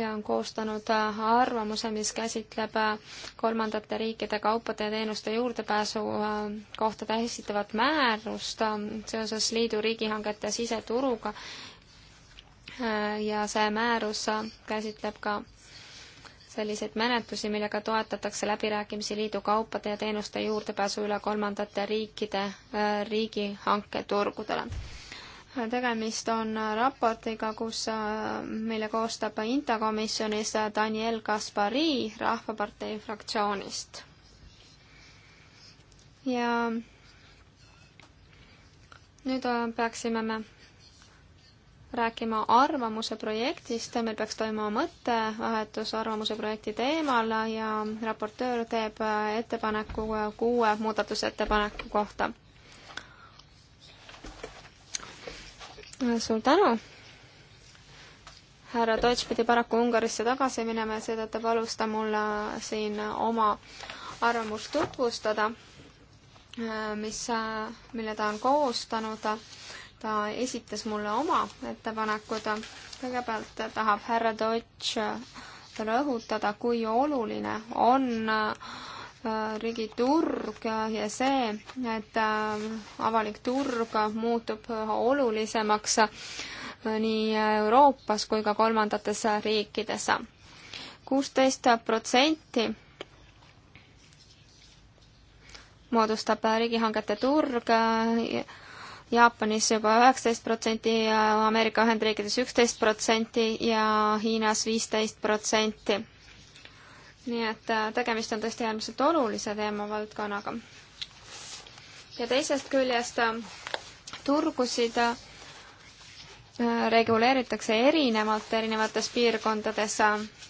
ja on koostanud äh, arvamuse, mis käsitleb äh, kolmandate riikide kaupade ja teenuste juurdepääsu äh, kohtade esitavat määrust ähm, seoses liidu riigihangete siseturuga. ja see määrus käsitleb ka selliseid menetlusi, millega toetatakse läbirääkimisi liidu kaupade ja teenuste juurdepääsu üle kolmandate riikide riigihanketurgudele tegemist on raportiga, kus, äh, mille koostab INTA komisjonis Daniel Kaspari Rahvapartei fraktsioonist. ja nüüd äh, peaksime me rääkima arvamuse projektist, meil peaks toimuma mõttevahetus arvamuse projekti teemal ja raportöör teeb äh, ettepaneku kuue muudatusettepaneku kohta suur tänu! härra Deutsch pidi paraku Ungarisse tagasi minema ja seetõttu palus ta mul siin oma arvamust tutvustada, mis, mille ta on koostanud. ta esitas mulle oma ettepanekud. kõigepealt tahab härra Deutsch rõhutada, kui oluline on äh, riigi turg ja see, et äh, avalik turg muutub olulisemaks äh, nii Euroopas kui ka kolmandates riikides. kuusteist protsenti moodustab riigihangete turg äh, Jaapanis juba üheksateist protsenti ja Ameerika Ühendriikides üksteist protsenti ja Hiinas viisteist protsenti nii et äh, tegemist on tõesti äärmiselt olulise teemavaldkonnaga. ja teisest küljest äh, turgusid äh, reguleeritakse erinevalt erinevates piirkondades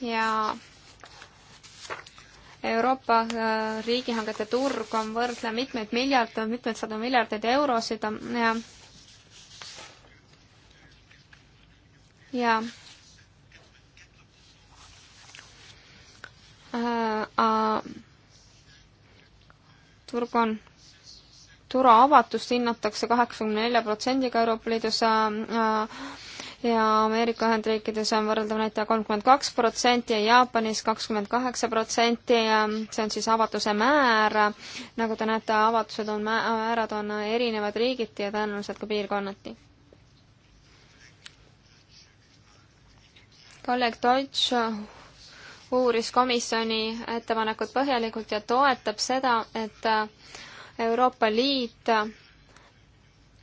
ja Euroopa riigihangete turg on võrdle mitmeid miljard, mitmeid sadu miljardeid eurosid ja ja äh, turg on, turu avatust hinnatakse kaheksakümne nelja protsendiga Euroopa Liidus äh, äh, ja Ameerika Ühendriikides on võrreldav näitaja kolmkümmend kaks protsenti ja Jaapanis kakskümmend kaheksa protsenti ja see on siis avatuse määr. nagu te näete, avatused on, määrad on erinevad riigiti ja tõenäoliselt ka piirkonnati. kolleeg Deutsch uuris komisjoni ettepanekut põhjalikult ja toetab seda, et äh, Euroopa Liit äh,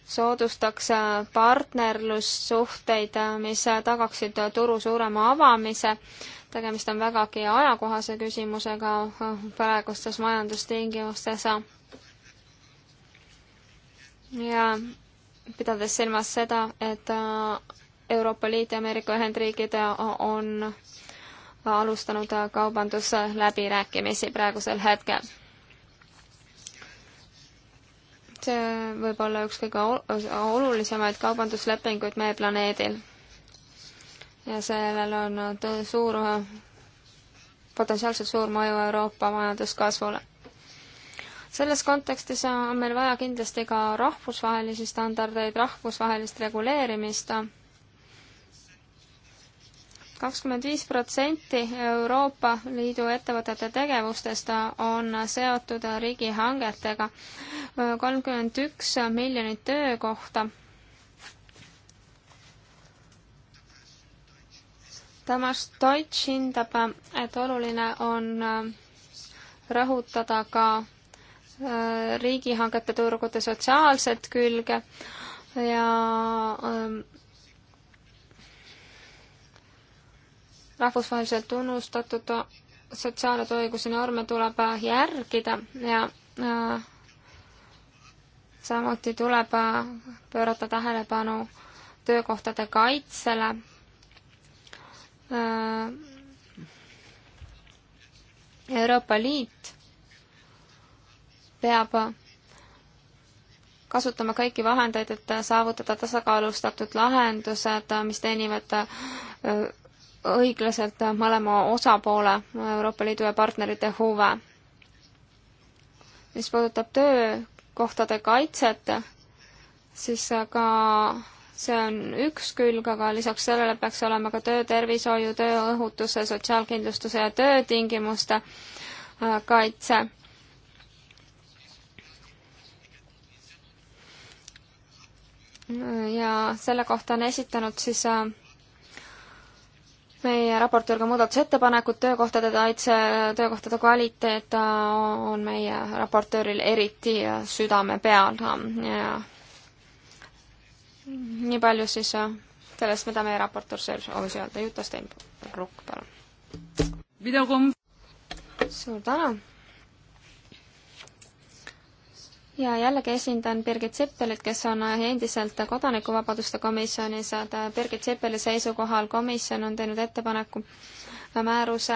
soodustaks äh, partnerlussuhteid, mis tagaksid turu suurema avamise. tegemist on vägagi ajakohase küsimusega praegustes majandustingimustes. ja pidades silmas seda, et Euroopa Liit ja Ameerika Ühendriigid on alustanud kaubandusläbirääkimisi praegusel hetkel. see võib olla üks kõige olulisemaid kaubanduslepinguid meie planeedil. ja sellel on suur, potentsiaalselt suur mõju Euroopa majanduskasvule selles kontekstis on meil vaja kindlasti ka rahvusvahelisi standardeid, rahvusvahelist reguleerimist kakskümmend viis protsenti Euroopa Liidu ettevõtete tegevustest on seotud riigihangetega, kolmkümmend üks miljonit töökohta. Tamas Deutsch hindab, et oluline on rõhutada ka äh, riigihangete turgude sotsiaalset külge ja ähm, rahvusvaheliselt tunnustatud sotsiaalõiguse norme tuleb järgida ja äh, samuti tuleb pöörata tähelepanu töökohtade kaitsele äh,. Euroopa Liit peab kasutama kõiki vahendeid, et saavutada tasakaalustatud lahendused, mis teenivad äh, õiglaselt mõlema osapoole, Euroopa Liidu ja partnerite huve. mis puudutab töökohtade kaitset, siis ka see on üks külg, aga lisaks sellele peaks olema ka töötervishoiu, tööohutuse, sotsiaalkindlustuse ja töötingimuste äh, kaitse. ja selle kohta on esitanud siis äh, meie raportöör ka muudatusettepanekud, töökohtade kaitse, töökohtade kvaliteet on meie raportööril eriti südame peal ja nii palju siis äh, sellest, mida meie raportöör soovis öelda, Juta Steinbrück, palun. suur tänu! ja jällegi esindan Birgit Seppelit, kes on endiselt Kodanikuvabaduste komisjonis. Birgit Seppeli seisukohal komisjon on teinud ettepaneku määruse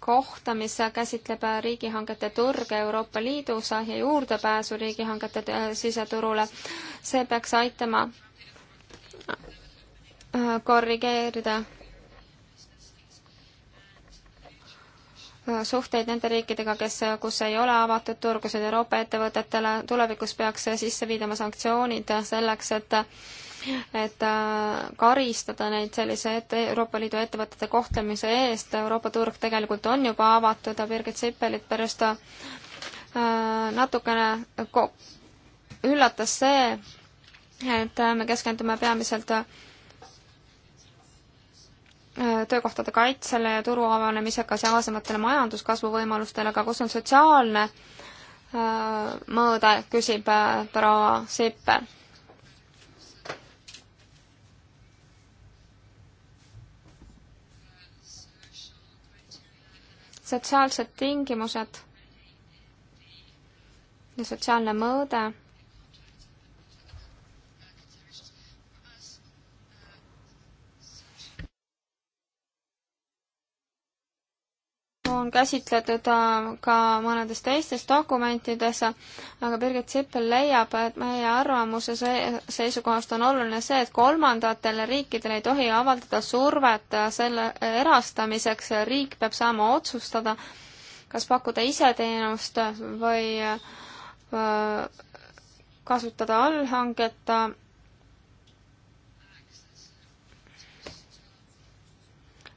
kohta, mis käsitleb riigihangete turge Euroopa Liidus ja juurdepääsu riigihangete äh, siseturule. see peaks aitama äh, korrigeerida suhteid nende riikidega, kes, kus ei ole avatud turgusid Euroopa ettevõtetele, tulevikus peaks sisse viidama sanktsioonid selleks, et et äh, karistada neid sellise ette, Euroopa Liidu ettevõtete kohtlemise eest, Euroopa turg tegelikult on juba avatud, Birgit Sippelit pärast äh, natukene üllatas see, et äh, me keskendume peamiselt äh, Äh, töökohtade kaitsele ja turu avanemisega seasematele majanduskasvu võimalustele, aga kus on sotsiaalne äh, mõõde, küsib äh, proua Sippe sotsiaalsed tingimused ja sotsiaalne mõõde on käsitletud äh, ka mõnedes teistes dokumentides, aga Birgit Sippel leiab, et meie arvamuse seisukohast on oluline see, et kolmandatele riikidele ei tohi avaldada survet selle erastamiseks, riik peab saama otsustada, kas pakkuda ise teenust või äh, kasutada allhanget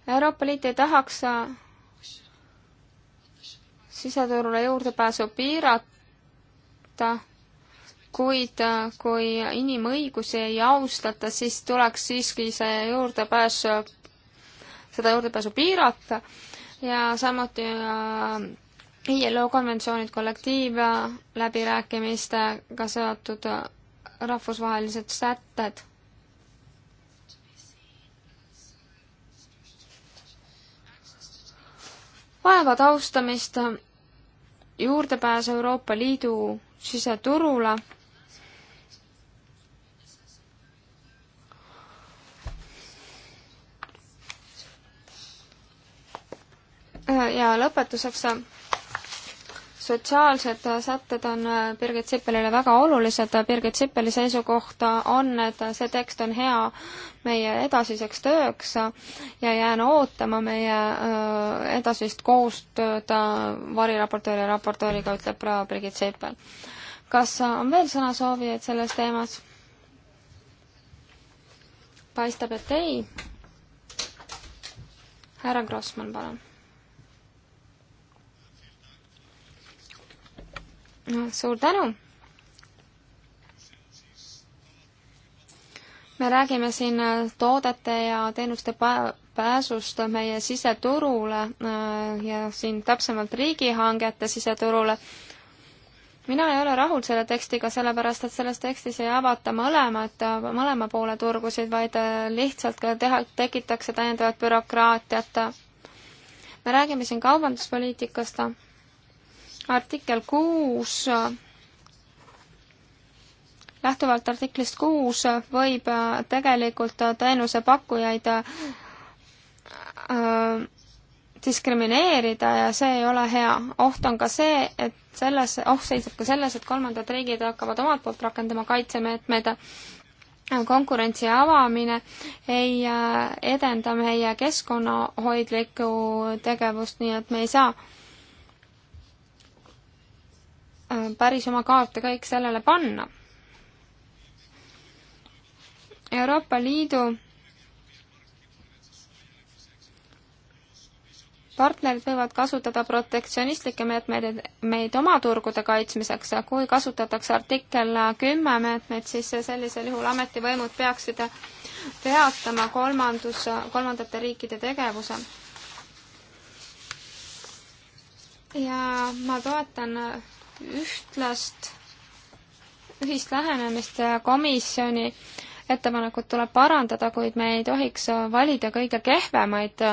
Euroopa Liit ei tahaks siseturule juurdepääsu piirata, kuid äh, kui inimõigusi ei austata, siis tuleks siiski see juurdepääs, seda juurdepääsu piirata ja samuti äh, ILO konventsioonid kollektiivläbirääkimistega seotud äh, rahvusvahelised sätted vajavad austamist, juurdepääs Euroopa Liidu siseturule ja lõpetuseks sotsiaalsed sätted on äh, Birgit Sippelile väga olulised, Birgit Sippeli seisukohta on, et see tekst on hea meie edasiseks tööks ja jään ootama meie äh, edasist koostööd äh, variraportööri ja raportööriga, ütleb proua Birgit Sippel. kas on veel sõnasoovijaid selles teemas? paistab, et ei. härra Grossmann, palun suur tänu! me räägime siin äh, toodete ja teenuste pääsust meie siseturule äh, ja siin täpsemalt riigihangete siseturule. mina ei ole rahul selle tekstiga, sellepärast et selles tekstis ei avata mõlemat, mõlema poole turgusid, vaid äh, lihtsalt teha, tekitakse täiendavat bürokraatiat. me räägime siin kaubanduspoliitikast artikkel kuus, lähtuvalt artiklist kuus võib äh, tegelikult äh, teenusepakkujaid äh, diskrimineerida ja see ei ole hea. oht on ka see, et selles, oht seisab ka selles, et kolmandad riigid hakkavad omalt poolt rakendama kaitsemeetmeid. konkurentsi avamine ei edenda meie keskkonnahoidlikku tegevust, nii et me ei saa Äh, päris oma kaarte kõik sellele panna. Euroopa Liidu partnerid võivad kasutada protektsionistlikke meetmeid meid oma turgude kaitsmiseks ja kui kasutatakse artikkel kümme meetmeid, siis sellisel juhul ametivõimud peaksid peatama kolmandus, kolmandate riikide tegevuse. ja ma toetan ühtlast, ühist lähenemist komisjoni ettepanekut tuleb parandada, kuid me ei tohiks valida kõige kehvemaid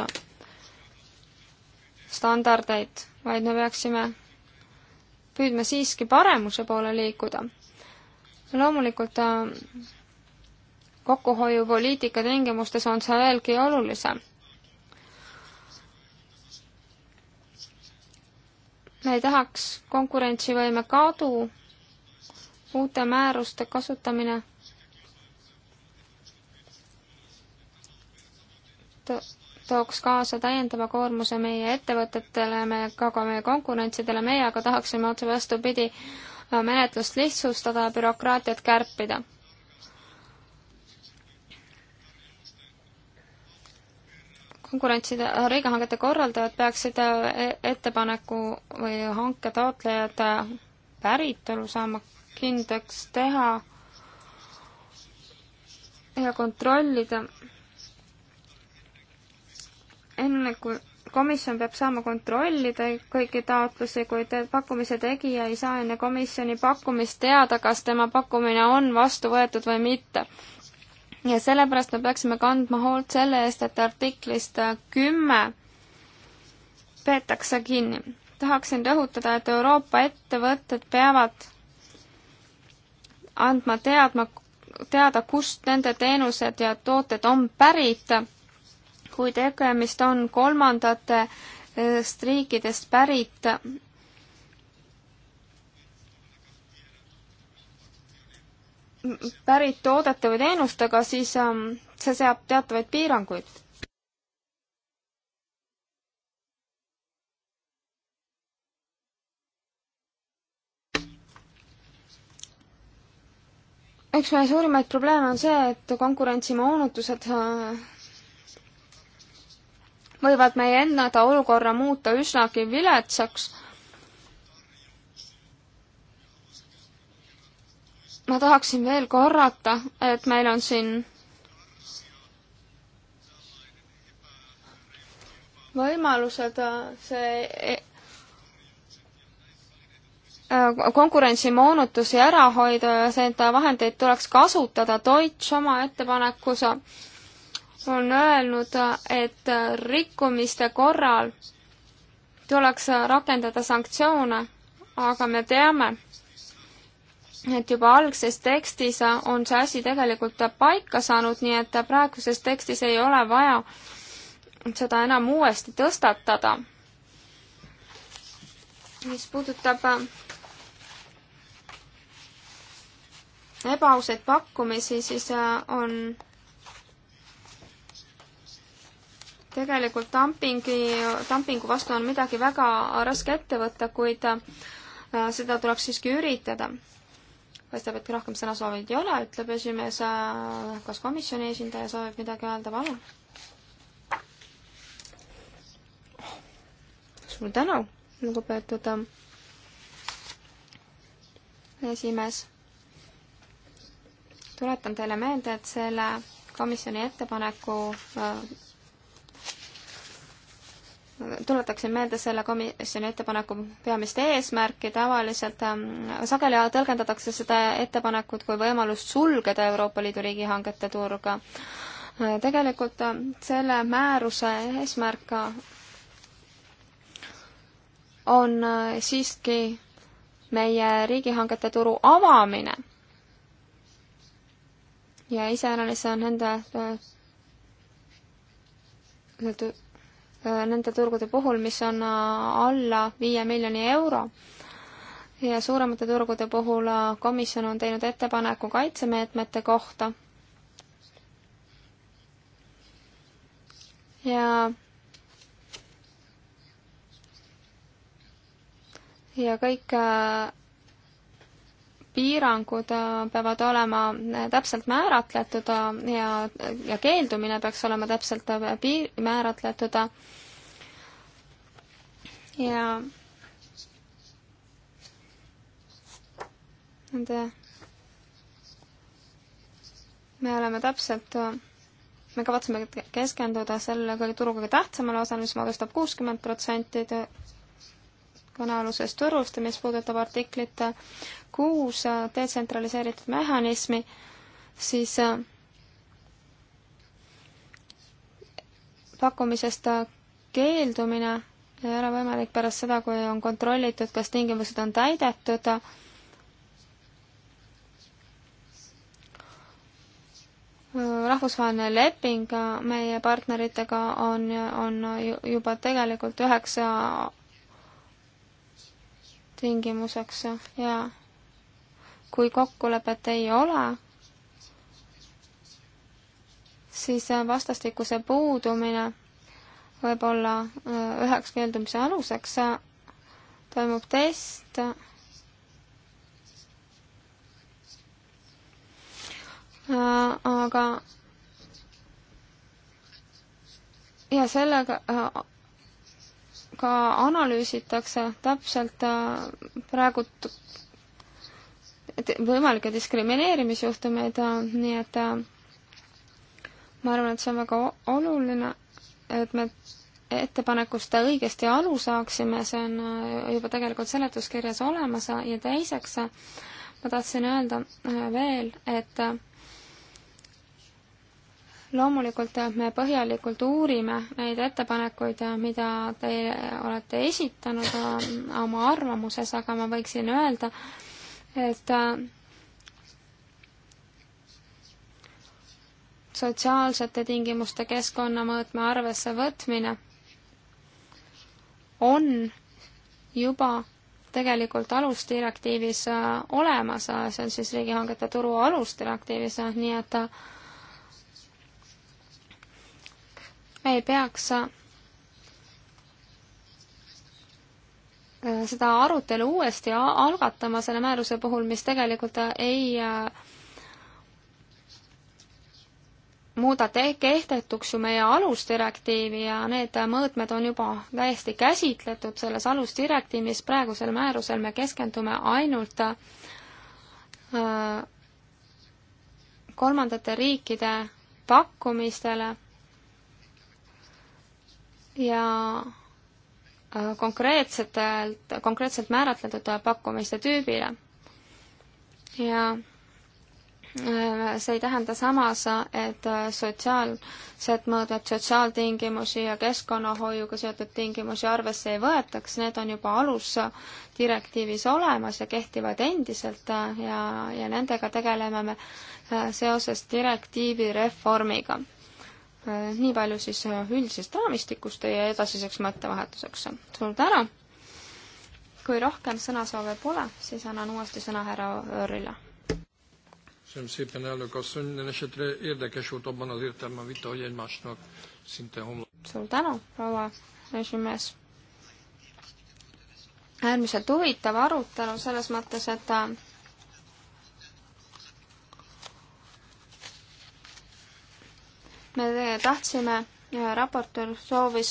standardeid, vaid me peaksime püüdma siiski paremuse poole liikuda. loomulikult äh, kokkuhoiupoliitika tingimustes on see veelgi olulisem me ei tahaks konkurentsivõime kadu, uute määruste kasutamine to tooks kaasa täiendava koormuse meie ettevõtetele, me, aga meie konkurentsidele, meie aga tahaksime otse vastupidi menetlust lihtsustada, bürokraatiat kärpida. konkurentside, riigihangete korraldajad peaksid eh, ettepaneku või hanke taotlejad eh, päritolu saama kindlaks teha ja kontrollida. enne kui komisjon peab saama kontrollida kõiki taotlusi, kui te pakkumise tegija ei saa enne komisjoni pakkumist teada, kas tema pakkumine on vastu võetud või mitte ja sellepärast me peaksime kandma hoolt selle eest, et artiklist äh, kümme peetakse kinni. tahaksin rõhutada, et Euroopa ettevõtted peavad andma teadma, teada, kust nende teenused ja tooted on pärit, kui tegemist on kolmandatest riikidest pärit pärit toodete või teenustega, siis ähm, see seab teatavaid piiranguid. üks meie suurimaid probleeme on see, et konkurentsimoonutused äh, võivad meie enda olukorra muuta üsnagi viletsaks ma tahaksin veel korrata, et meil on siin võimalused, äh, see äh, konkurentsi moonutusi ära hoida ja seda vahendeid tuleks kasutada. Deutsch oma ettepanekus on öelnud, et rikkumiste korral tuleks rakendada sanktsioone, aga me teame, et juba algses tekstis on see asi tegelikult paika saanud, nii et praeguses tekstis ei ole vaja seda enam uuesti tõstatada. mis puudutab äh, ebaausaid pakkumisi, siis äh, on tegelikult dumpingi, dumpingu vastu on midagi väga raske ette võtta, kuid äh, seda tuleks siiski üritada paistab, et rohkem sõnasoovid ei ole, ütleb esimees. kas komisjoni esindaja soovib midagi öelda, palun? suur tänu, lugupeetud ähm, esimees. tuletan teile meelde, et selle komisjoni ettepaneku äh, tuletaksin meelde selle komisjoni ettepaneku peamist eesmärki, tavaliselt ähm, sageli tõlgendatakse seda ettepanekut kui võimalust sulgeda Euroopa Liidu riigihangete turga. tegelikult ähm, selle määruse eesmärk äh, on äh, siiski meie riigihangete turu avamine ja iseäranis on nende äh, Äh, nende turgude puhul, mis on äh, alla viie miljoni euro. ja suuremate turgude puhul äh, komisjon on teinud ettepaneku kaitsemeetmete kohta. ja ja kõik piirangud äh, peavad olema äh, täpselt määratletud äh, ja, ja keeldumine peaks olema täpselt piir-, määratletud ja nende me oleme täpselt, me kavatseme keskenduda selle kõige turu kõige tähtsamale osale, mis moodustab kuuskümmend protsenti kõnealusest turust ja mis puudutab artiklit kuus äh, detsentraliseeritud mehhanismi, siis äh, pakkumisest äh, keeldumine ei ole võimalik pärast seda, kui on kontrollitud, kas tingimused on täidetud. rahvusvaheline leping meie partneritega on, on juba tegelikult üheksa tingimuseks ja kui kokkulepet ei ole, siis vastastikuse puudumine võib olla äh, üheks keeldumise aluseks, toimub test, äh, aga ja sellega äh, ka analüüsitakse täpselt äh, praegu võimalikke diskrimineerimisjuhtumeid, äh, nii et äh, ma arvan, et see on väga oluline, et me ettepanekust õigesti aru saaksime, see on juba tegelikult seletuskirjas olemas ja teiseks ma tahtsin öelda veel, et loomulikult äh, me põhjalikult uurime neid ettepanekuid, äh, mida te olete esitanud äh, oma arvamuses, aga ma võiksin öelda, et sotsiaalsete tingimuste keskkonnamõõtme arvesse võtmine on juba tegelikult alusdirektiivis olemas, see on siis riigihangete turu alusdirektiivis, nii et me ei peaks äh, seda arutelu uuesti algatama selle määruse puhul, mis tegelikult äh, ei äh, muuda kehtetuks ju meie alusdirektiivi ja need mõõtmed on juba täiesti käsitletud selles alusdirektiivis, praegusel määrusel me keskendume ainult kolmandate riikide pakkumistele ja äh, konkreetsetelt, konkreetselt määratletud pakkumiste tüübile. ja äh, see ei tähenda samas, et äh, sotsiaalsed mõõdmed, sotsiaaltingimusi ja keskkonnahoiuga seotud tingimusi arvesse ei võetaks, need on juba alusdirektiivis olemas ja kehtivad endiselt ja, ja nendega tegeleme me seoses direktiivi reformiga Äh, nii palju siis äh, üldisest raamistikust teie edasiseks mõttevahetuseks. suur tänu! kui rohkem sõnasoove pole, siis annan uuesti sõna härra Öörile. Köszönöm szépen, elnök asszony. Minden esetre érdekes volt abban az értelemben vita, hogy egymásnak szinte homlok. Suur tänu, proua esimees. Äärmiselt huvitav arutelu selles mõttes, et äh, me tahtsime, raportöör soovis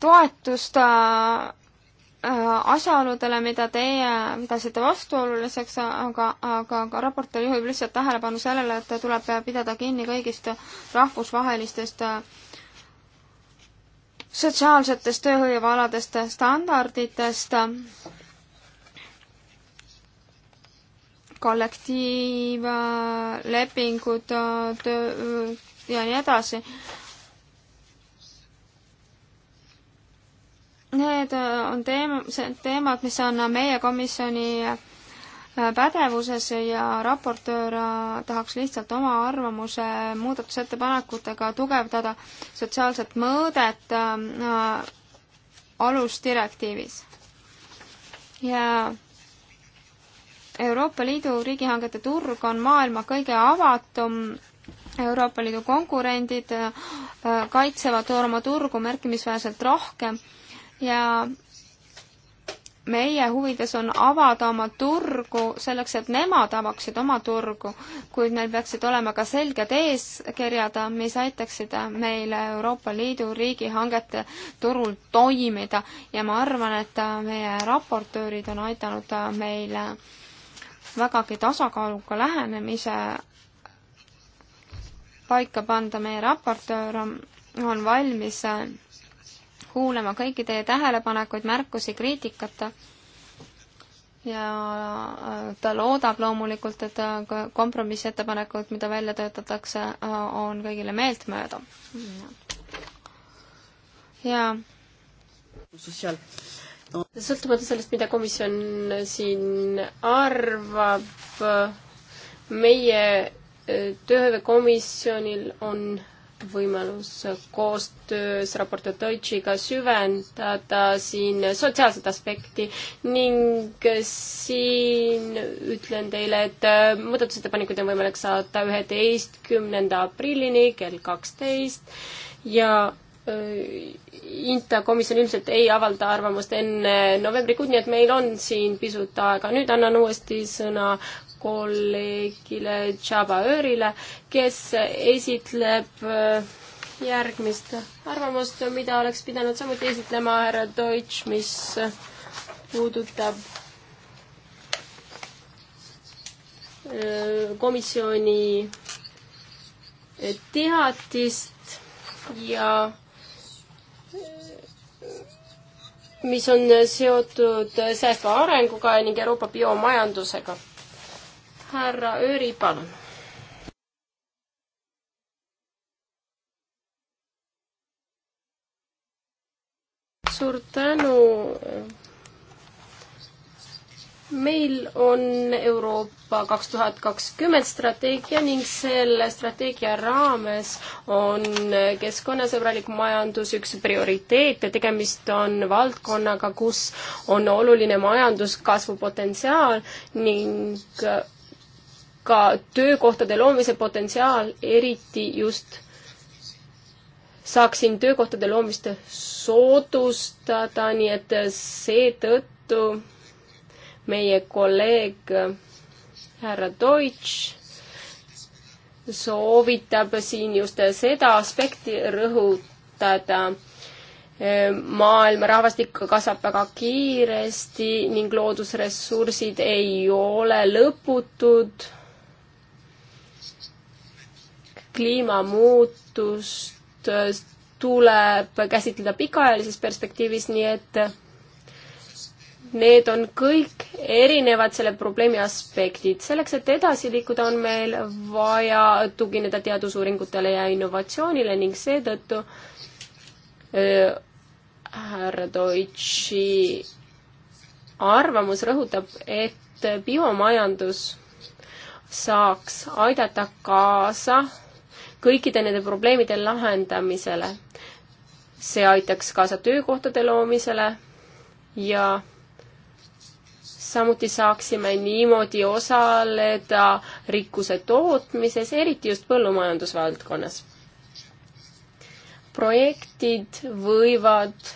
toetust äh, äh, asjaoludele, mida teie pidasite vastuoluliseks, aga, aga ka raportöör juhib lihtsalt tähelepanu sellele, et tuleb pidada kinni kõigist rahvusvahelistest äh, sotsiaalsetest tööhõivealadest standarditest kollektiivlepingud ja nii edasi. Need on teema, teemad, mis on meie komisjoni pädevuses ja raportöör tahaks lihtsalt oma arvamuse muudatusettepanekutega tugevdada sotsiaalset mõõdet äh, alusdirektiivis. ja Euroopa Liidu riigihangete turg on maailma kõige avatum. Euroopa Liidu konkurendid äh, kaitsevad oma turgu märkimisväärselt rohkem ja meie huvides on avada oma turgu selleks, et nemad avaksid oma turgu, kuid neil peaksid olema ka selged eeskirjad, mis aitaksid meile Euroopa Liidu riigihangete turul toimida ja ma arvan, et meie raportöörid on aidanud meile vägagi tasakaaluka lähenemise paika panda, meie raportöör on, on valmis äh, kuulama kõiki teie tähelepanekuid, märkusi, kriitikat ja äh, ta loodab loomulikult, et äh, kompromissettepanekud, mida välja töötatakse, on kõigile meeltmööda. Mm, ja sõltumata sellest, mida komisjon siin arvab, meie e, tööhõivekomisjonil on võimalus koostöös raportöör Deutschiga süvendada siin sotsiaalset aspekti ning siin ütlen teile, et e, muudatusettepanekuid on võimalik saata üheteistkümnenda aprillini kell kaksteist ja Inta komisjon ilmselt ei avalda arvamust enne novembrikuud, nii et meil on siin pisut aega. nüüd annan uuesti sõna kolleegile Tšabaöörile, kes esitleb äh, järgmist arvamust, mida oleks pidanud samuti esitlema härra Deutsch, mis puudutab äh, komisjoni teatist ja mis on seotud säästva arenguga ning Euroopa biomajandusega. härra Ööri, palun. suur tänu meil on Euroopa kaks tuhat kakskümmend strateegia ning selle strateegia raames on keskkonnasõbralik majandus üks prioriteet ja tegemist on valdkonnaga, kus on oluline majanduskasvu potentsiaal ning ka töökohtade loomise potentsiaal, eriti just saaksin töökohtade loomist soodustada, nii et seetõttu meie kolleeg härra Deutsch soovitab siin just seda aspekti rõhutada. maailma rahvastik kasvab väga kiiresti ning loodusressursid ei ole lõputud. kliimamuutust tuleb käsitleda pikaajalises perspektiivis, nii et Need on kõik erinevad selle probleemi aspektid. selleks, et edasi liikuda, on meil vaja tugineda teadusuuringutele ja innovatsioonile ning seetõttu härra Deutschi arvamus rõhutab, et biomajandus saaks aidata kaasa kõikide nende probleemide lahendamisele. see aitaks kaasa töökohtade loomisele ja samuti saaksime niimoodi osaleda rikkuse tootmises, eriti just põllumajandusvaldkonnas. projektid võivad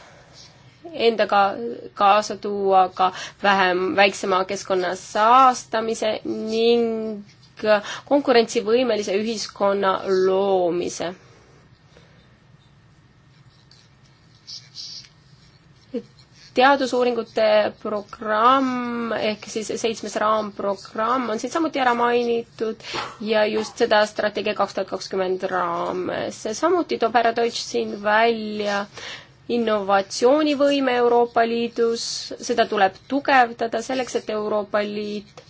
endaga kaasa tuua ka vähem, väiksema keskkonna saastamise ning konkurentsivõimelise ühiskonna loomise teadusuuringute programm ehk siis seitsmes raamprogramm on siin samuti ära mainitud ja just seda strateegia kaks tuhat kakskümmend raames. samuti toob härra Deutsch siin välja innovatsioonivõime Euroopa Liidus, seda tuleb tugevdada selleks, et Euroopa Liit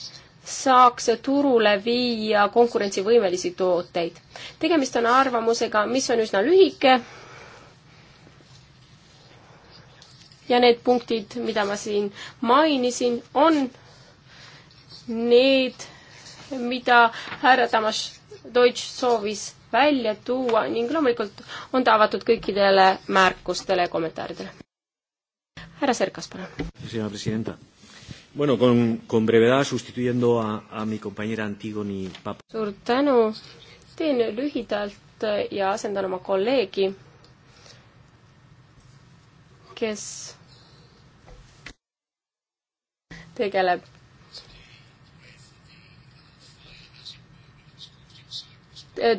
saaks turule viia konkurentsivõimelisi tooteid. tegemist on arvamusega, mis on üsna lühike ja need punktid, mida ma siin mainisin, on need, mida härra Tamas Deutsch soovis välja tuua ning loomulikult on ta avatud kõikidele märkustele ja kommentaaridele. härra Serkas, palun. Bueno, con, con brevedad sustituyendo a, a mi compañera Antigoni Papa. suur tänu, teen lühidalt ja asendan oma kolleegi, kes tegeleb.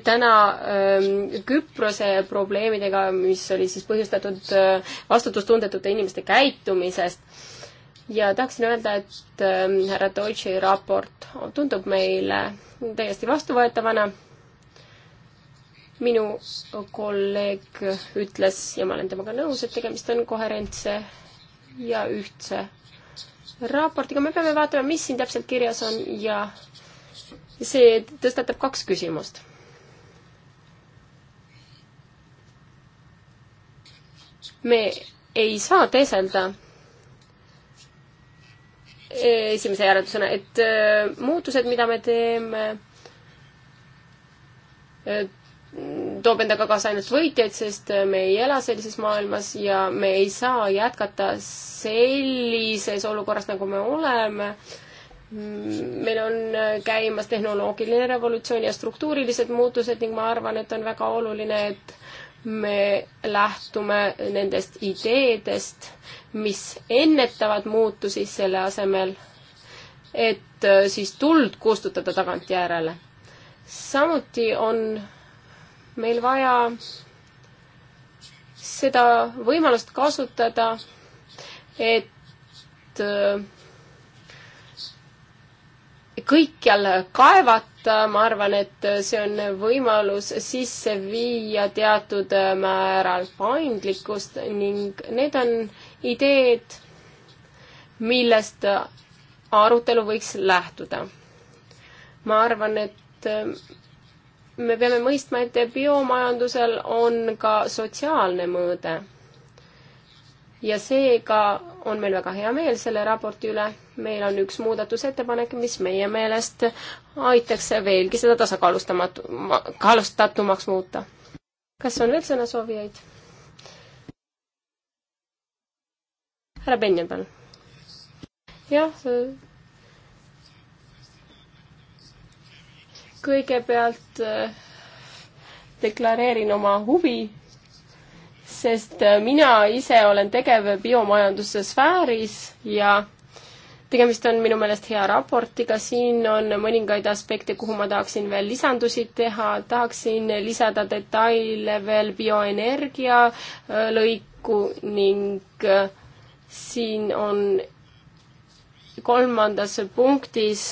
täna ähm, Küprose probleemidega, mis oli siis põhjustatud äh, vastutustundetute inimeste käitumisest ja tahaksin öelda, et ähm, härra Deutsche raport tundub meile täiesti vastuvõetavana. minu kolleeg ütles ja ma olen temaga nõus, et tegemist on koherentse ja ühtse raportiga, me peame vaatama, mis siin täpselt kirjas on ja see tõstatab kaks küsimust. me ei saa teeselda e, esimese järeldusena, et e, muutused, mida me teeme, e, toob endaga kaasa ainult võitjaid, sest me ei ela sellises maailmas ja me ei saa jätkata sellises olukorras, nagu me oleme. meil on käimas tehnoloogiline revolutsioon ja struktuurilised muutused ning ma arvan, et on väga oluline, et me lähtume nendest ideedest, mis ennetavad muutusi selle asemel, et siis tuld kustutada tagantjärele. samuti on meil vaja seda võimalust kasutada, et äh, kõikjal kaevata, ma arvan, et see on võimalus sisse viia teatud äh, määral paindlikkust ning need on ideed, millest arutelu võiks lähtuda. ma arvan, et äh, me peame mõistma, et biomajandusel on ka sotsiaalne mõõde. ja seega on meil väga hea meel selle raporti üle. meil on üks muudatusettepanek, mis meie meelest aitaks veelgi seda tasakaalustamatu, kaalustatumaks muuta. kas on veel sõnasoovijaid? härra Benjamin. jah kõigepealt äh, deklareerin oma huvi, sest äh, mina ise olen tegev biomajanduse sfääris ja tegemist on minu meelest hea raportiga, siin on mõningaid aspekte, kuhu ma tahaksin veel lisandusi teha, tahaksin lisada detaile veel bioenergia äh, lõiku ning siin on kolmandas punktis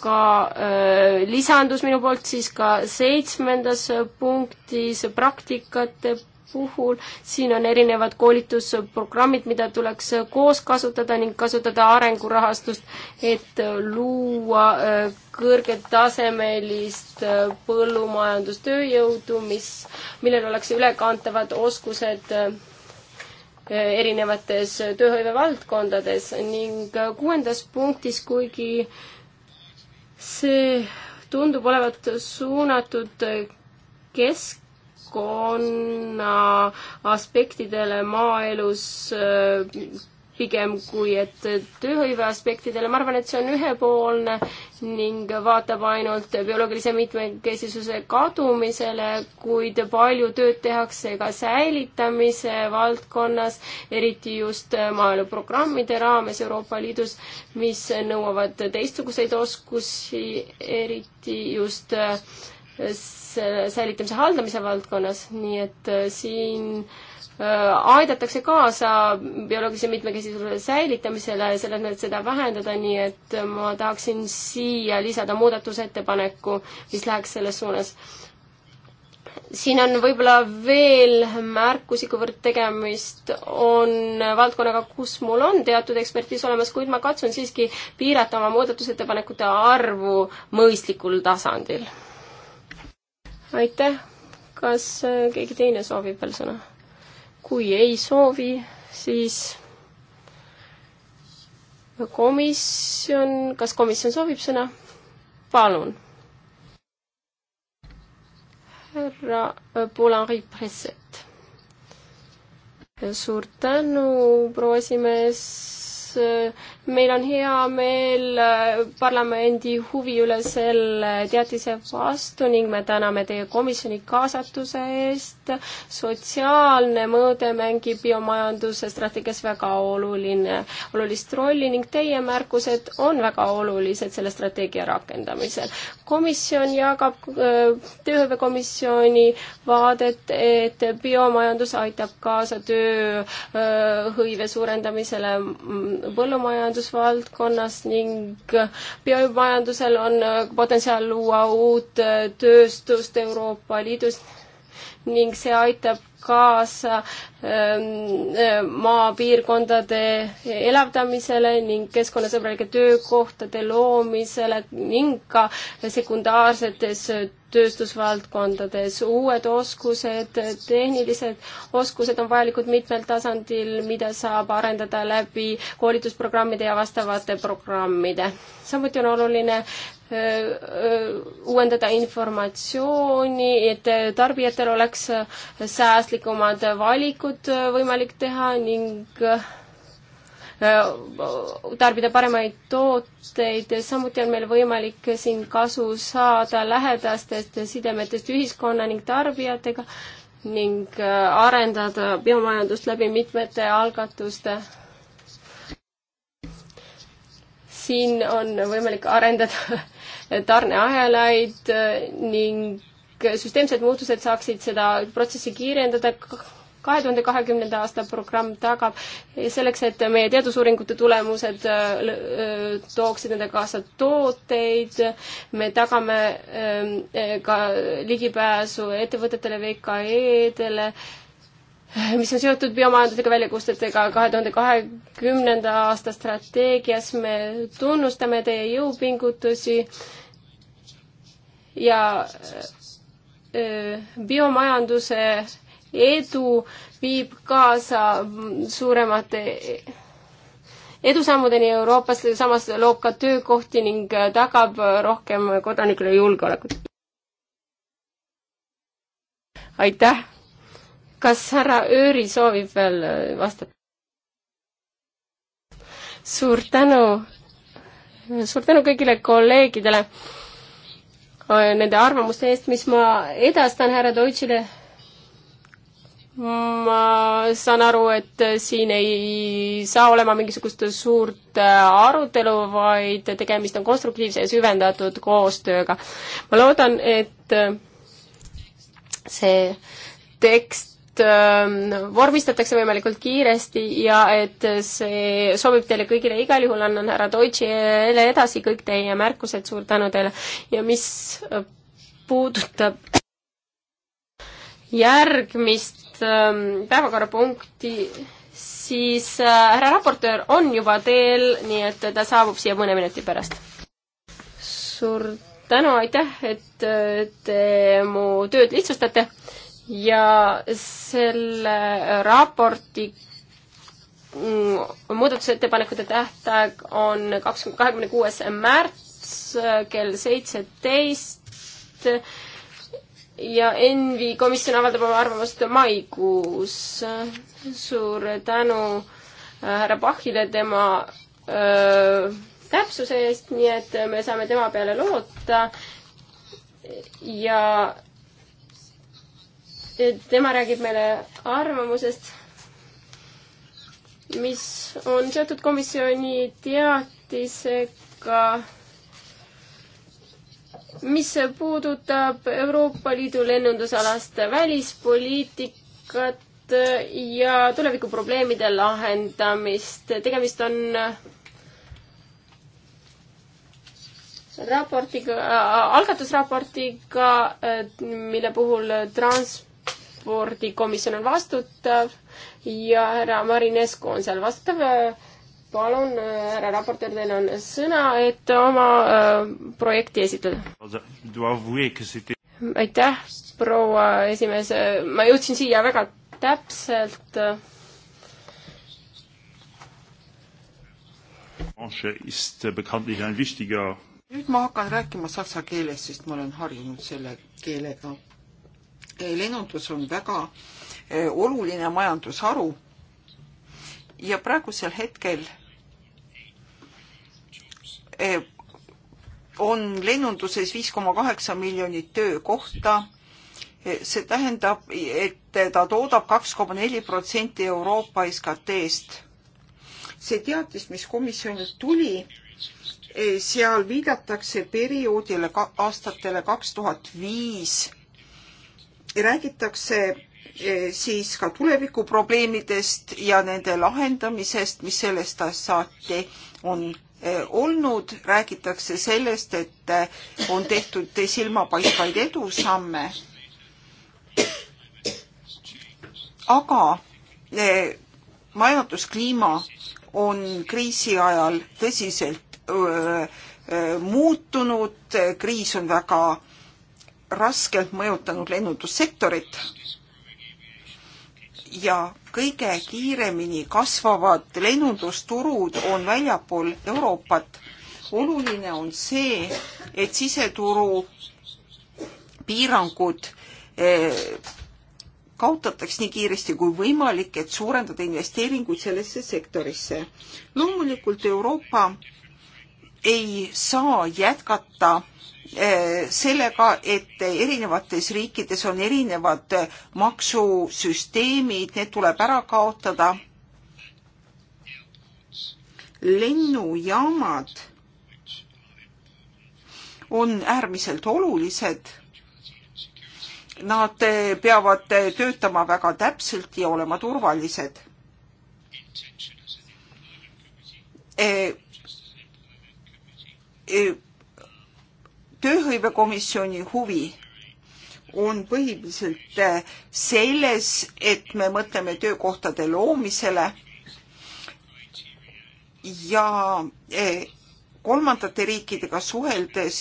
ka öö, äh, lisandus minu poolt siis ka seitsmendas punktis praktikate puhul, siin on erinevad koolitusprogrammid, mida tuleks koos kasutada ning kasutada arengurahastust, et luua öö, äh, kõrgetasemelist äh, põllumajandustööjõudu, mis, millel oleks ülekantavad oskused öö, erinevates tööhõive valdkondades ning kuuendas punktis, kuigi öö, see tundub olevat suunatud keskkonna aspektidele maaelus äh, pigem kui et tööhõive aspektidele. ma arvan, et see on ühepoolne ning vaatab ainult bioloogilise mitmekesisuse kadumisele, kuid palju tööd tehakse ka säilitamise valdkonnas, eriti just maaeluprogrammide raames Euroopa Liidus, mis nõuavad teistsuguseid oskusi, eriti just äh, säilitamise haldamise valdkonnas, nii et äh, siin äh, Äh, aidatakse kaasa bioloogilise mitmekesisuse säilitamisele, selleks, et seda vähendada, nii et ma tahaksin siia lisada muudatusettepaneku, mis läheks selles suunas. siin on võib-olla veel märkusi, kuivõrd tegemist on valdkonnaga, kus mul on teatud ekspertiis olemas, kuid ma katsun siiski piirata oma muudatusettepanekute arvu mõistlikul tasandil. aitäh, kas keegi teine soovib veel sõna? kui ei soovi, siis komisjon, kas komisjon soovib sõna? palun. härra Polari Presset. suur tänu, proua esimees Äh, meil on hea meel äh, parlamendi huvi üle selle teatise vastu ning me täname teie komisjoni kaasatuse eest. sotsiaalne mõõde mängib biomajanduse strateegias väga oluline, olulist rolli ning teie märkused on väga olulised selle strateegia rakendamisel. komisjon jagab äh, tööhõivekomisjoni vaadet, et biomajandus aitab kaasa tööhõive suurendamisele mm, põllumajandusvaldkonnas ning biomajandusel on äh, potentsiaal luua uut äh, tööstust Euroopa Liidus ning see aitab kaasa ähm, äh, maapiirkondade elavdamisele ning keskkonnasõbralike töökohtade loomisele ning ka sekundaarsetes tööstusvaldkondades. uued oskused, tehnilised oskused on vajalikud mitmel tasandil, mida saab arendada läbi koolitusprogrammide ja vastavate programmide. samuti on oluline äh, äh, uuendada informatsiooni, et tarbijatel oleks sääst-, vabatahtlikumad valikud äh, võimalik teha ning äh, tarbida paremaid tooteid, samuti on meil võimalik siin kasu saada lähedastest sidemetest ühiskonna ning tarbijatega ning äh, arendada biomajandust läbi mitmete algatuste. siin on võimalik arendada tarneahelaid ning süsteemsed muutused saaksid seda protsessi kiirendada. kahe tuhande kahekümnenda aasta programm tagab selleks, et meie teadusuuringute tulemused äh, äh, tooksid endaga kaasa tooteid. me tagame äh, ka ligipääsu ettevõtetele, VKE-dele mis on seotud biomajandusega väljakutsetega kahe tuhande kahekümnenda aasta strateegias. me tunnustame teie jõupingutusi ja biomajanduse edu viib kaasa suuremate edusammudeni Euroopas, samas loob ka töökohti ning tagab rohkem kodanikele julgeolekut. aitäh! kas härra Ööri soovib veel vastata? suur tänu, suur tänu kõigile kolleegidele Äh, nende arvamuste eest, mis ma edastan härra Deutschile. ma saan aru, et siin ei saa olema mingisugust suurt äh, arutelu, vaid tegemist on konstruktiivse ja süvendatud koostööga. ma loodan, et äh, see tekst Ähm, vormistatakse võimalikult kiiresti ja et see sobib teile kõigile, igal juhul annan härra Deutschile edasi kõik teie märkused, suur tänu teile. ja mis äh, puudutab järgmist ähm, päevakorrapunkti, siis äh, härra raportöör on juba teel, nii et ta saabub siia mõne minuti pärast. suur tänu, aitäh, et äh, te mu tööd lihtsustate ja selle raporti mm, muudatusettepanekute tähtaeg on kakskümmend, kahekümne kuues märts kell seitseteist ja ENVI komisjon avaldab oma arvamust maikuus. suur tänu äh, härra Pahile tema öö, äh, täpsuse eest, nii et me saame tema peale loota ja tema räägib meile arvamusest, mis on seotud komisjoni teatisega, mis puudutab Euroopa Liidu lennundusalast välispoliitikat ja tulevikuprobleemide lahendamist. tegemist on raportiga äh,, algatusraportiga äh,, mille puhul trans-, transpordikomisjon on vastutav ja härra Marinescu on seal vastutav. palun, äh, härra raportöör, teil on sõna, et oma äh, projekti esitleda. aitäh, proua esimees, ma jõudsin siia väga täpselt nüüd ma hakkan rääkima saksa keeles, sest ma olen harjunud selle keelega lennundus on väga eh, oluline majandusharu ja praegusel hetkel eh, on lennunduses viis koma kaheksa miljonit töökohta. Eh, see tähendab, et ta toodab kaks koma neli protsenti Euroopa SKT-st. see teatis, mis komisjonilt tuli, seal viidatakse perioodile aastatele kaks tuhat viis räägitakse eh, siis ka tulevikuprobleemidest ja nende lahendamisest, mis sellest saati on eh, olnud, räägitakse sellest, et eh, on tehtud silmapaistvaid edusamme. aga majanduskliima on kriisi ajal tõsiselt öö, öö, muutunud, kriis on väga raskelt mõjutanud lennundussektorit ja kõige kiiremini kasvavad lennundusturud on väljapool Euroopat. oluline on see, et siseturu piirangud eh, kaotataks nii kiiresti kui võimalik, et suurendada investeeringuid sellesse sektorisse. loomulikult Euroopa ei saa jätkata Eh, sellega, et erinevates riikides on erinevad eh, maksusüsteemid, need tuleb ära kaotada. lennujaamad on äärmiselt olulised. Nad eh, peavad töötama väga täpselt ja olema turvalised e. E tööhõivekomisjoni huvi on põhiliselt äh, selles, et me mõtleme töökohtade loomisele ja äh, kolmandate riikidega suheldes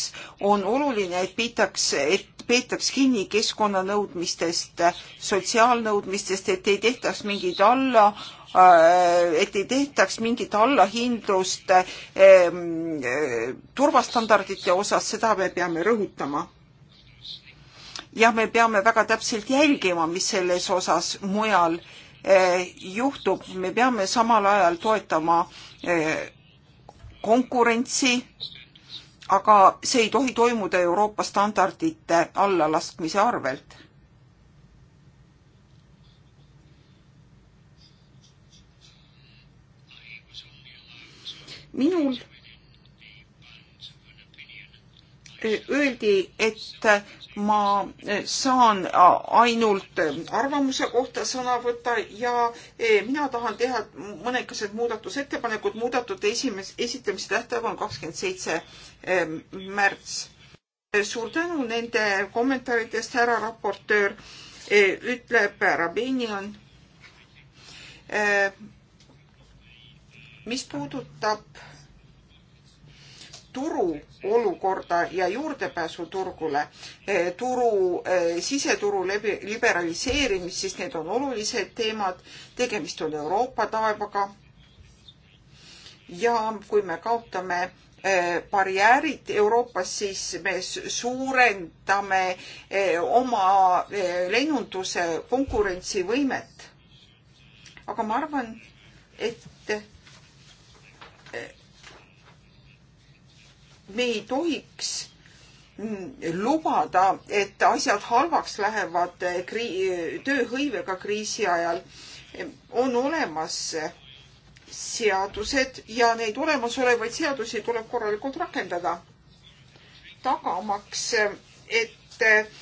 on oluline, et piitaks, et peetaks kinni keskkonnanõudmistest, sotsiaalnõudmistest, et ei tehtaks mingeid alla Äh, et ei tehtaks mingit allahindlust ähm, äh, turvastandardite osas, seda me peame rõhutama. jah, me peame väga täpselt jälgima, mis selles osas mujal äh, juhtub, me peame samal ajal toetama konkurentsi, aga see ei tohi toimuda Euroopa standardite allalaskmise arvelt minul öeldi, et ma saan ainult arvamuse kohta sõna võtta ja eh, mina tahan teha mõnekesed muudatusettepanekud. muudatute esimes-, esitamise tähtaeg on kakskümmend seitse eh, märts. Eh, suur tänu nende kommentaaridest, härra raportöör, ütleb härra Benjan mis puudutab turu olukorda ja juurdepääsu turgule, eh, turu, eh, siseturu läbi liberaliseerimist, siis need on olulised teemad. tegemist on Euroopa taevaga. ja kui me kaotame eh, barjäärid Euroopas, siis me suurendame oma lennunduse konkurentsivõimet. aga ma arvan, et me ei tohiks mm, lubada, et asjad halvaks lähevad eh, krii-, eh, tööhõivega kriisi ajal. on olemas seadused ja neid olemasolevaid seadusi tuleb korralikult rakendada, tagamaks, et eh,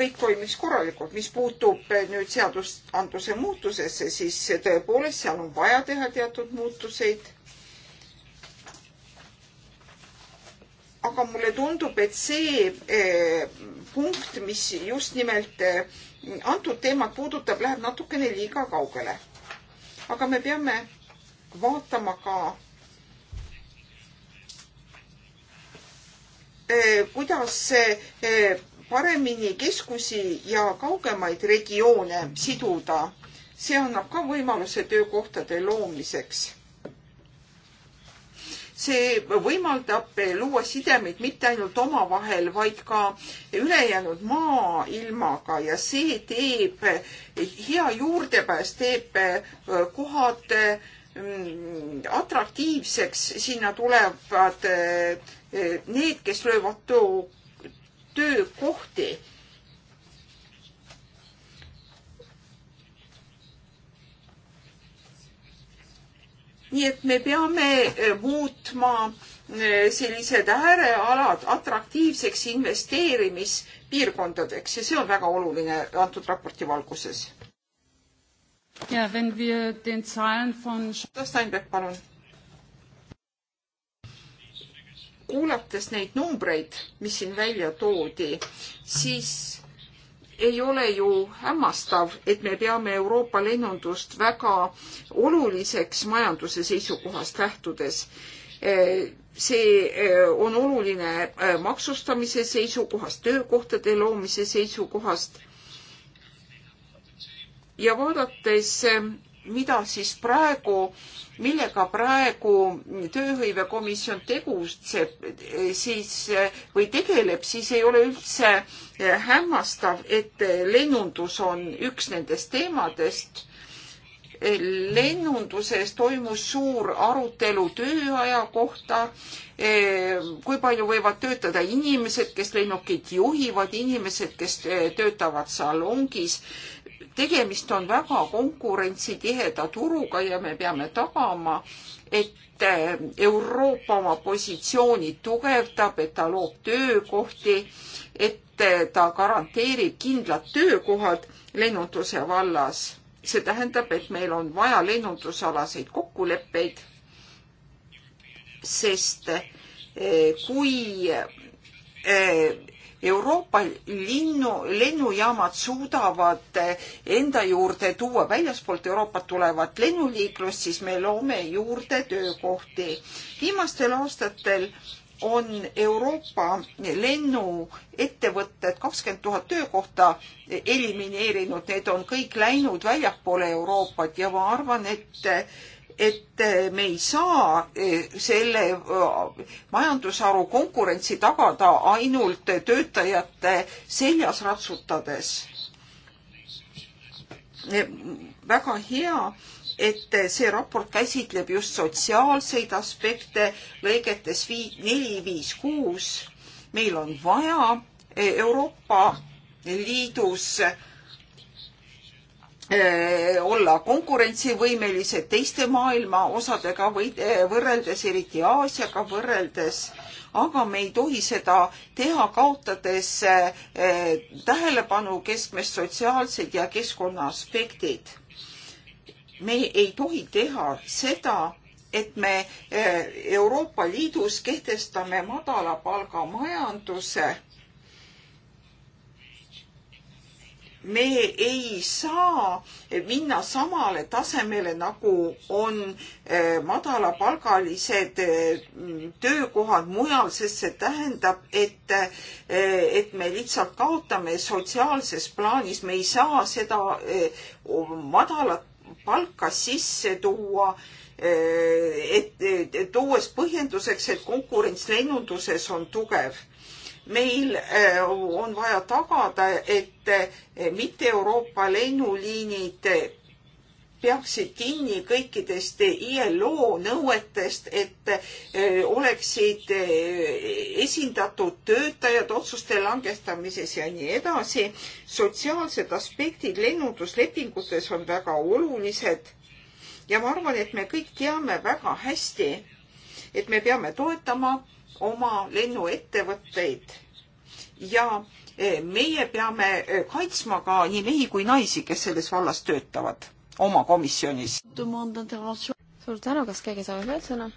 kõik toimiks korralikult. mis puutub nüüd seadusandluse muutusesse, siis tõepoolest seal on vaja teha teatud muutuseid aga mulle tundub, et see eh, punkt, mis just nimelt eh, antud teemat puudutab, läheb natukene liiga kaugele. aga me peame vaatama ka, eh, kuidas paremini keskusi ja kaugemaid regioone siduda. see annab ka võimaluse töökohtade loomiseks see võimaldab luua sidemeid mitte ainult omavahel, vaid ka ülejäänud maailmaga ja see teeb, hea juurdepääs teeb äh, kohad mm, atraktiivseks, sinna tulevad äh, need, kes löövad töö, töökohti nii et me peame eh, muutma eh, sellised äärealad atraktiivseks investeerimispiirkondadeks ja see on väga oluline antud raporti valguses. ja, wenn wir den Zahlen von. Steinbeck, palun. kuulates neid numbreid, mis siin välja toodi, siis ei ole ju hämmastav, et me peame Euroopa lennundust väga oluliseks majanduse seisukohast lähtudes see eh, on oluline eh, maksustamise seisukohast, töökohtade loomise seisukohast. ja vaadates eh, mida siis praegu, millega praegu tööhõivekomisjon tegutseb siis või tegeleb, siis ei ole üldse hämmastav, et lennundus on üks nendest teemadest. lennunduses toimus suur arutelu tööaja kohta, kui palju võivad töötada inimesed, kes lennukit juhivad, inimesed, kes töötavad salongis tegemist on väga konkurentsitiheda turuga ja me peame tagama, et eh, Euroopa oma positsiooni tugevdab, et ta loob töökohti, et eh, ta garanteerib kindlad töökohad lennunduse vallas. see tähendab, et meil on vaja lennundusalaseid kokkuleppeid, sest eh, kui Euroopa linnu, lennujaamad suudavad enda juurde tuua väljaspoolt Euroopat tulevat lennuliiklust, siis me loome juurde töökohti. viimastel aastatel on Euroopa lennuettevõtted kakskümmend tuhat töökohta elimineerinud, need on kõik läinud väljapoole Euroopat ja ma arvan, et et eh, me ei saa eh, selle eh, majandusharu konkurentsi tagada ainult töötajate seljas ratsutades. väga hea, et see raport käsitleb just sotsiaalseid aspekte lõigetes vii-, neli, viis, kuus. meil on vaja Euroopa Liidus Äh, olla konkurentsivõimelised teiste maailma osadega või äh, võrreldes, eriti Aasiaga võrreldes, aga me ei tohi seda teha kaotades äh, tähelepanu keskmes sotsiaalsed ja keskkonna aspektid. me ei tohi teha seda, et me Euroopa Liidus kehtestame madalapalgamajanduse me ei saa minna samale tasemele, nagu on eh, madalapalgalised eh, töökohad mujal, sest see tähendab, et, eh, et me lihtsalt kaotame sotsiaalses plaanis, me ei saa seda madalat palka sisse tuua et, et, et tuues põhjenduseks, et konkurents lennunduses on tugev meil äh, on vaja tagada, et äh, mitte Euroopa lennuliinid peaksid kinni kõikidest ILO nõuetest, et äh, oleksid esindatud töötajad otsuste langetamises ja nii edasi. sotsiaalsed aspektid lennunduslepingutes on väga olulised ja ma arvan, et me kõik teame väga hästi, et me peame toetama oma lennuettevõtteid ja eh, meie peame eh, kaitsma ka nii mehi kui naisi, kes selles vallas töötavad oma komisjonis. suur tänu, kas keegi soovib veel sõna?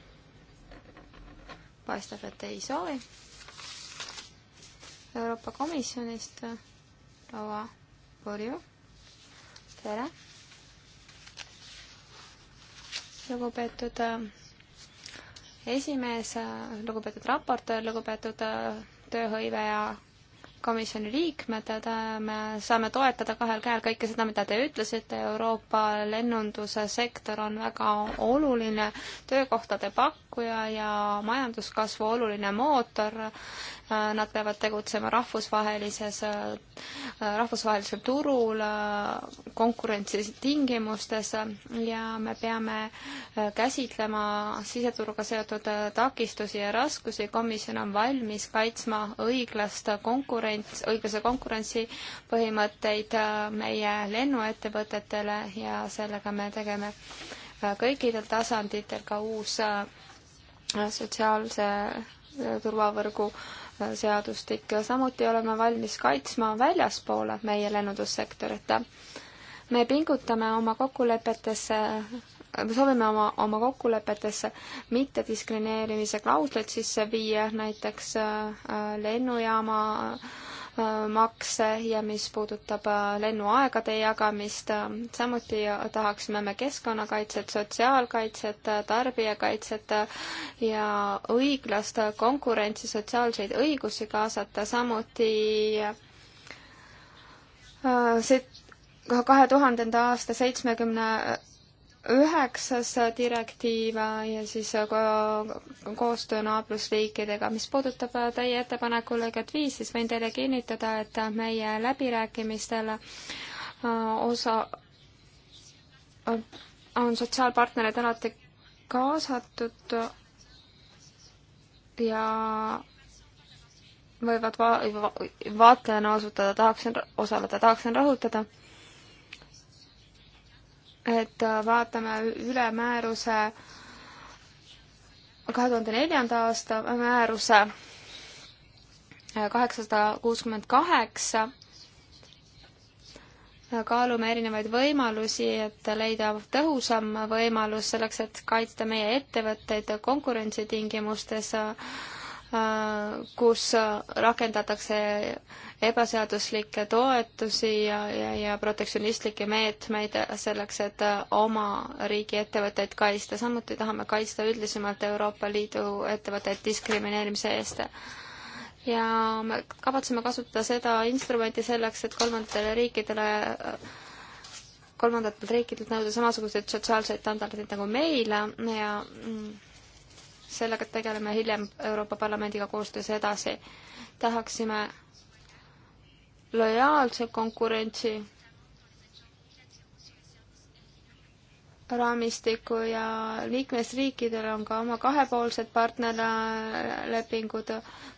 paistab, et ei soovi. Euroopa Komisjonist eh, proua Purju, tere! lugupeetud esimees, lugupeetud raportöör, lugupeetud äh, tööhõive ja komisjoni liikmed, et äh, me saame toetada kahel käel kõike seda, mida te ütlesite, Euroopa lennunduse sektor on väga oluline töökohtade pakkuja, pakkuja ja majanduskasvu oluline mootor. Nad peavad tegutsema rahvusvahelises, rahvusvahelisel turul, konkurentsitingimustes ja me peame käsitlema siseturuga seotud takistusi ja raskusi. komisjon on valmis kaitsma õiglast konkurents, õiglase konkurentsi põhimõtteid meie lennuettevõtetele ja sellega me tegeme kõikidel tasanditel ka uus sotsiaalse äh, turvavõrgu äh, seadustik, samuti oleme valmis kaitsma väljaspoole meie lennundussektorit. me pingutame oma kokkulepetesse me äh, soovime oma, oma kokkulepetesse mittediskrimineerimise klauslit sisse viia, näiteks lennujaama äh, Äh, makse ja mis puudutab äh, lennuaegade jagamist. Äh, samuti tahaksime me keskkonnakaitset, sotsiaalkaitset, tarbijakaitset ja õiglast konkurentsi, sotsiaalseid õigusi kaasata, samuti see kahe tuhandenda aasta seitsmekümne 70 üheksas direktiiv ja siis ka koostöö naabrusriikidega. mis puudutab teie ettepaneku lõiget viis, siis võin teile kinnitada, et meie läbirääkimistel äh, osa äh, on sotsiaalpartnerid alati kaasatud ja võivad va-, vaatlejana osutada, tahaksin osaleda, tahaksin rõhutada et äh, vaatame üle määruse, kahe tuhande neljanda aasta määruse äh, kaheksasada kuuskümmend kaheksa, äh, kaalume erinevaid võimalusi, et leida tõhusam võimalus selleks, et kaitsta meie ettevõtteid konkurentsitingimustes Äh, kus äh, rakendatakse ebaseaduslikke toetusi ja, ja, ja protektsionistlikke meetmeid selleks, et äh, oma riigi ettevõtteid kaitsta. samuti tahame kaitsta üldisemalt Euroopa Liidu ettevõtteid diskrimineerimise eest. ja me kavatseme kasutada seda instrumenti selleks, et kolmandatele riikidele kolmandatelt riikidelt nõuda samasuguseid sotsiaalseid standardeid nagu meile ja mm, sellega tegeleme hiljem Euroopa Parlamendiga koostöös edasi. tahaksime lojaalse konkurentsi raamistiku ja liikmesriikidel on ka oma kahepoolsed partnerlepingud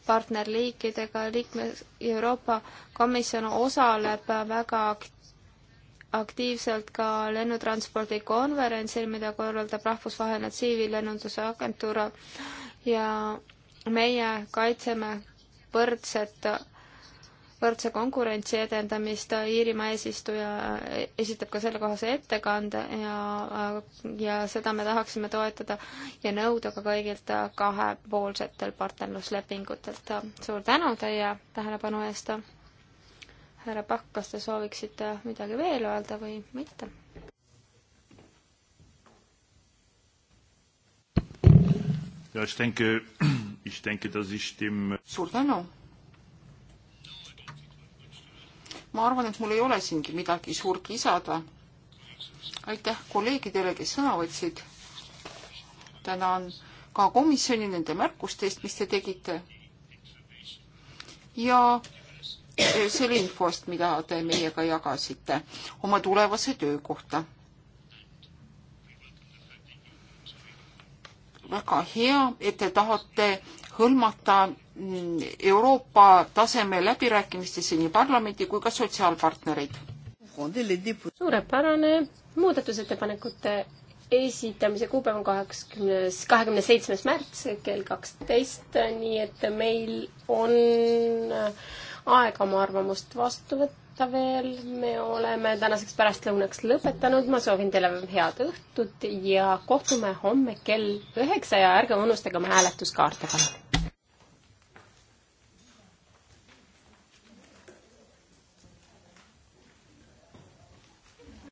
partnerliikidega, liikmes, Euroopa Komisjon osaleb väga aktiivselt aktiivselt ka lennutranspordi konverentsil, mida korraldab Rahvusvaheline Tsiviillennunduse Agentuur ja meie kaitseme võrdset, võrdse konkurentsi edendamist. Iirimaa eesistuja esitab ka sellekohase ettekande ja, ja seda me tahaksime toetada ja nõuda ka kõigilt kahepoolsetel partnerluslepingutelt. suur tänu teie tähelepanu eest! härra Pakk, kas te sooviksite midagi veel öelda või mitte? Ja, ich denke, ich denke, dass ich dem suur tänu! ma arvan, et mul ei ole siingi midagi suurt lisada. aitäh kolleegidele, kes sõna võtsid. tänan ka komisjoni nende märkuste eest, mis te tegite. ja Äh, selle infost, mida te meiega jagasite oma tulevase töö kohta. väga hea, et te tahate hõlmata mm, Euroopa taseme läbirääkimistesse nii parlamendi kui ka sotsiaalpartnereid. suurepärane, muudatusettepanekute esitamise kuupäev on kaheksakümnes, kahekümne seitsmes märts kell kaksteist, nii et meil on äh, aega oma arvamust vastu võtta veel. me oleme tänaseks pärastlõunaks lõpetanud, ma soovin teile head õhtut ja kohtume homme kell üheksa ja ärge unustage oma hääletuskaarte, palun.